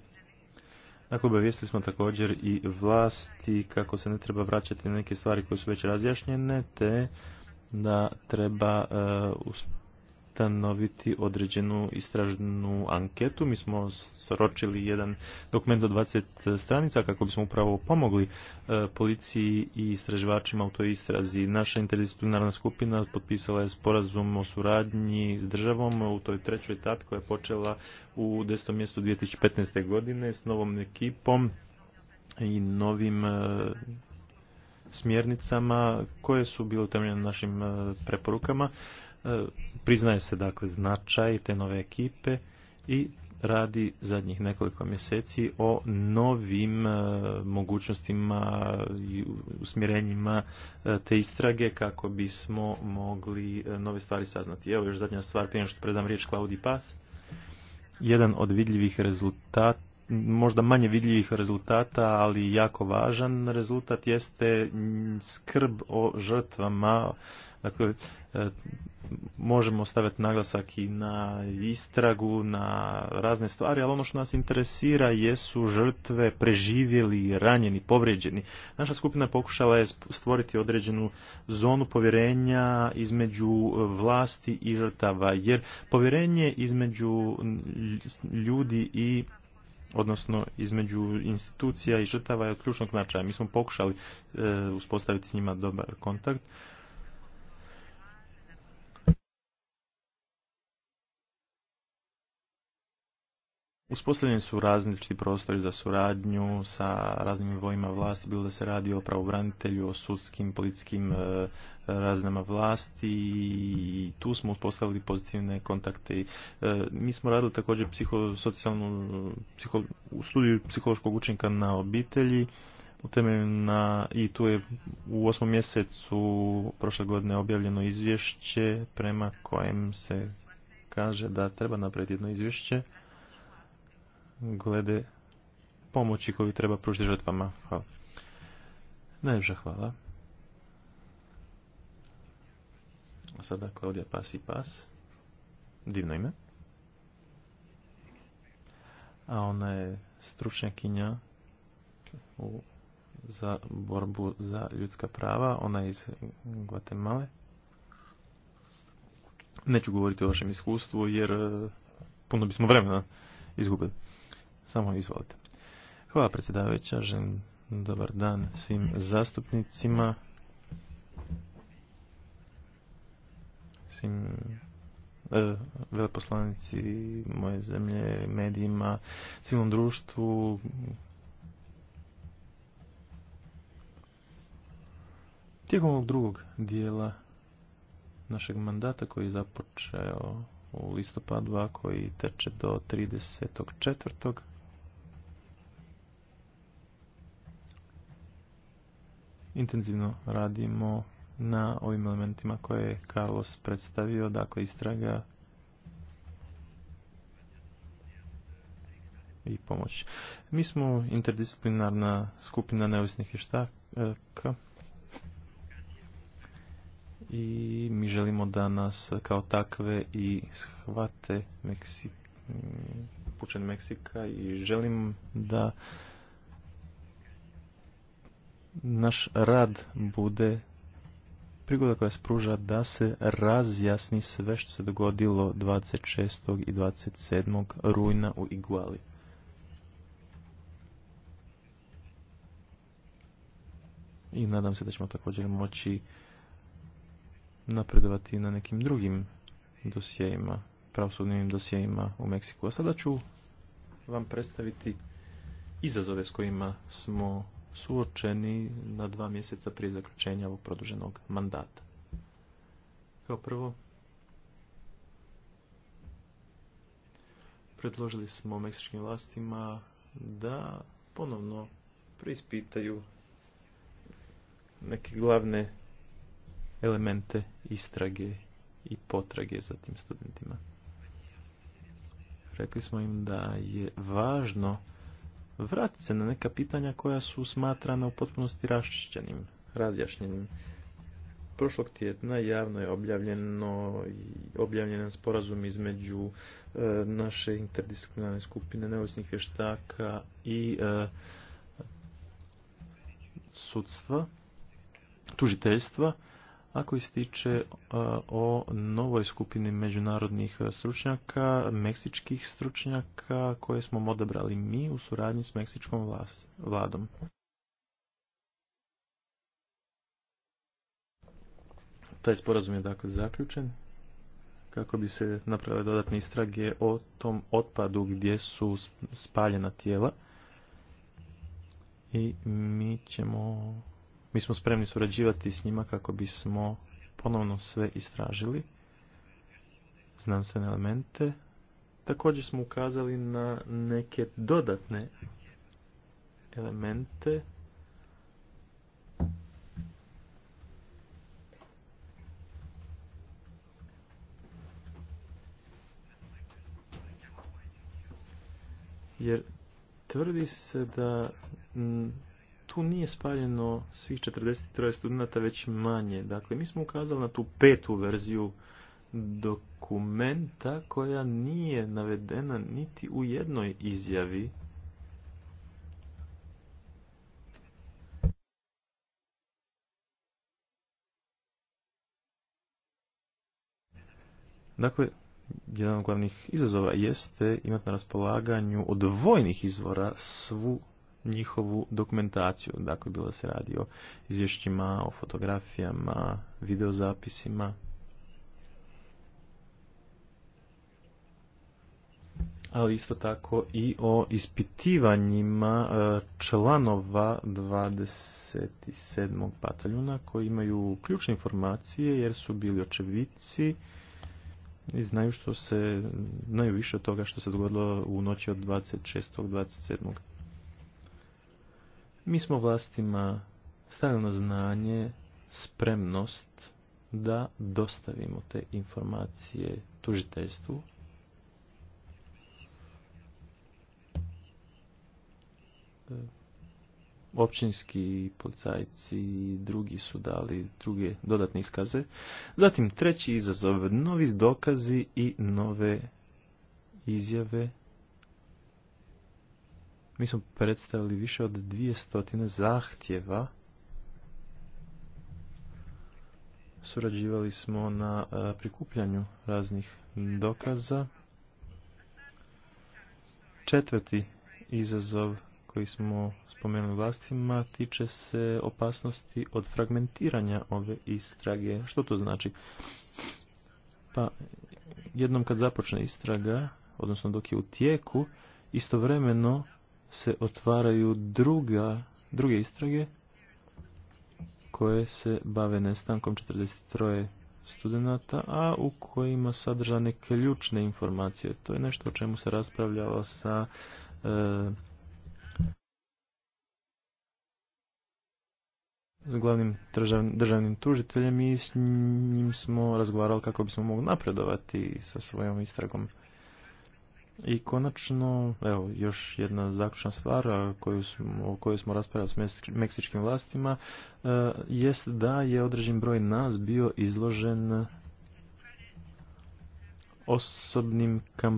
Dakle, obavijestili smo također i vlasti kako se ne treba vraćati na neke stvari koje su već razjašnjene, te da treba e, ustanoviti određenu istražnu anketu. Mi smo sročili jedan dokument od 20 stranica kako bismo upravo pomogli e, policiji i istraživačima u toj istrazi. Naša interdisciplinarna skupina potpisala je sporazum o suradnji s državom u toj trećoj etapi koja je počela u 10. mjestu 2015. godine s novom ekipom i novim e, smjernicama koje su bile utemljene našim e, preporukama. E, priznaje se dakle značaj te nove ekipe i radi zadnjih nekoliko mjeseci o novim e, mogućnostima i usmjerenjima e, te istrage kako bismo mogli nove stvari saznati. Evo još zadnja stvar prije što predam riječ Klaudi Pas. Jedan od vidljivih rezultata možda manje vidljivih rezultata, ali jako važan rezultat jeste skrb o žrtvama Dakle, e, možemo staviti naglasak i na istragu, na razne stvari, ali ono što nas interesira jesu žrtve preživjeli, ranjeni, povrijeđeni. Naša skupina pokušala je stvoriti određenu zonu povjerenja između vlasti i žrtava, jer povjerenje između ljudi i odnosno između institucija i žrtava je od ključnog značaja. Mi smo pokušali e, uspostaviti s njima dobar kontakt. Uspostavljeni su različiti prostori za suradnju sa raznim nivoima vlasti, bilo da se radi o pravobranitelju, o sudskim, policijskim e, razinama vlasti i tu smo uspostavili pozitivne kontakte. E, mi smo radili također psihosocijalnu, u studiju psihološkog učinka na obitelji na, i tu je u osmom mjesecu prošle godine objavljeno izvješće prema kojem se kaže da treba napraviti jedno izvješće glede pomoći koju treba pružiti žrtvama. Hvala. Najljepša hvala. A sada Klaudija Pas i Pas. Divno ime. A ona je stručnjakinja za borbu za ljudska prava. Ona je iz Guatemala. Neću govoriti o vašem iskustvu jer eh, puno bismo vremena izgubili. Samo izvolite. Hvala predsjedavajuća, želim dobar dan svim zastupnicima, svim e, veleposlanici moje zemlje, medijima, civilnom društvu, Tijekom ovog drugog dijela našeg mandata koji je započeo u listopadu, a koji teče do 34. intenzivno radimo na ovim elementima koje je Carlos predstavio, dakle istraga i pomoć. Mi smo interdisciplinarna skupina neovisnih vještaka i mi želimo da nas kao takve i shvate Meksik, pučan Meksika i želim da naš rad bude prigoda koja se pruža da se razjasni sve što se dogodilo 26. i 27. rujna u Iguali. I nadam se da ćemo također moći napredovati na nekim drugim dosjejima, pravosudnim dosjejima u Meksiku. A sada ću vam predstaviti izazove s kojima smo suočeni na dva mjeseca prije zaključenja ovog produženog mandata. Kao prvo, predložili smo meksičkim vlastima da ponovno preispitaju neke glavne elemente istrage i potrage za tim studentima. Rekli smo im da je važno Vratit se na neka pitanja koja su smatrana u potpunosti raščišćenim, razjašnjenim. Prošlog tjedna javno je objavljeno objavljen sporazum između e, naše interdisciplinarne skupine neovisnih vještaka i e, sudstva, tužiteljstva ako ističe se tiče o novoj skupini međunarodnih stručnjaka, meksičkih stručnjaka koje smo odabrali mi u suradnji s meksičkom vladom. Taj sporazum je dakle zaključen kako bi se napravile dodatne istrage o tom otpadu gdje su spaljena tijela i mi ćemo mi smo spremni surađivati s njima kako bismo ponovno sve istražili, znanstvene elemente. Također smo ukazali na neke dodatne elemente jer tvrdi se da tu nije spaljeno svih 43 studenta, već manje. Dakle, mi smo ukazali na tu petu verziju dokumenta koja nije navedena niti u jednoj izjavi. Dakle, jedan od glavnih izazova jeste imati na raspolaganju od vojnih izvora svu njihovu dokumentaciju. Dakle, bilo se radi o izvješćima, o fotografijama, videozapisima. Ali isto tako i o ispitivanjima e, članova 27. pataljuna koji imaju ključne informacije jer su bili očevici i znaju što se, znaju više od toga što se dogodilo u noći od 26. 27. Mi smo vlastima stavili na znanje spremnost da dostavimo te informacije tužiteljstvu. Općinski policajci i drugi su dali druge dodatne iskaze. Zatim treći izazov, novi dokazi i nove izjave mi smo predstavili više od stotine zahtjeva. Surađivali smo na e, prikupljanju raznih dokaza. Četvrti izazov koji smo spomenuli vlastima tiče se opasnosti od fragmentiranja ove istrage. Što to znači? Pa, jednom kad započne istraga, odnosno dok je u tijeku, istovremeno se otvaraju druga, druge istrage koje se bave nestankom 43 studenata, a u kojima sadržane ključne informacije. To je nešto o čemu se raspravljalo sa e, s glavnim državnim, državnim tužiteljem i s njim smo razgovarali kako bismo mogli napredovati sa svojom istragom. I konačno, evo, još jedna zaključna stvar koju o kojoj smo raspravljali s meksičkim vlastima, e, jest da je određen broj nas bio izložen osobnim e,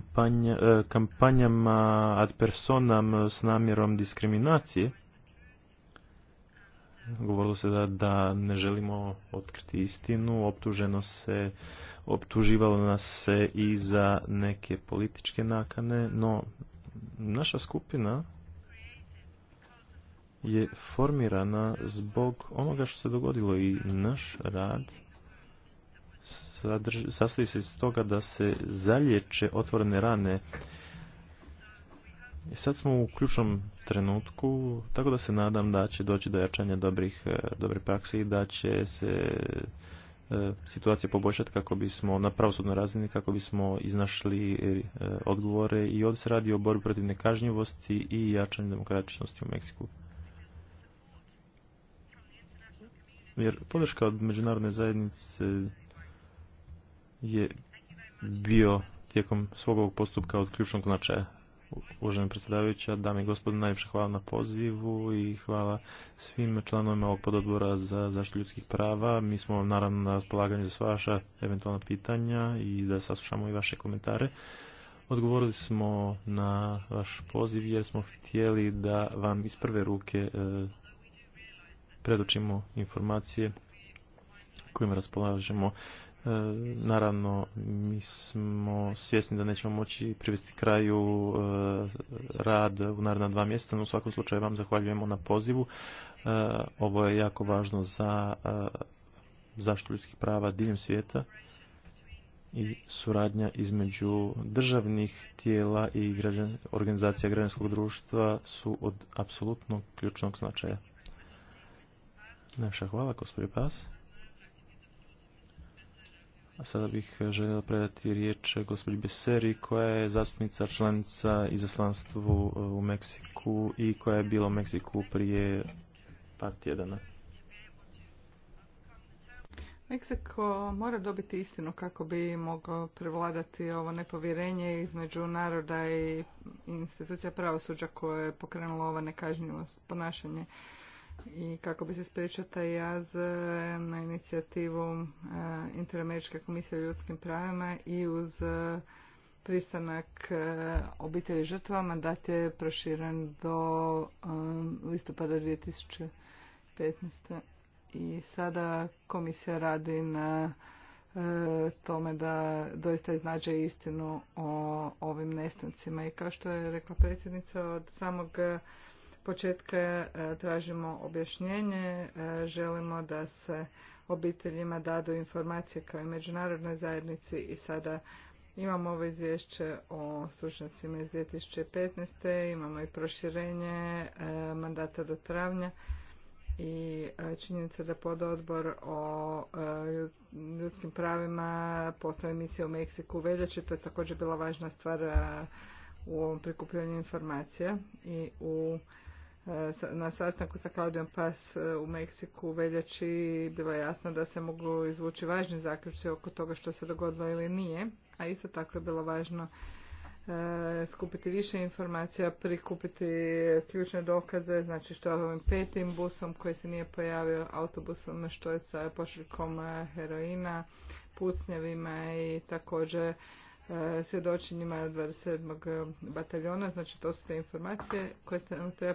kampanjama ad personam s namjerom diskriminacije. Govorilo se da, da ne želimo otkriti istinu, optuženo se optuživalo nas se i za neke političke nakane, no naša skupina je formirana zbog onoga što se dogodilo i naš rad sastoji se iz toga da se zalječe otvorene rane i sad smo u ključnom trenutku, tako da se nadam da će doći do jačanja dobrih, eh, dobre prakse i da će se E, situacija poboljšati kako bismo na pravosudnoj razini kako bismo iznašli e, odgovore i ovdje se radi o borbi protiv nekažnjivosti i jačanju demokratičnosti u Meksiku. Jer podrška od međunarodne zajednice je bio tijekom svog ovog postupka od ključnog značaja uvažena predsjedavajuća, dame i gospodine, najljepše hvala na pozivu i hvala svim članovima ovog pododbora za zaštitu ljudskih prava. Mi smo naravno na raspolaganju za sva vaša eventualna pitanja i da saslušamo i vaše komentare. Odgovorili smo na vaš poziv jer smo htjeli da vam iz prve ruke e, predočimo informacije kojima raspolažemo E, naravno, mi smo svjesni da nećemo moći privesti kraju e, rad u naredna dva mjesta, no u svakom slučaju vam zahvaljujemo na pozivu. E, ovo je jako važno za zaštitu ljudskih prava diljem svijeta i suradnja između državnih tijela i organizacija građanskog društva su od apsolutno ključnog značaja. Naša hvala, gospodin Pas. A sada bih e, želio predati riječ e, gospođi Beseri koja je zastupnica članica izaslanstvu e, u Meksiku i koja je bila u Meksiku prije par tjedana. Meksiko mora dobiti istinu kako bi mogao prevladati ovo nepovjerenje između naroda i institucija pravosuđa koje je pokrenulo ovo nekažnjivo ponašanje i kako bi se spriječio taj jaz e, na inicijativu e, Interameričke komisije o ljudskim pravima i uz e, pristanak obitelji žrtva mandat je proširen do listopada 2015. I sada komisija radi na tome da doista iznađe istinu o ovim nestancima. I kao što je rekla predsjednica, od samog početka e, tražimo objašnjenje, e, želimo da se obiteljima dadu informacije kao i međunarodnoj zajednici i sada imamo ovo izvješće o stručnjacima iz 2015. Imamo i proširenje e, mandata do travnja i činjenica da pododbor o ljudskim pravima poslao misiju u Meksiku u veljači, to je također bila važna stvar u ovom prikupljanju informacija i u na sastanku sa Claudiom Pas e, u Meksiku u veljači bilo je jasno da se mogu izvući važni zaključci oko toga što se dogodilo ili nije, a isto tako je bilo važno e, skupiti više informacija, prikupiti ključne dokaze, znači što je ovim petim busom koji se nije pojavio, autobusom, što je sa pošiljkom e, heroina, pucnjevima i također svjedočenjima 27. E, bataljona, znači to su te informacije koje nam treba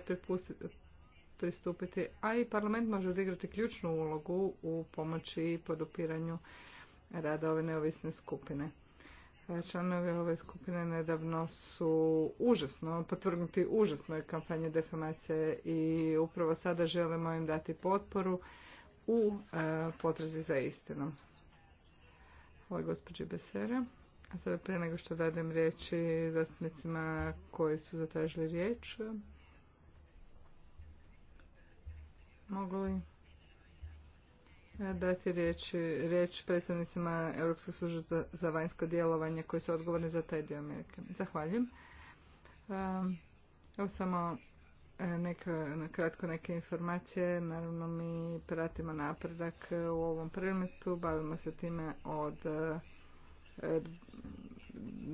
pristupiti, a i parlament može odigrati ključnu ulogu u pomoći i podupiranju rada ove neovisne skupine. E, članovi ove skupine nedavno su užasno, potvrgnuti užasnoj kampanji defamacije i upravo sada želimo im dati potporu u e, potrazi za istinom. Ovo je gospođi Besera. A sada prije nego što dadem riječi zastupnicima koji su zatražili riječ, mogu li dati riječ, riječ predstavnicima Europske službe za vanjsko djelovanje koji su odgovorni za taj dio Amerike. Zahvaljujem. Ehm, evo samo e, neka, kratko neke informacije. Naravno mi pratimo napredak u ovom predmetu, bavimo se time od e,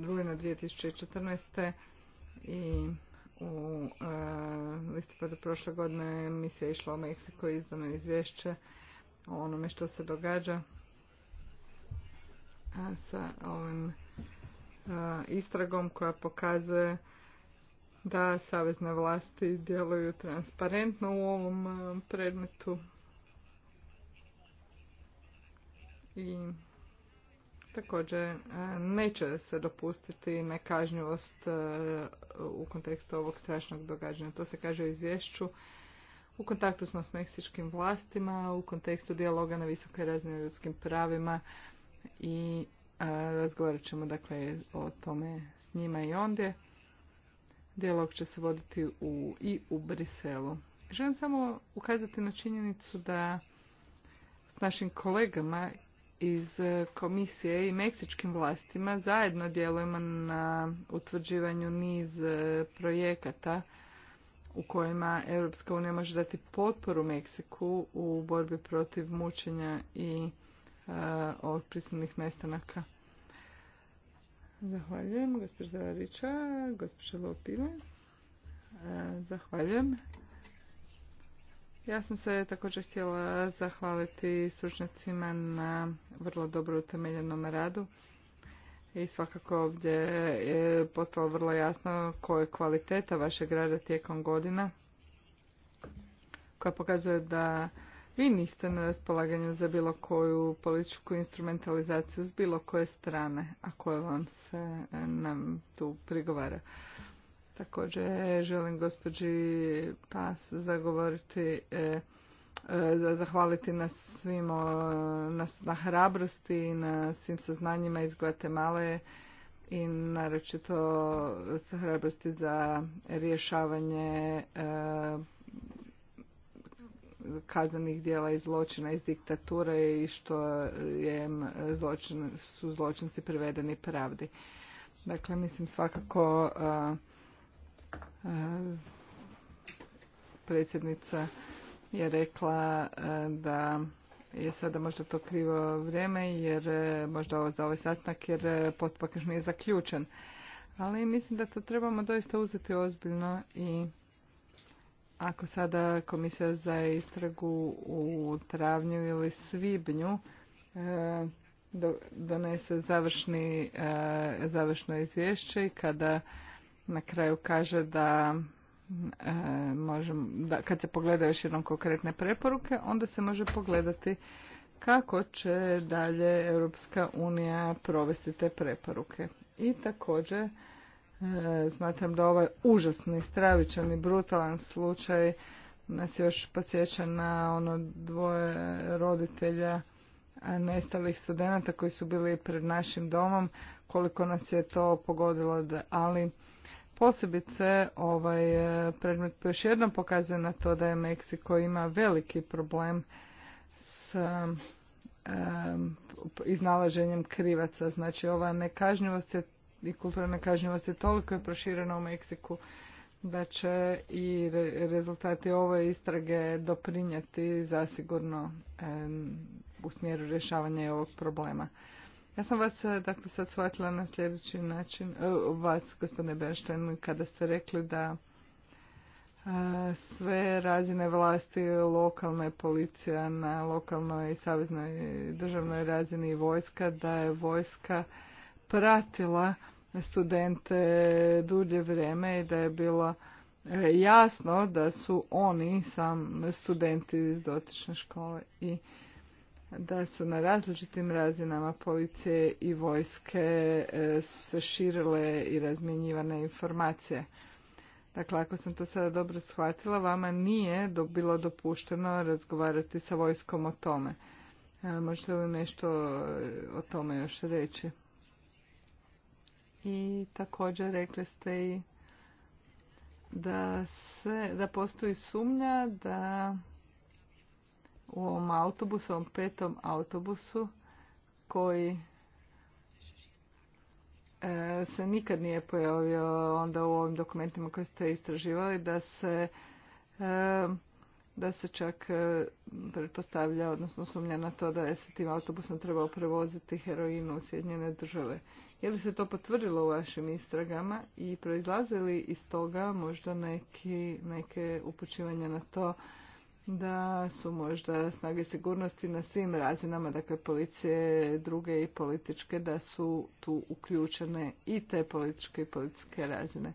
rujna 2014. i u e, listopadu prošle godine misija išla u Meksiko izdano izvješće o onome što se događa sa ovim e, istragom koja pokazuje da savezne vlasti djeluju transparentno u ovom e, predmetu i Također, e, neće se dopustiti nekažnjivost e, u kontekstu ovog strašnog događanja. To se kaže u izvješću. U kontaktu smo s meksičkim vlastima, u kontekstu dijaloga na visokoj razini ljudskim pravima i e, razgovarat ćemo dakle o tome s njima i ondje. Dijalog će se voditi u, i u Briselu. Želim samo ukazati na činjenicu da s našim kolegama iz e, komisije i meksičkim vlastima zajedno djelujemo na utvrđivanju niz e, projekata u kojima Europska unija može dati potporu Meksiku u borbi protiv mučenja i uh, e, prisilnih nestanaka. Zahvaljujem, gospođa Riča, gospođa Lopile. zahvaljujem. Ja sam se također htjela zahvaliti stručnjacima na vrlo dobro utemeljenom radu i svakako ovdje je postalo vrlo jasno koja je kvaliteta vašeg rada tijekom godina koja pokazuje da vi niste na raspolaganju za bilo koju političku instrumentalizaciju s bilo koje strane, a koja vam se eh, nam tu prigovara. Također želim gospođi Pas zagovoriti e, e, zahvaliti na svim na, hrabrosti i na svim saznanjima iz Guatemala i naročito sa hrabrosti za rješavanje e, kaznenih dijela i zločina iz diktature i što je zločin, su zločinci privedeni pravdi. Dakle, mislim svakako E, predsjednica je rekla e, da je sada možda to krivo vrijeme jer e, možda ovo za ovaj sastanak jer postupak još nije zaključen. Ali mislim da to trebamo doista uzeti ozbiljno i ako sada komisija za istragu u travnju ili svibnju donese završni, završno izvješće i kada na kraju kaže da e, možemo, da kad se pogleda još jednom konkretne preporuke, onda se može pogledati kako će dalje Europska unija provesti te preporuke. I također e, smatram da ovaj užasni, stravičan i brutalan slučaj nas još podsjeća na ono dvoje roditelja nestalih studenata koji su bili pred našim domom, koliko nas je to pogodilo, da, ali Posebice ovaj e, predmet pa još jednom pokazuje na to da je Meksiko ima veliki problem s iznalaženjem krivaca. Znači ova nekažnjivost je, i kultura nekažnjivost je toliko je proširena u Meksiku da će i rezultati ove istrage doprinijeti zasigurno u smjeru rješavanja ovog problema. Ja sam vas, e, dakle, sad shvatila na sljedeći način, e, vas, gospodine Bernstein, kada ste rekli da e, sve razine vlasti, lokalne policija na lokalnoj i saveznoj državnoj razini i vojska, da je vojska pratila studente dulje vrijeme i da je bilo jasno da su oni sam studenti iz dotične škole i da su na različitim razinama policije i vojske e, su se širile i razmjenjivane informacije. Dakle, ako sam to sada dobro shvatila, vama nije bilo dopušteno razgovarati sa vojskom o tome. E, možete li nešto e, o tome još reći? I također rekli ste i da, se, da postoji sumnja da u ovom autobusu, ovom petom autobusu koji e, se nikad nije pojavio onda u ovim dokumentima koje ste istraživali da se e, da se čak e, pretpostavlja, odnosno sumnja na to da je se tim autobusom trebao prevoziti heroinu u Sjedinjene države. Je li se to potvrdilo u vašim istragama i proizlaze li iz toga možda neki, neke upućivanja na to da su možda snage sigurnosti na svim razinama, dakle policije, druge i političke, da su tu uključene i te političke i političke razine.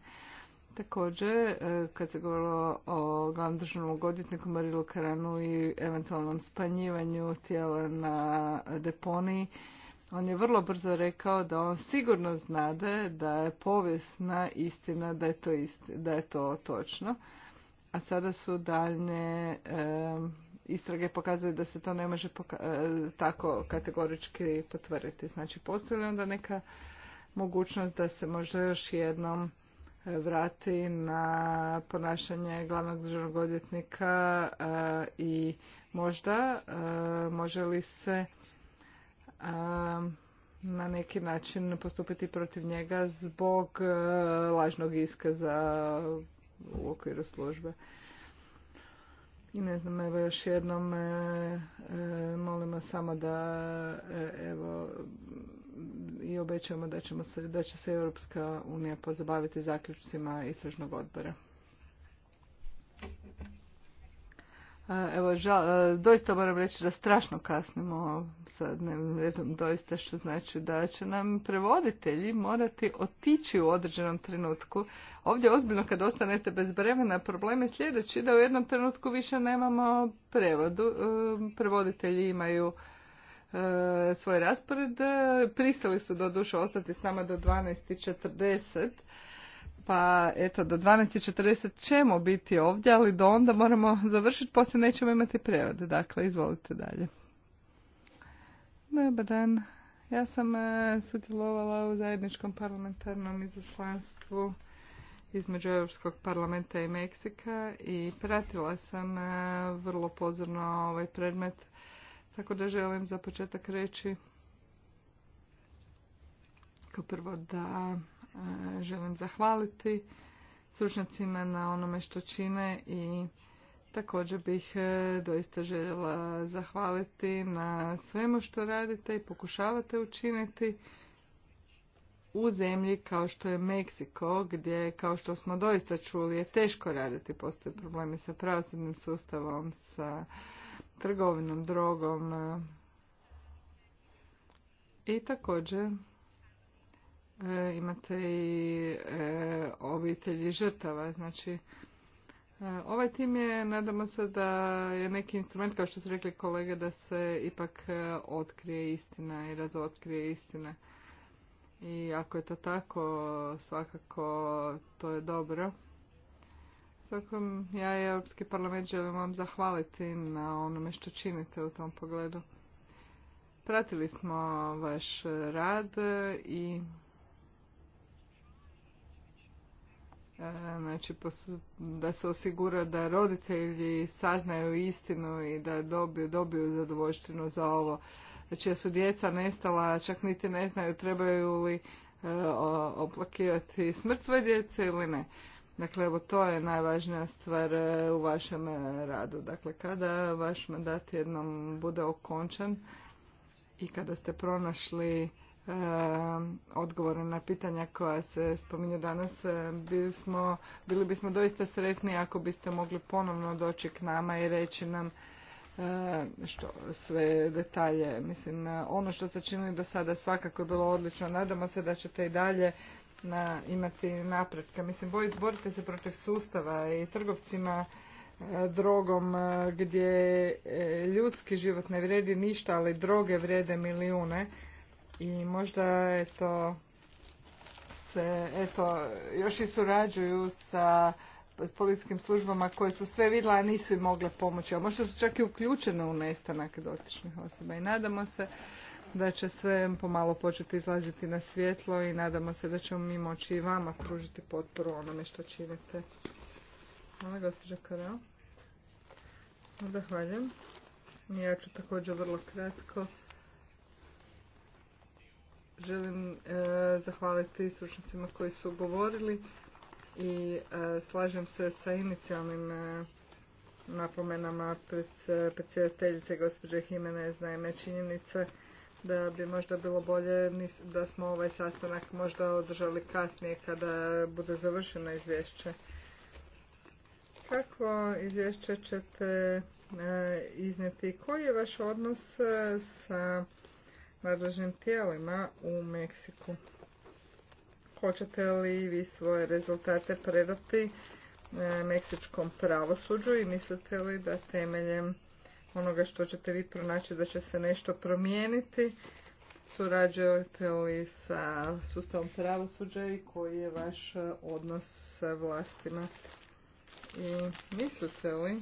Također, e, kad se govorilo o glavnom državnom odvjetniku Marilu Karanu i eventualnom spanjivanju tijela na deponiji, on je vrlo brzo rekao da on sigurno znade da je povijesna istina da je to, da je to točno a sada su daljne istrage pokazuju da se to ne može e, tako kategorički potvrditi. Znači postoji onda neka mogućnost da se možda još jednom e, vrati na ponašanje glavnog državnog odvjetnika e, i možda može li se na neki način postupiti protiv njega zbog lažnog iskaza u okviru službe. I ne znam, evo još jednom e, e molimo samo da e, evo i obećamo da, ćemo se, da će se Europska unija pozabaviti zaključcima istražnog odbora. Evo, žal, doista moram reći da strašno kasnimo sa dnevnim redom, doista što znači da će nam prevoditelji morati otići u određenom trenutku. Ovdje ozbiljno kad ostanete bez vremena, problem je sljedeći da u jednom trenutku više nemamo prevodu. E, prevoditelji imaju e, svoj raspored. Pristali su do ostati s nama do 12.40 pa eto do 12.40 ćemo biti ovdje, ali do onda moramo završiti, poslije nećemo imati prevode. Dakle, izvolite dalje. Dobar dan. Ja sam e, sudjelovala u zajedničkom parlamentarnom izaslanstvu između Europskog parlamenta i Meksika i pratila sam e, vrlo pozorno ovaj predmet, tako da želim za početak reći kao prvo da E, želim zahvaliti stručnjacima na onome što čine i također bih e, doista željela zahvaliti na svemu što radite i pokušavate učiniti u zemlji kao što je Meksiko, gdje kao što smo doista čuli je teško raditi, postoje problemi sa pravosudnim sustavom, sa trgovinom, drogom e, i također E, imate i e, obitelji žrtava. Znači, e, ovaj tim je, nadamo se da je neki instrument, kao što su rekli kolege, da se ipak otkrije istina i razotkrije istina. I ako je to tako, svakako to je dobro. Svakom ja i Europski parlament želim vam zahvaliti na onome što činite u tom pogledu. Pratili smo vaš rad i E, znači da se osigura da roditelji saznaju istinu i da dobiju, dobiju zadovoljštinu za ovo. Znači su djeca nestala, čak niti ne znaju trebaju li e, oplakivati smrt svoje djece ili ne. Dakle, evo to je najvažnija stvar e, u vašem radu. Dakle, kada vaš mandat jednom bude okončan i kada ste pronašli odgovore na pitanja koja se spominju danas, bili bismo doista sretni ako biste mogli ponovno doći k nama i reći nam što sve detalje. Mislim, ono što ste činili do sada svakako je bilo odlično. Nadamo se da ćete i dalje na, imati napretka. Mislim, borite se protiv sustava i trgovcima drogom gdje e, ljudski život ne vredi ništa, ali droge vrede milijune i možda eto se eto još i surađuju sa s policijskim službama koje su sve vidjela, a nisu im mogle pomoći. A možda su čak i uključene u nestanak dotičnih osoba. I nadamo se da će sve pomalo početi izlaziti na svjetlo i nadamo se da ćemo mi moći i vama pružiti potporu onome što činite. Hvala, gospođa Karel. Zahvaljujem. Ja ću također vrlo kratko želim e, zahvaliti stručnicima koji su govorili i e, slažem se sa inicijalnim e, napomenama predsjedateljice gospođe Himene znajme činjenice da bi možda bilo bolje da smo ovaj sastanak možda održali kasnije kada bude završeno izvješće. Kako izvješće ćete iznijeti? Koji je vaš odnos sa nadležnim tijelima u Meksiku. Hoćete li vi svoje rezultate predati e, meksičkom pravosuđu i mislite li da temeljem onoga što ćete vi pronaći da će se nešto promijeniti? Surađujete li sa sustavom pravosuđa i koji je vaš odnos sa vlastima? I mislite li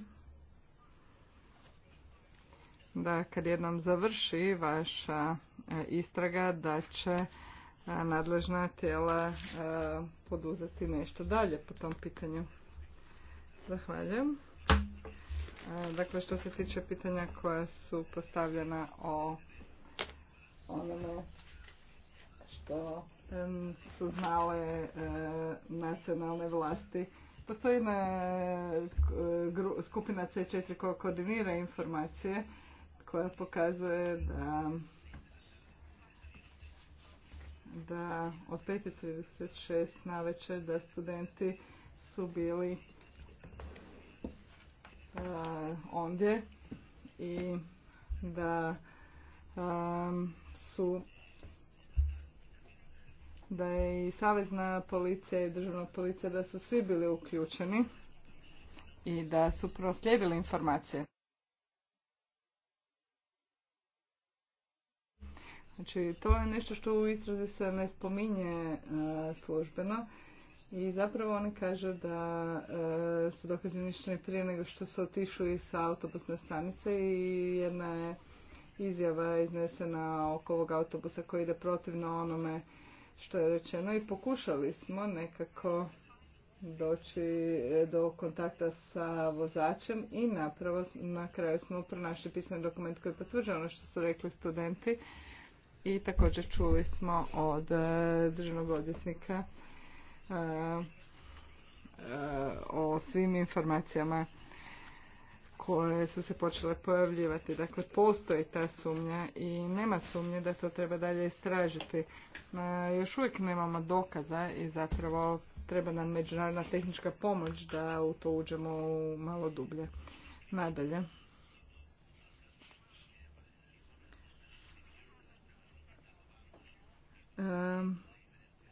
da kad jednom završi vaša istraga da će e, nadležna tijela e, poduzeti nešto dalje po tom pitanju. Zahvaljujem. E, dakle, što se tiče pitanja koja su postavljena o onome što su znale nacionalne vlasti, postoji na skupina C4 koja koordinira informacije koja pokazuje da da od 5.36 na večer da studenti su bili e, ondje i da e, su da je i savezna policija i državna policija da su svi bili uključeni i da su proslijedili informacije. Znači, to je nešto što u istrazi se ne spominje e, službeno i zapravo oni kažu da e, su dokazi uništeni prije nego što su otišli sa autobusne stanice i jedna je izjava iznesena oko ovog autobusa koji ide protivno onome što je rečeno i pokušali smo nekako doći e, do kontakta sa vozačem i napravo na kraju smo pronašli pisani dokument koji potvrđuje ono što su rekli studenti i također čuli smo od e, državnog odvjetnika e, e, o svim informacijama koje su se počele pojavljivati. Dakle, postoji ta sumnja i nema sumnje da to treba dalje istražiti. Još uvijek nemamo dokaza i zapravo treba nam međunarodna tehnička pomoć da u to uđemo malo dublje. Nadalje.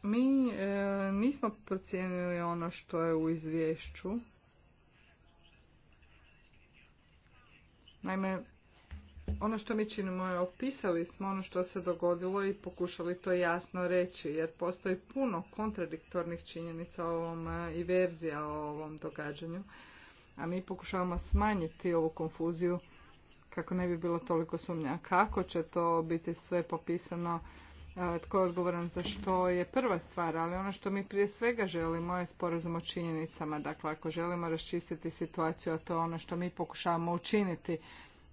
Mi nismo procijenili ono što je u izvješću. Naime, ono što mi činimo je opisali smo ono što se dogodilo i pokušali to jasno reći, jer postoji puno kontradiktornih činjenica ovom e, i verzija o ovom događanju, a mi pokušavamo smanjiti ovu konfuziju kako ne bi bilo toliko sumnja. Kako će to biti sve popisano tko je odgovoran za što je prva stvar, ali ono što mi prije svega želimo je sporazum o činjenicama. Dakle, ako želimo raščistiti situaciju, a to je ono što mi pokušavamo učiniti,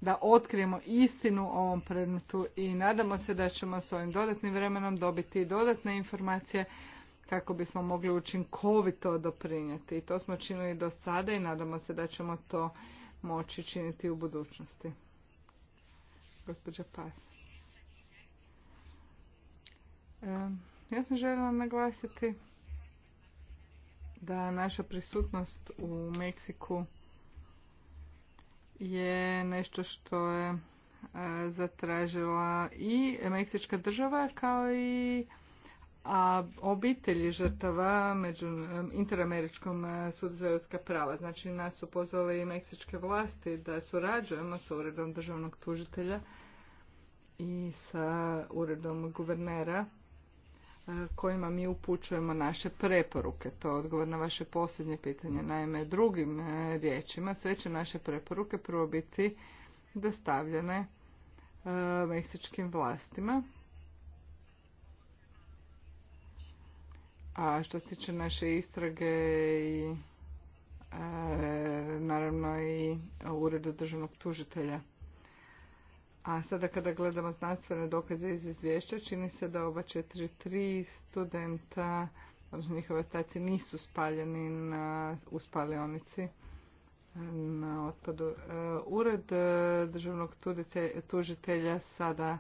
da otkrijemo istinu o ovom predmetu i nadamo se da ćemo s ovim dodatnim vremenom dobiti dodatne informacije kako bismo mogli učinkovito doprinijeti. I to smo činili do sada i nadamo se da ćemo to moći činiti u budućnosti. Gospođa Pajs. E, ja sam željela naglasiti da naša prisutnost u Meksiku je nešto što je e, zatražila i Meksička država kao i a obitelji žrtava među e, Interameričkom sudu za ljudska prava. Znači nas su pozvali i meksičke vlasti da surađujemo sa uredom državnog tužitelja i sa uredom guvernera E, kojima mi upućujemo naše preporuke. To je odgovor na vaše posljednje pitanje. Mm. Naime, drugim e, riječima, sve će naše preporuke prvo biti dostavljene e, meksičkim vlastima. A što se tiče naše istrage i naravno i uredu državnog tužitelja. A sada kada gledamo znanstvene dokaze iz izvješća, čini se da oba četiri tri studenta, odnosno njihove ostaci nisu spaljeni na, u spalionici e, na otpadu. E, Ured e, državnog tužitelja sada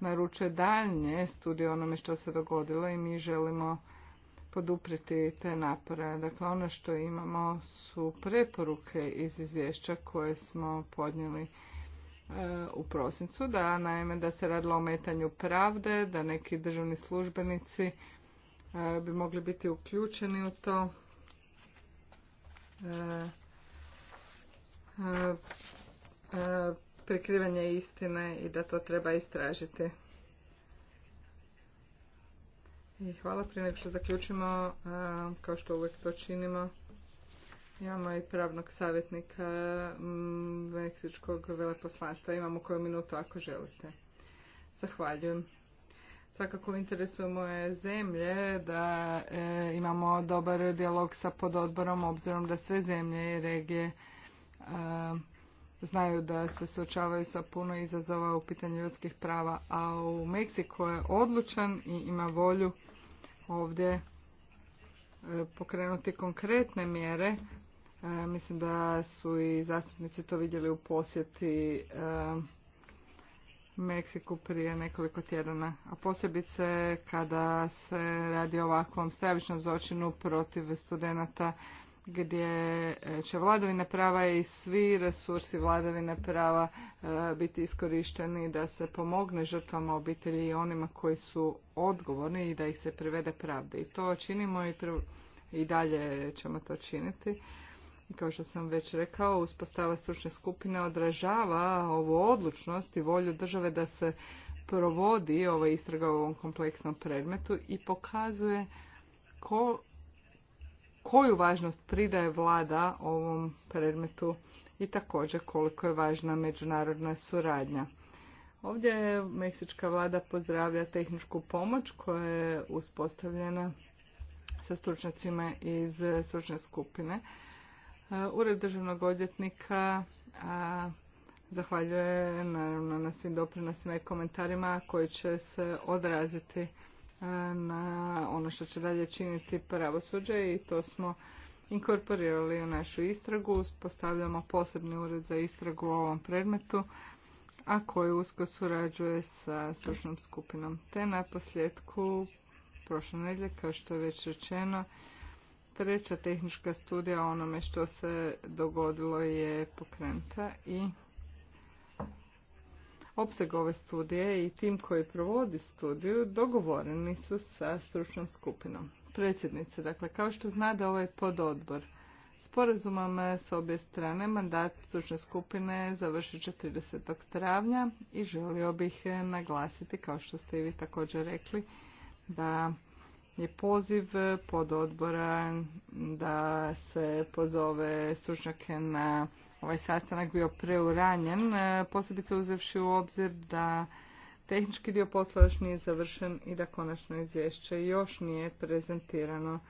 naručuje daljnje studije onome što se dogodilo i mi želimo podupriti te napore. Dakle, ono što imamo su preporuke iz izvješća koje smo podnijeli E, u prosincu, da naime da se radilo o metanju pravde, da neki državni službenici e, bi mogli biti uključeni u to. E, prikrivanje istine i da to treba istražiti. I hvala prije nego što zaključimo, kao što uvijek to činimo. Imamo i pravnog savjetnika mm, Meksičkog veleposlanstva. Imamo koju minutu ako želite. Zahvaljujem. Svakako u interesu moje zemlje da e, imamo dobar dijalog sa pododborom obzirom da sve zemlje i regije e, znaju da se suočavaju sa puno izazova u pitanju ljudskih prava, a u Meksiku je odlučan i ima volju ovdje e, pokrenuti konkretne mjere E, mislim da su i zastupnici to vidjeli u posjeti e, Meksiku prije nekoliko tjedana, a posebice kada se radi o ovakvom stravičnom zločinu protiv studenata gdje e, će vladavine prava i svi resursi vladavine prava biti iskorišteni da se pomogne žrtvama obitelji i onima koji su odgovorni i da ih se privede pravde. I to činimo i, i dalje ćemo to činiti kao što sam već rekao, uspostava stručne skupine odražava ovu odlučnost i volju države da se provodi ova istraga u ovom kompleksnom predmetu i pokazuje ko, koju važnost pridaje vlada ovom predmetu i također koliko je važna međunarodna suradnja. Ovdje meksička vlada pozdravlja tehničku pomoć koja je uspostavljena sa stručnjacima iz stručne skupine E, ured državnog odvjetnika zahvaljuje naravno na svim doprinosima i komentarima koji će se odraziti e, na ono što će dalje činiti pravosuđe i to smo inkorporirali u našu istragu. Postavljamo posebni ured za istragu u ovom predmetu a koji usko surađuje sa stručnom skupinom. Te na posljedku prošle nedlje, kao što je već rečeno, treća tehnička studija o onome što se dogodilo je pokrenuta i opseg ove studije i tim koji provodi studiju dogovoreni su sa stručnom skupinom. Predsjednice, dakle, kao što zna da ovaj pododbor Sporazumom s obje strane mandat stručne skupine završit će 30. travnja i želio bih naglasiti, kao što ste i vi također rekli, da je poziv pododbora da se pozove stručnjake na ovaj sastanak bio preuranjen, e, posebice uzevši u obzir da tehnički dio posla još nije završen i da konačno izvješće još nije prezentirano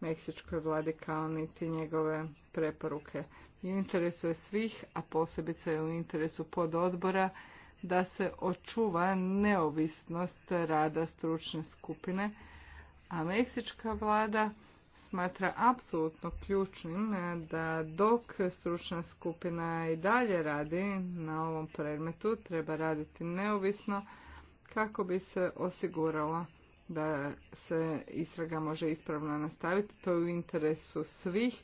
meksičkoj vladi kao niti njegove preporuke. I u interesu je svih, a posebice je u interesu pododbora da se očuva neovisnost rada stručne skupine a meksička vlada smatra apsolutno ključnim eh, da dok stručna skupina i dalje radi na ovom predmetu, treba raditi neovisno kako bi se osiguralo da se istraga može ispravno nastaviti. To je u interesu svih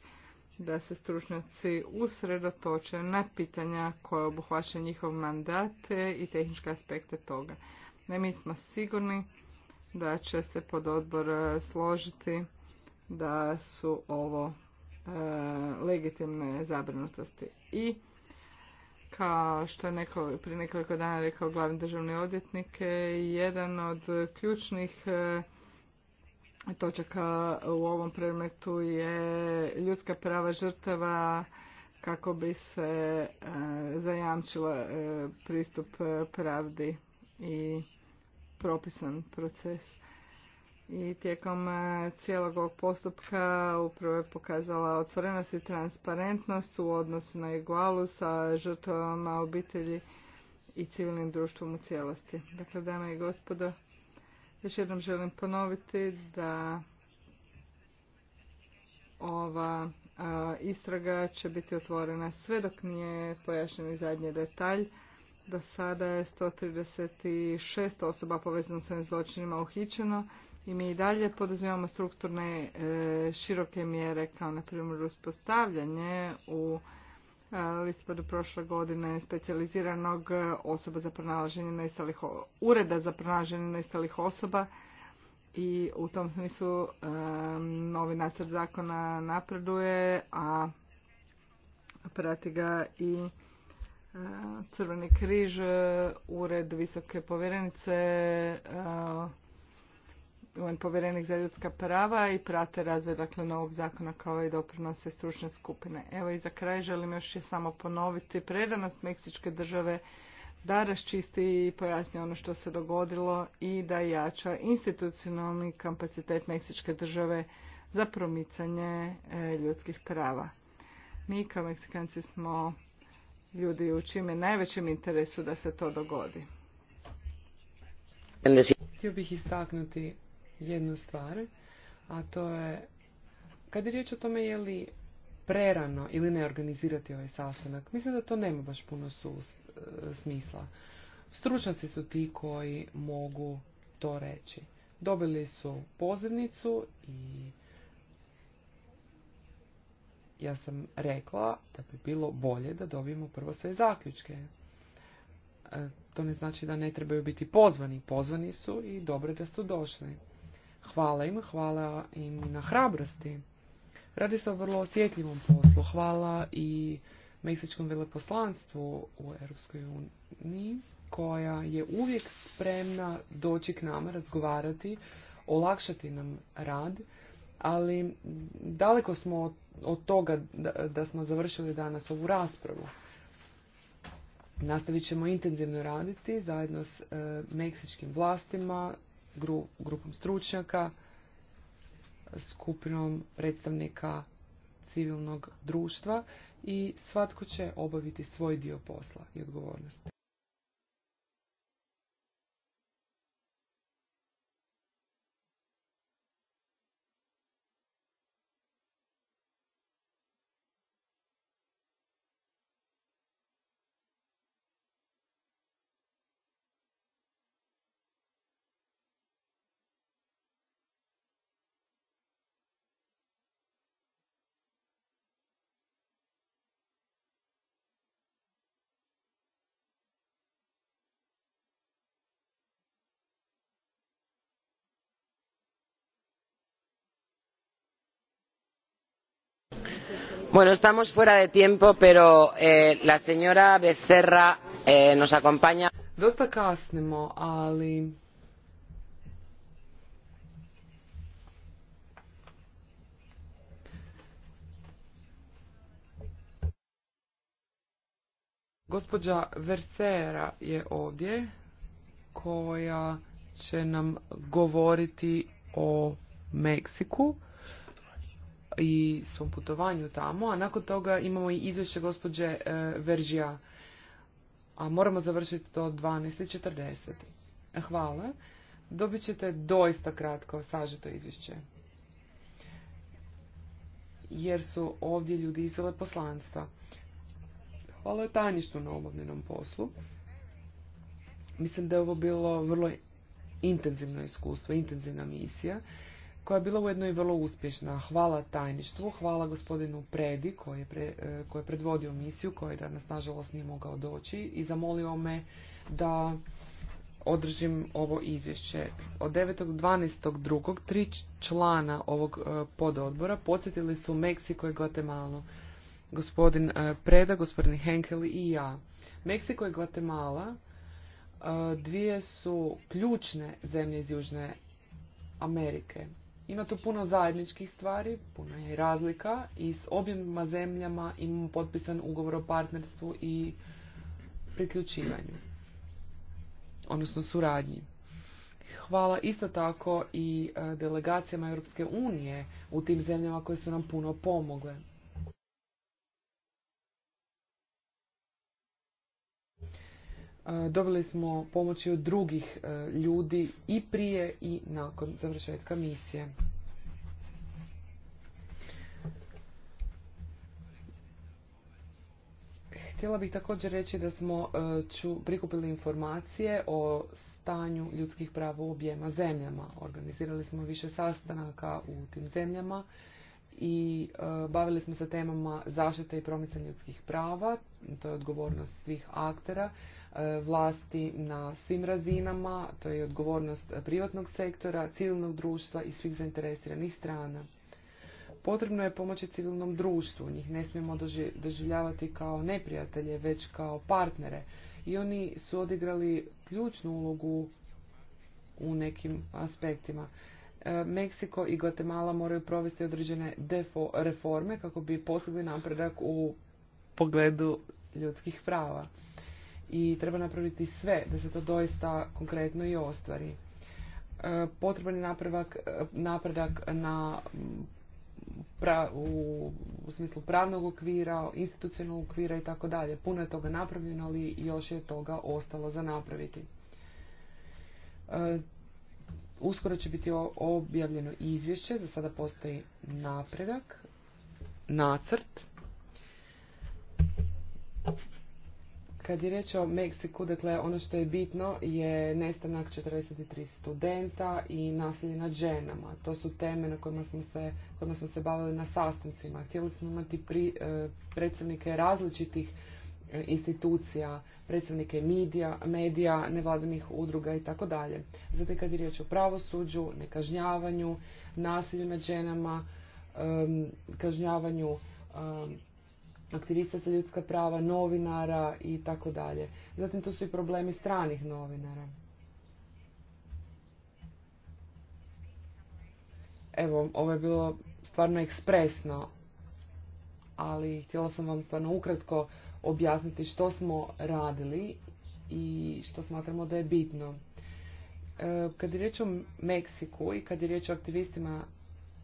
da se stručnjaci usredotoče na pitanja koje obuhvaća njihov mandat eh, i tehničke aspekte toga. Ne, mi smo sigurni da će se pod odbor e, složiti da su ovo e, legitimne zabrinutosti. I kao što je neko, prije nekoliko dana rekao glavni državni odvjetnik, e, jedan od ključnih točaka u ovom predmetu je ljudska prava žrtava kako bi se zajamčila pristup pravdi i propisan proces. I tijekom e, cijelog ovog postupka upravo je pokazala otvorenost i transparentnost u odnosu na igualu sa žrtvama obitelji i civilnim društvom u cijelosti. Dakle, dame i gospodo, još jednom želim ponoviti da ova e, istraga će biti otvorena sve dok nije pojašnjen zadnji detalj do sada je 136 osoba povezano s ovim zločinima uhićeno i mi i dalje poduzimamo strukturne e, široke mjere kao na primjer uspostavljanje u e, listopadu prošle godine specijaliziranog e, osoba za pronalaženje nestalih ureda za pronalaženje nestalih osoba i u tom smislu novi nacrt zakona napreduje a prati ga i Crveni križ, e, ured visoke povjerenice, e, UN povjerenik za ljudska prava i prate razvoj dakle, novog zakona kao i doprinose stručne skupine. Evo i za kraj želim još je samo ponoviti predanost Meksičke države da raščisti i pojasni ono što se dogodilo i da jača institucionalni kapacitet Meksičke države za promicanje e, ljudskih prava. Mi kao Meksikanci smo ljudi u čim je najvećem interesu da se to dogodi. Htio bih istaknuti jednu stvar, a to je kad je riječ o tome je li prerano ili ne organizirati ovaj sastanak, mislim da to nema baš puno e, smisla. Stručnjaci su ti koji mogu to reći. Dobili su pozivnicu i ja sam rekla da bi bilo bolje da dobijemo prvo sve zaključke. E, to ne znači da ne trebaju biti pozvani. Pozvani su i dobro da su došli. Hvala im, hvala im na hrabrosti. Radi se o vrlo osjetljivom poslu. Hvala i Meksičkom veleposlanstvu u Europskoj uniji, koja je uvijek spremna doći k nama, razgovarati, olakšati nam rad ali daleko smo od toga da smo završili danas ovu raspravu. Nastavit ćemo intenzivno raditi zajedno s e, meksičkim vlastima, grupom stručnjaka, skupinom predstavnika civilnog društva i svatko će obaviti svoj dio posla i odgovornosti. Bueno, estamos fuera de tiempo, pero eh, la señora Becerra eh, nos acompaña. Dosta kasnimo, ali... Gospođa Versera je ovdje koja će nam govoriti o Meksiku i svom putovanju tamo, a nakon toga imamo i izvješće gospođe e, Veržija. A moramo završiti do 12.40. Hvala. Dobit ćete doista kratko sažeto izvješće. Jer su ovdje ljudi izvele poslanstva. Hvala tajništu na obavljenom poslu. Mislim da je ovo bilo vrlo intenzivno iskustvo, intenzivna misija koja je bila ujedno i vrlo uspješna. Hvala tajništvu, hvala gospodinu Predi koji je, e, koji je predvodio misiju koji je danas nažalost nije mogao doći i zamolio me da održim ovo izvješće. Od drugog tri člana ovog e, pododbora podsjetili su Meksiko i Guatemala. Gospodin e, Preda, gospodin Henkel i ja. Meksiko i Guatemala dvije su ključne zemlje iz Južne Amerike. Ima tu puno zajedničkih stvari, puno je razlika i s objema zemljama imamo potpisan ugovor o partnerstvu i priključivanju, odnosno suradnji. Hvala isto tako i e, delegacijama Europske unije u tim zemljama koje su nam puno pomogle. E, dobili smo pomoći od drugih e, ljudi i prije i nakon završetka misije. Htjela bih također reći da smo e, prikupili informacije o stanju ljudskih prava u objema zemljama. Organizirali smo više sastanaka u tim zemljama i bavili smo se temama zaštite i promicanja ljudskih prava, to je odgovornost svih aktera, E, vlasti na svim razinama, to je odgovornost privatnog sektora, civilnog društva i svih zainteresiranih strana. Potrebno je pomoći civilnom društvu, njih ne smijemo doživljavati kao neprijatelje, već kao partnere. I oni su odigrali ključnu ulogu u nekim aspektima. E, Meksiko i Guatemala moraju provesti određene defo reforme kako bi postigli napredak u pogledu ljudskih prava i treba napraviti sve da se to doista konkretno i ostvari. E, potreban je napravak, e, napredak na mm, u, u smislu pravnog okvira, institucionalnog okvira i tako dalje. Puno je toga napravljeno, ali još je toga ostalo za napraviti. E, uskoro će biti objavljeno izvješće, za sada postoji napredak, nacrt, Kad je riječ o Meksiku, dakle ono što je bitno je nestanak 43 studenta i nasilje nad ženama. To su teme na kojima smo se, kojima smo se bavili na sastancima. Htjeli smo imati pri, e, predstavnike različitih e, institucija, predstavnike medija, medija nevladinih udruga i tako dalje. Zatim kad je riječ o pravosuđu, nekažnjavanju, nasilju nad ženama, e, kažnjavanju aktivista za ljudska prava, novinara i tako dalje. Zatim to su i problemi stranih novinara. Evo, ovo je bilo stvarno ekspresno, ali htjela sam vam stvarno ukratko objasniti što smo radili i što smatramo da je bitno. E, kad je riječ o Meksiku i kad je riječ o aktivistima,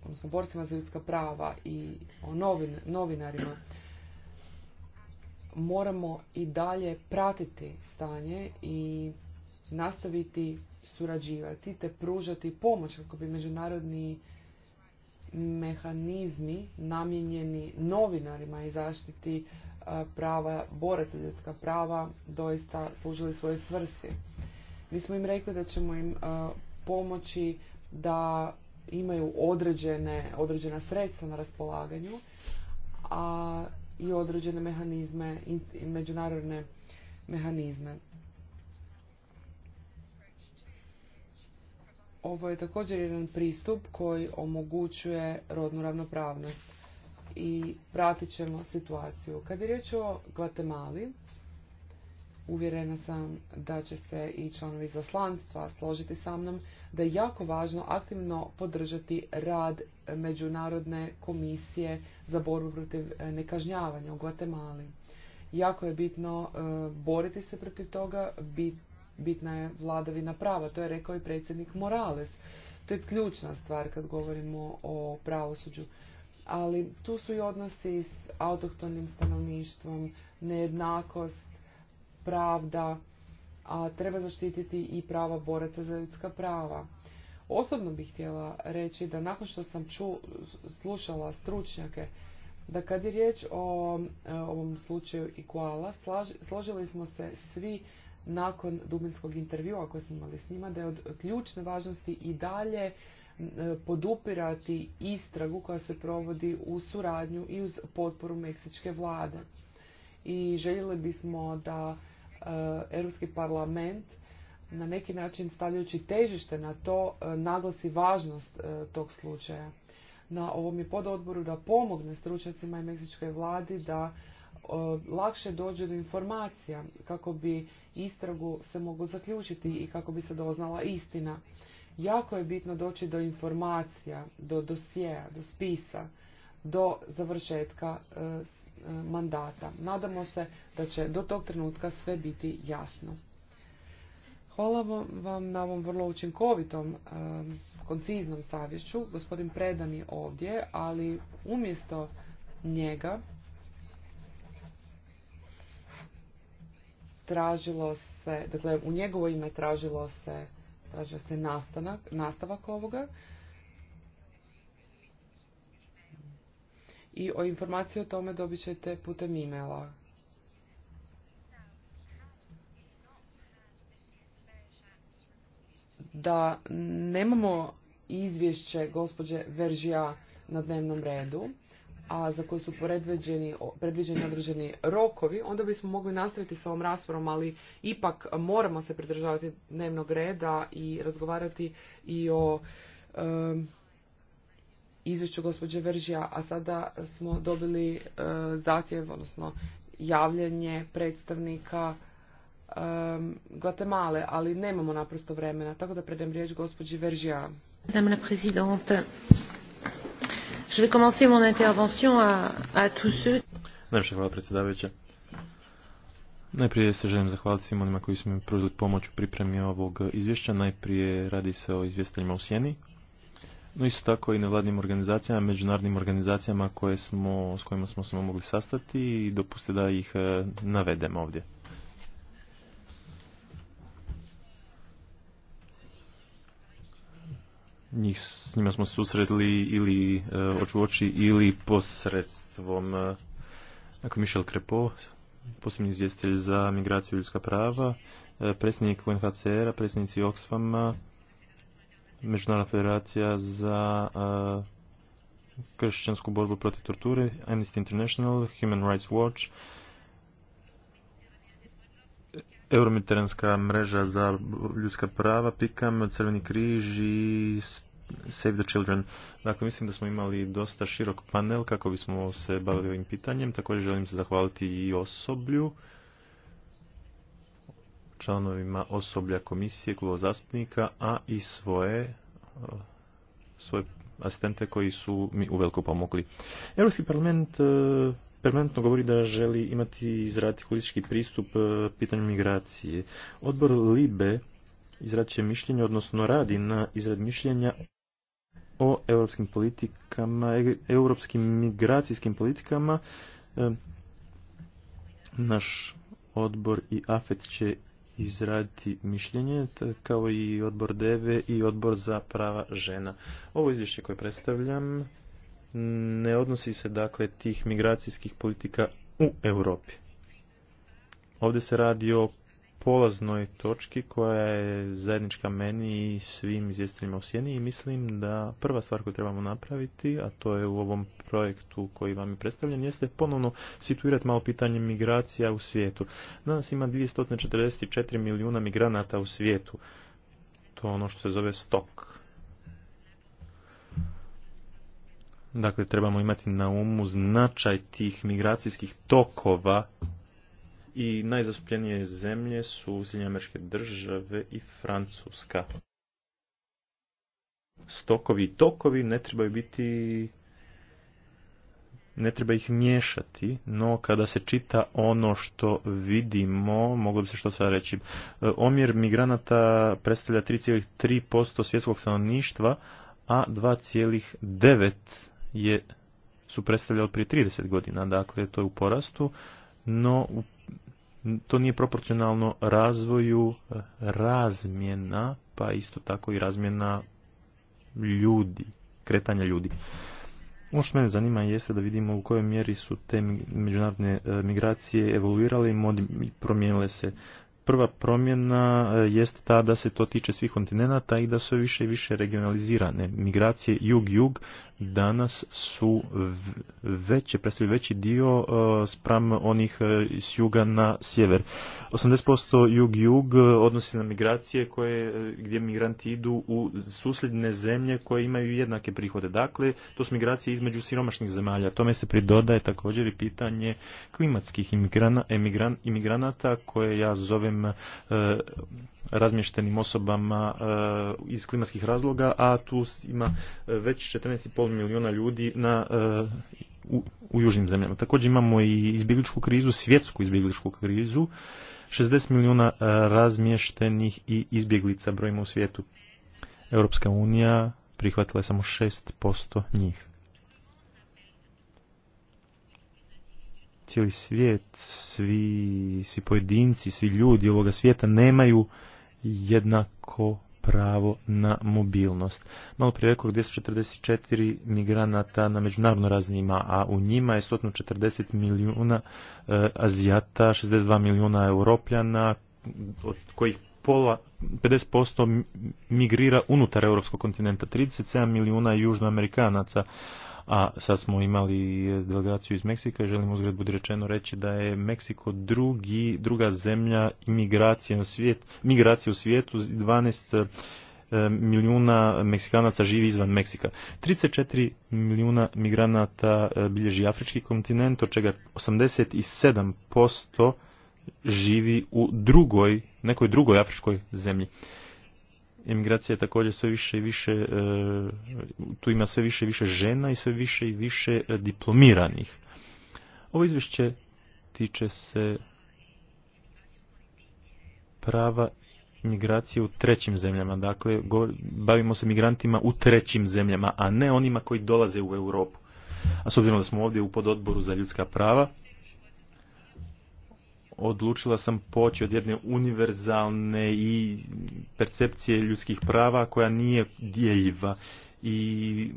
odnosno borcima za ljudska prava i o novinarima, moramo i dalje pratiti stanje i nastaviti surađivati te pružati pomoć kako bi međunarodni mehanizmi namijenjeni novinarima i zaštiti prava boraca ljudska prava doista služili svoje svrsi. Mi smo im rekli da ćemo im pomoći da imaju određene, određena sredstva na raspolaganju, a i određene mehanizme, međunarodne mehanizme. Ovo je također jedan pristup koji omogućuje rodnu ravnopravnost i pratit ćemo situaciju. Kad je riječ o Gvatemali, uvjerena sam da će se i članovi zaslanstva složiti sa mnom da je jako važno aktivno podržati rad Međunarodne komisije za borbu protiv e, nekažnjavanja u Guatemala. Jako je bitno e, boriti se protiv toga, bitna je vladavina prava, to je rekao i predsjednik Morales. To je ključna stvar kad govorimo o pravosuđu ali tu su i odnosi s autohtonim stanovništvom, nejednakost, pravda, a treba zaštititi i prava boraca za ljudska prava. Osobno bih htjela reći da nakon što sam ču, slušala stručnjake, da kad je riječ o e, ovom slučaju koala složili smo se svi nakon dubinskog intervjua koji smo imali s njima, da je od ključne važnosti i dalje e, podupirati istragu koja se provodi u suradnju i uz potporu meksičke vlade. I željeli bismo da Eh, Europski parlament na neki način stavljajući težište na to eh, naglasi važnost eh, tog slučaja. Na ovom je pododboru da pomogne stručnjacima i meksičkoj vladi da lakše dođe do informacija kako bi istragu se moglo zaključiti i kako bi se doznala istina. Jako je bitno doći do informacija, do dosjeja, do spisa, do završetka E, mandata. Nadamo se da će do tog trenutka sve biti jasno. Hvala vam na ovom vrlo učinkovitom, e, konciznom savješću. Gospodin Predan je ovdje, ali umjesto njega tražilo se, dakle u njegovo ime tražilo se, tražio se nastanak, nastavak ovoga. i o informaciji o tome dobit ćete putem e-maila. Da nemamo izvješće gospođe Veržija na dnevnom redu, a za koje su predviđeni, predviđeni određeni rokovi, onda bismo mogli nastaviti sa ovom raspravom, ali ipak moramo se pridržavati dnevnog reda i razgovarati i o izvješću gospođe Veržija, a sada smo dobili e, zahtjev, odnosno javljanje predstavnika e, Guatemala, ali nemamo naprosto vremena, tako da predem riječ gospođi Veržija. Madame la Présidente, je vais commencer mon intervention à, tous ceux... Najprije se želim zahvaliti svim onima koji su mi pružili pomoć u pripremi ovog izvješća. Najprije radi se o izvjestiteljima u Sjeni, no isto tako i nevladnim organizacijama, međunarodnim organizacijama koje smo, s kojima smo se mogli sastati i dopustite da ih e, navedem ovdje. Njih, s njima smo susretli ili e, oči ili posredstvom e, dakle, Michel Krepo, posebni izvjestitelj za migraciju i ljudska prava, e, predsjednik UNHCR-a, predsjednici Oxfam-a, Međunarodna federacija za e, kršćansku borbu protiv torture, Amnesty International, Human Rights Watch, Euromediteranska mreža za ljudska prava, PIKAM, Crveni križ i Save the Children. Dakle, mislim da smo imali dosta širok panel kako bismo se bavili ovim pitanjem. Također želim se zahvaliti i osoblju članovima osoblja komisije, kluba zastupnika, a i svoje, svoje asistente koji su mi uveliko pomogli. Europski parlament e, permanentno govori da želi imati izraditi politički pristup e, pitanju migracije. Odbor LIBE izradit će mišljenje, odnosno radi na izrad mišljenja o europskim politikama, e, europskim migracijskim politikama. Naš odbor i AFET će izraditi mišljenje, kao i odbor DEVE i odbor za prava žena. Ovo izvješće koje predstavljam ne odnosi se dakle tih migracijskih politika u Europi. Ovdje se radi o polaznoj točki koja je zajednička meni i svim izvjestiteljima u Sjeni i mislim da prva stvar koju trebamo napraviti, a to je u ovom projektu koji vam je predstavljen, jeste ponovno situirati malo pitanje migracija u svijetu. Danas ima 244 milijuna migranata u svijetu. To je ono što se zove stok. Dakle, trebamo imati na umu značaj tih migracijskih tokova i najzastupljenije zemlje su Sjedinjene američke države i Francuska. Stokovi i tokovi ne trebaju biti ne treba ih miješati, no kada se čita ono što vidimo, moglo bi se što sada reći, omjer migranata predstavlja 3,3% svjetskog stanovništva, a 2,9% je su predstavljali prije 30 godina, dakle to je u porastu, no u to nije proporcionalno razvoju eh, razmjena, pa isto tako i razmjena ljudi, kretanja ljudi. Ono što mene zanima jeste da vidimo u kojoj mjeri su te međunarodne eh, migracije evoluirale i promijenile se. Prva promjena eh, jeste ta da se to tiče svih kontinenta i da su više i više regionalizirane. Migracije jug-jug danas su veće, predstavljaju veći dio uh, spram onih s uh, juga na sjever. 80% jug-jug uh, odnosi na migracije koje, gdje migranti idu u susjedne zemlje koje imaju jednake prihode. Dakle, to su migracije između siromašnih zemalja. Tome se pridodaje također i pitanje klimatskih imigrana, emigran, imigranata koje ja zovem razmještenim osobama e, iz klimatskih razloga, a tu ima e, već 14,5 milijuna ljudi na, e, u, južnim zemljama. Također imamo i izbjegličku krizu, svjetsku izbjegličku krizu, 60 milijuna razmještenih i izbjeglica brojimo u svijetu. Europska unija prihvatila je samo 6% njih. Cijeli svijet, svi, svi pojedinci, svi ljudi ovoga svijeta nemaju jednako pravo na mobilnost. Malo prije rekao 244 migranata na međunarodno ima a u njima je 140 milijuna e, Azijata, 62 milijuna Europljana, od kojih pola, 50% migrira unutar europskog kontinenta, 37 milijuna južnoamerikanaca, a sad smo imali delegaciju iz Meksika i želim uzgled budi rečeno reći da je Meksiko drugi, druga zemlja imigracije na svijet, migracije u svijetu, 12 eh, milijuna Meksikanaca živi izvan Meksika. 34 milijuna migranata eh, bilježi afrički kontinent, od čega 87% živi u drugoj, nekoj drugoj afričkoj zemlji emigracija je također sve više i više, e, tu ima sve više i više žena i sve više i više e, diplomiranih. Ovo izvješće tiče se prava migracije u trećim zemljama. Dakle, bavimo se migrantima u trećim zemljama, a ne onima koji dolaze u Europu. A s obzirom da smo ovdje u pododboru za ljudska prava, odlučila sam poći od jedne univerzalne i percepcije ljudskih prava koja nije djeljiva i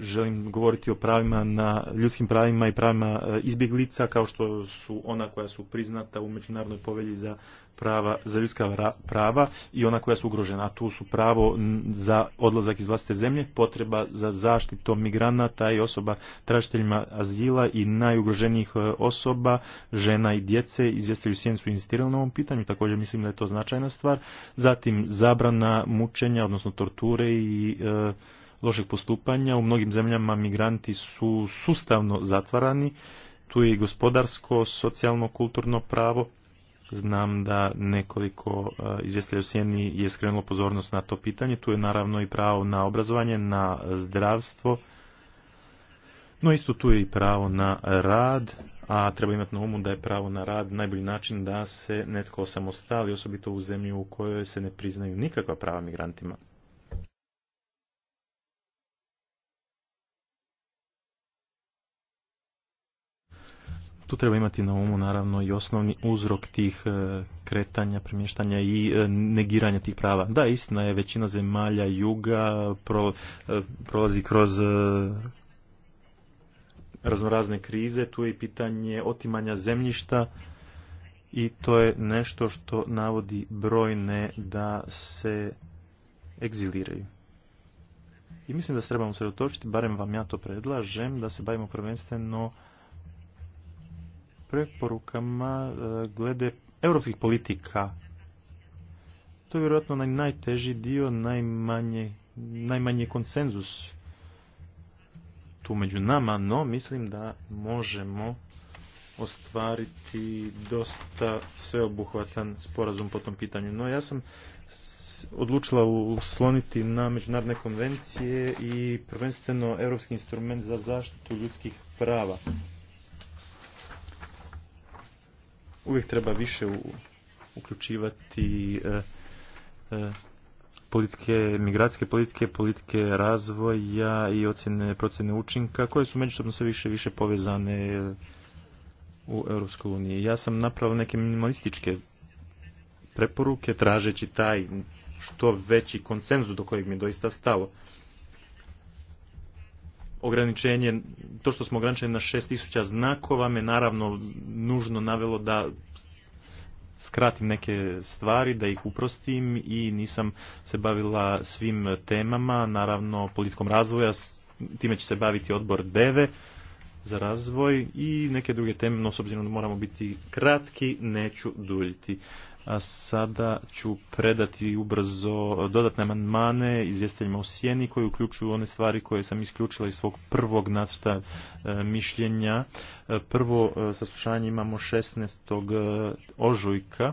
želim govoriti o pravima na ljudskim pravima i pravima e, izbjeglica kao što su ona koja su priznata u međunarodnoj povelji za prava za ljudska prava i ona koja su ugrožena a tu su pravo za odlazak iz vlastite zemlje potreba za zaštitom migranata i osoba tražiteljima azila i najugroženijih e, osoba žena i djece izvjestitelji u su insistirali na ovom pitanju također mislim da je to značajna stvar zatim zabrana mučenja odnosno torture i e, lošeg postupanja. U mnogim zemljama migranti su sustavno zatvarani. Tu je i gospodarsko, socijalno, kulturno pravo. Znam da nekoliko e, izvjestelja u je skrenulo pozornost na to pitanje. Tu je naravno i pravo na obrazovanje, na zdravstvo. No isto tu je i pravo na rad, a treba imati na umu da je pravo na rad najbolji način da se netko osamostali, osobito u zemlji u kojoj se ne priznaju nikakva prava migrantima. Tu treba imati na umu naravno i osnovni uzrok tih e, kretanja, premještanja i e, negiranja tih prava. Da, istina je, većina zemalja juga e, prolazi kroz raznorazne krize, tu je i pitanje otimanja zemljišta i to je nešto što navodi brojne da se egziliraju. I mislim da se trebamo sredotočiti, barem vam ja to predlažem, da se bavimo prvenstveno preporukama e, glede europskih politika. To je vjerojatno najteži dio, najmanji konsenzus tu među nama, no mislim da možemo ostvariti dosta sveobuhvatan sporazum po tom pitanju. No ja sam odlučila usloniti na međunarodne konvencije i prvenstveno Europski instrument za zaštitu ljudskih prava. uvijek treba više uključivati e, e, politike, migracijske politike, politike razvoja i ocjene procjene učinka koje su međusobno sve više više povezane u Europskoj uniji. Ja sam napravio neke minimalističke preporuke tražeći taj što veći konsenzus do kojeg mi je doista stalo ograničenje, to što smo ograničeni na 6000 znakova me naravno nužno navelo da skratim neke stvari, da ih uprostim i nisam se bavila svim temama, naravno politikom razvoja, time će se baviti odbor DEVE za razvoj i neke druge teme, no s obzirom da moramo biti kratki, neću duljiti. A sada ću predati ubrzo dodatne amandmane izvjestiteljima u sjeni koji uključuju one stvari koje sam isključila iz svog prvog nacrta e, mišljenja. E, prvo e, saslušanje imamo 16. E, ožujka.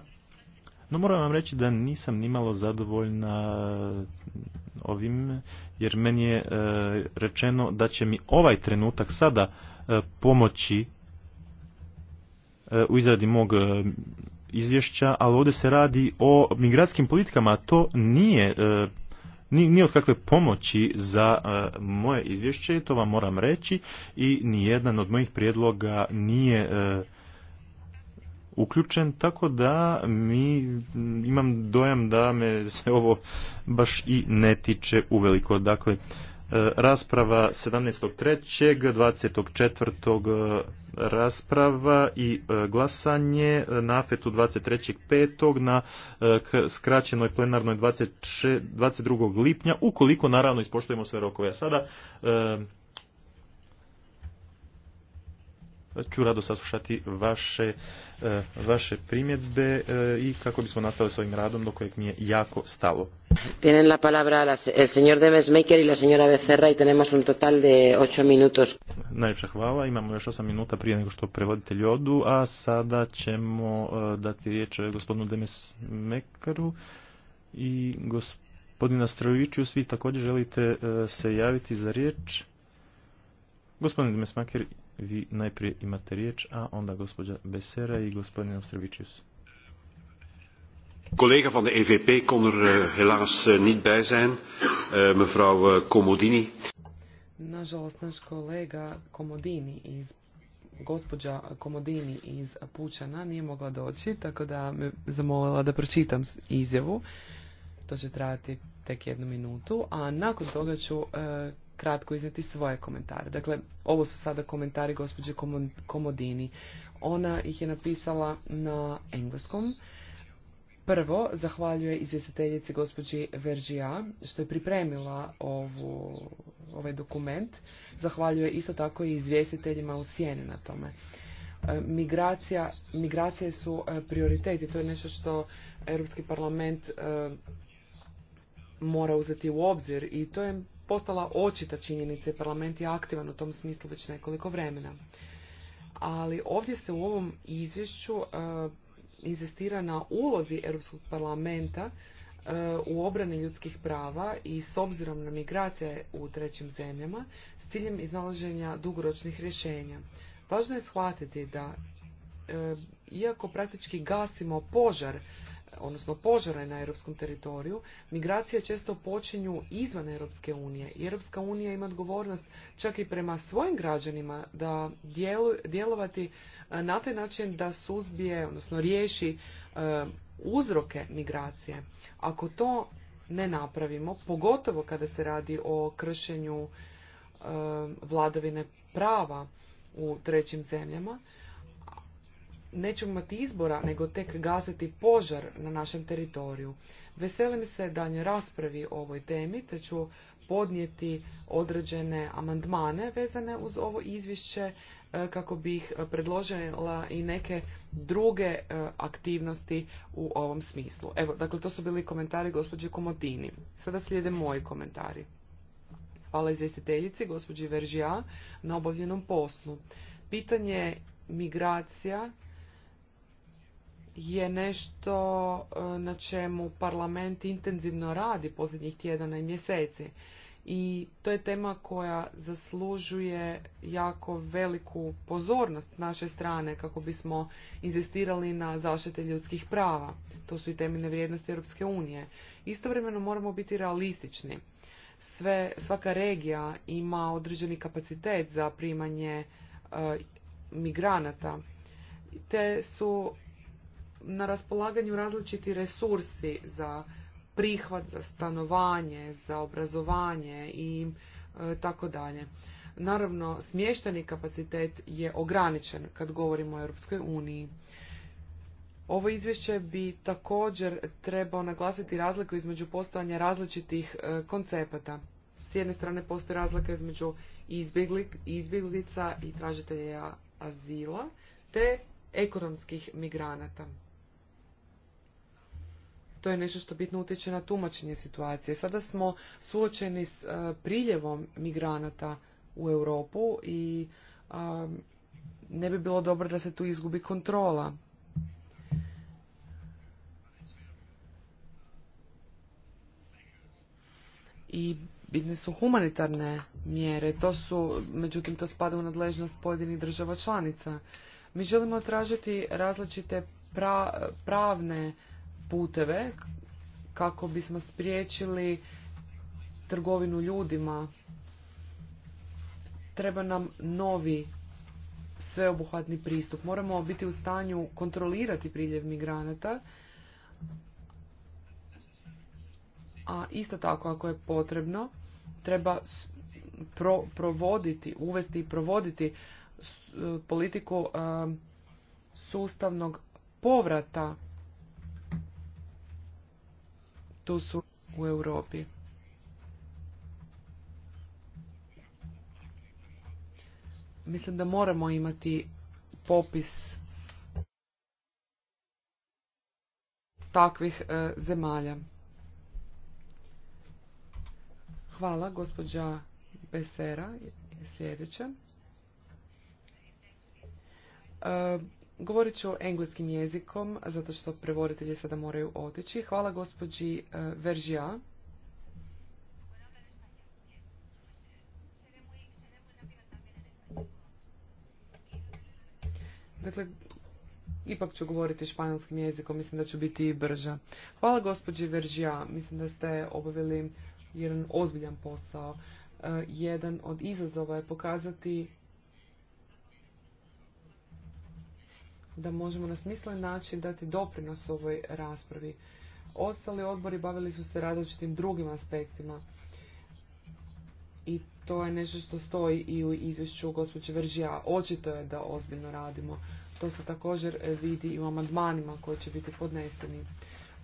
No moram vam reći da nisam nimalo zadovoljna ovim, jer meni je rečeno da će mi ovaj trenutak sada pomoći u izradi mog izvješća, ali ovdje se radi o migratskim politikama, to nije e, ni od kakve pomoći za e, moje izvješće, to vam moram reći i nijedan od mojih prijedloga nije e, uključen, tako da mi imam dojam da me se ovo baš i ne tiče uveliko. Dakle, E, rasprava 17.3., 24. E, rasprava i e, glasanje na afetu 23.5. na skraćenoj plenarnoj 22. lipnja, ukoliko naravno ispoštujemo sve rokove. A sada ću rado saslušati vaše, e, vaše primjedbe e, i kako bismo nastavili s ovim radom do kojeg mi je jako stalo. Tienen la palabra la, el señor Demesmaker y la señora Becerra y tenemos un total de 8 minutos. Najljepša hvala, imamo još 8 minuta prije nego što prevoditelj odu, a sada ćemo e, dati riječ gospodinu Demesmakeru i gospodina Strojeviću. Svi također želite se javiti za riječ. Gospodin Demesmaker, vi najprije imate riječ, a onda gospođa Besera i gospodin Ostrovićius. Collega van de EVP kon er eh, helaas eh, niet bij zijn, eh, mevrouw Komodini. Nažalost, naš kolega Komodini iz gospođa Komodini iz Pučana nije mogla doći, tako da me zamolila da pročitam izjavu. To će trajati tek jednu minutu, a nakon toga ću kratko izneti svoje komentare. Dakle, ovo su sada komentari gospođe Komodini. Ona ih je napisala na engleskom. Prvo, zahvaljuje izvjestiteljici gospođi Veržija što je pripremila ovu, ovaj dokument. Zahvaljuje isto tako i izvjestiteljima u sjeni na tome. E, migracija, migracije su e, prioriteti. To je nešto što Europski parlament e, mora uzeti u obzir i to je postala očita činjenica i parlament je aktivan u tom smislu već nekoliko vremena. Ali ovdje se u ovom izvješću e, inzistira na ulozi Europskog parlamenta e, u obrani ljudskih prava i s obzirom na migracije u trećim zemljama s ciljem iznalaženja dugoročnih rješenja. Važno je shvatiti da e, iako praktički gasimo požar odnosno požare na europskom teritoriju, migracije često počinju izvan Europske unije. I Europska unija ima odgovornost čak i prema svojim građanima da djelovati e, na taj način da suzbije, odnosno riješi e, uzroke migracije. Ako to ne napravimo, pogotovo kada se radi o kršenju e, vladavine prava u trećim zemljama, nećemo imati izbora nego tek gasiti požar na našem teritoriju. Veselim se danje raspravi o ovoj temi te ću podnijeti određene amandmane vezane uz ovo izvješće e, kako bih predložila i neke druge e, aktivnosti u ovom smislu. Evo, dakle, to su bili komentari gospođe Komotini. Sada slijede moji komentari. Hvala izvjestiteljici, gospođi Veržija, na obavljenom poslu. Pitanje migracija je nešto e, na čemu parlament intenzivno radi posljednjih tjedana i mjeseci. I to je tema koja zaslužuje jako veliku pozornost naše strane kako bismo inzistirali na zaštite ljudskih prava. To su i temeljne vrijednosti Europske unije. Istovremeno moramo biti realistični. Sve, svaka regija ima određeni kapacitet za primanje e, migranata. Te su na raspolaganju različiti resursi za prihvat, za stanovanje, za obrazovanje i e, tako dalje. Naravno, smješteni kapacitet je ograničen kad govorimo o Europskoj uniji. Ovo izvješće bi također trebao naglasiti razliku između postojanja različitih e, koncepata. S jedne strane postoji razlika između izbjeglica i tražitelja azila, te ekonomskih migranata to je nešto što bitno utječe na tumačenje situacije. Sada smo suočeni s e, priljevom migranata u Europu i ne bi bilo dobro da se tu izgubi kontrola. I bitne su humanitarne mjere, to su, međutim, to spada u nadležnost pojedinih država članica. Mi želimo tražiti različite pravne puteve kako bismo spriječili trgovinu ljudima. Treba nam novi sveobuhvatni pristup. Moramo biti u stanju kontrolirati priljev migranata, a isto tako ako je potrebno, treba provoditi, uvesti i provoditi politiku sustavnog povrata tu su u Europi. Mislim da moramo imati popis takvih e, zemalja. Hvala, gospođa Besera sljedeća. E, Govorit ću engleskim jezikom, zato što prevoditelji sada moraju otići. Hvala gospođi e, Veržija. Dakle, ipak ću govoriti španjolskim jezikom, mislim da ću biti i brža. Hvala gospođi Veržija, mislim da ste obavili jedan ozbiljan posao. E, jedan od izazova je pokazati da možemo na smislen način dati doprinos ovoj raspravi. Ostali odbori bavili su se različitim drugim aspektima. I to je nešto što stoji i u izvješću gospođe Vržija. Očito je da ozbiljno radimo. To se također vidi i u amandmanima koji će biti podneseni.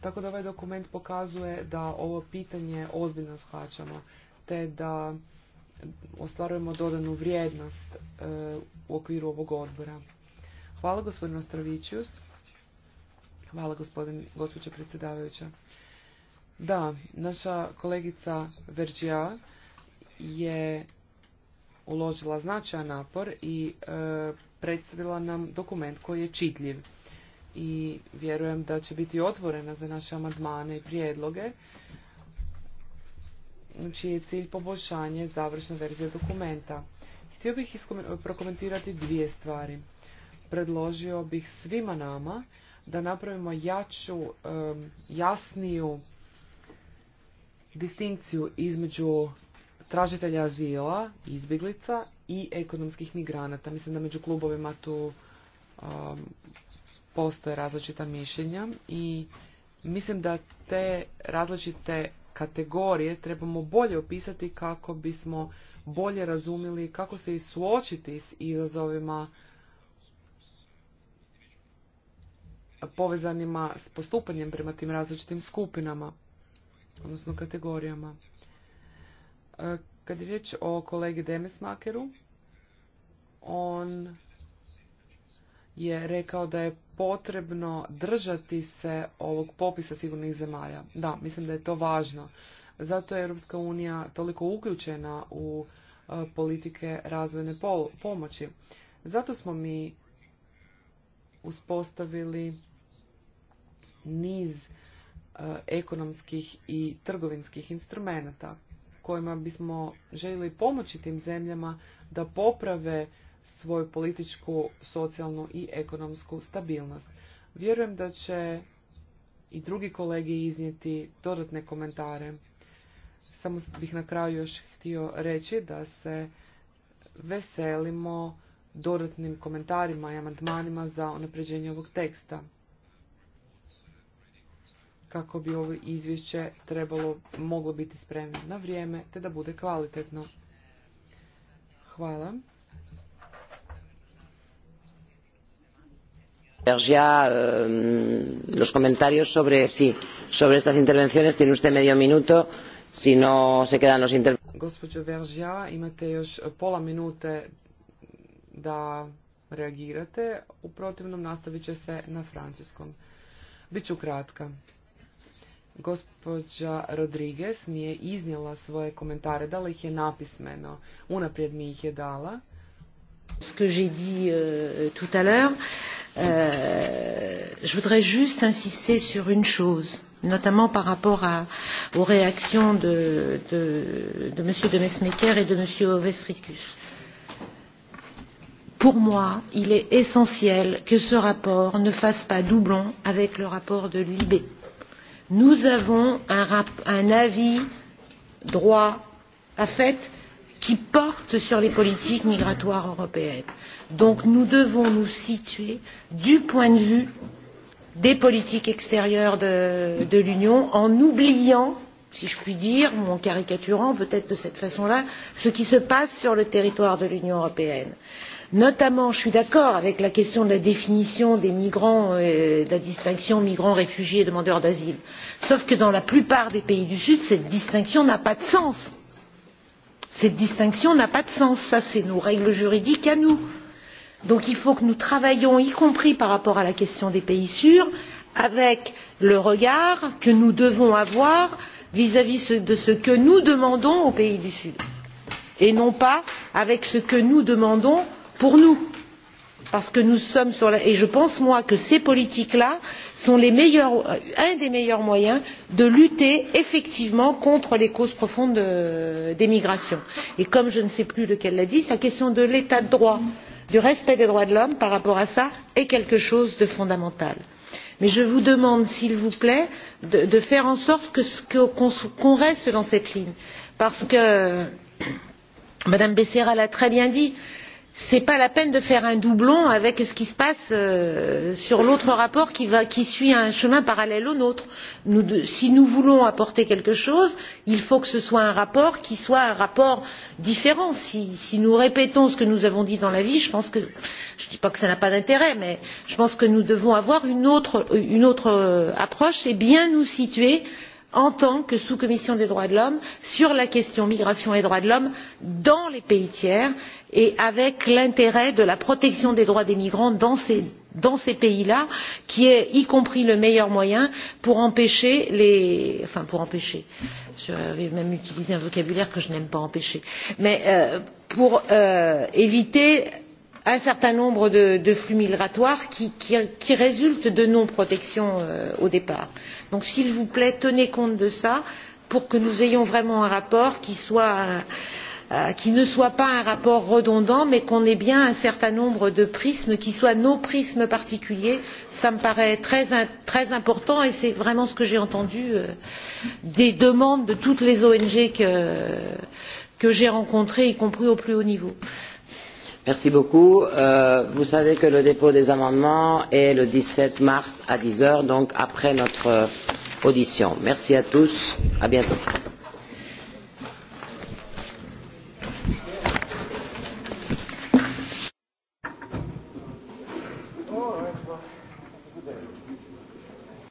Tako da ovaj dokument pokazuje da ovo pitanje ozbiljno shvaćamo, te da ostvarujemo dodanu vrijednost e, u okviru ovog odbora. Hvala gospodin Ostrovićius. Hvala gospodin, gospođo predsjedavajuća. Da, naša kolegica Verđija je uložila značajan napor i e, predstavila nam dokument koji je čitljiv. I vjerujem da će biti otvorena za naše amandmane i prijedloge čiji je cilj poboljšanje završne verzije dokumenta. Htio bih prokomentirati dvije stvari predložio bih svima nama da napravimo jaču, jasniju distinkciju između tražitelja azila, izbjeglica i ekonomskih migranata. Mislim da među klubovima tu postoje različita mišljenja i mislim da te različite kategorije trebamo bolje opisati kako bismo bolje razumjeli kako se i suočiti s izazovima povezanima s postupanjem prema tim različitim skupinama, odnosno kategorijama. E, kad je riječ o kolegi Demesmakeru, on je rekao da je potrebno držati se ovog popisa sigurnih zemalja. Da, mislim da je to važno. Zato je Europska unija toliko uključena u e, politike razvojne pomoći. Zato smo mi uspostavili niz e, ekonomskih i trgovinskih instrumenata kojima bismo željeli pomoći tim zemljama da poprave svoju političku, socijalnu i ekonomsku stabilnost. Vjerujem da će i drugi kolegi iznijeti dodatne komentare. Samo bih na kraju još htio reći da se veselimo dodatnim komentarima i amandmanima za unapređenje ovog teksta kako bi ovo izvješće trebalo, moglo biti spremno na vrijeme te da bude kvalitetno. Hvala. Ya, eh, los comentarios sobre, sí, sobre estas intervenciones tiene usted medio minuto, si no se quedan los inter... Gospođo Veržja, imate još pola minute da reagirate, u protivnom nastavit će se na francuskom. Biću kratka. Gospođa Rodriguez mi je iznijela svoje komentare, dala ih je napismeno, unaprijed mi ih je dala. Ce que j'ai dit euh, tout à l'heure, euh, je voudrais juste insister sur une chose, notamment par rapport à, aux réactions de, de, de M. de Mesmecker et de M. Ovestriscus. Pour moi, il est essentiel que ce rapport ne fasse pas doublon avec le rapport de l'IB nous avons un, avis droit à fait qui porte sur les politiques migratoires européennes. donc nous devons nous situer du point de vue des politiques extérieures de, de l'union en oubliant si je puis dire ou en caricaturant peut être de cette façon là ce qui se passe sur le territoire de l'union européenne notamment je suis d'accord avec la question de la définition des migrants et euh, de la distinction migrants réfugiés et demandeurs d'asile sauf que dans la plupart des pays du sud cette distinction n'a pas de sens. cette distinction n'a pas de sens ça c'est nos règles juridiques à nous. donc il faut que nous travaillions y compris par rapport à la question des pays sûrs avec le regard que nous devons avoir vis à vis de ce que nous demandons aux pays du sud et non pas avec ce que nous demandons pour nous parce que nous sommes sur la... et je pense moi que ces politiques là sont euh, un des meilleurs moyens de lutter effectivement contre les causes profondes euh, des migrations et comme je ne sais plus lequel l'a dit la question de l'état de droit du respect des droits de l'homme par rapport à cela est quelque chose de fondamental. mais je vous demande s'il vous plaît de, faire en sorte qu'on reste dans cette ligne parce que mme becerra l'a très bien dit ce n'est pas la peine de faire un doublon avec ce qui se passe euh, sur l'autre rapport qui, suit un chemin parallèle au nôtre. si nous voulons apporter quelque chose il faut que ce soit un rapport qui soit un rapport différent. si, nous répétons ce que nous avons dit dans l'avis je pense que je ne dis pas que cela n'a pas d'intérêt mais je pense que nous devons avoir une autre, une autre euh, approche et bien nous situer en tant que sous commission des droits de l'homme sur la question migration et droits de l'homme dans les pays tiers et avec l'intérêt de la protection des droits des migrants dans ces, pays là qui est y compris le meilleur moyen pour empêcher les enfin pour empêcher je vais même utiliser un vocabulaire que je n'aime pas empêcher mais euh, pour euh, éviter un certain nombre de, flux migratoires qui, résultent de non protection euh, au départ. donc s'il vous plaît tenez compte de cela pour que nous ayons vraiment un rapport euh, euh, qui, ne soit pas un rapport redondant mais qu'on ait bien un certain nombre de prismes qui soient nos prismes particuliers. cela me paraît très, important et c'est vraiment ce que j'ai entendu des demandes de toutes les ong que, j'ai rencontrées y compris au plus haut niveau. Merci beaucoup. Euh, vous savez que le dépôt des amendements est le 17 mars à 10 heures, donc après notre audition. Merci à tous. À bientôt.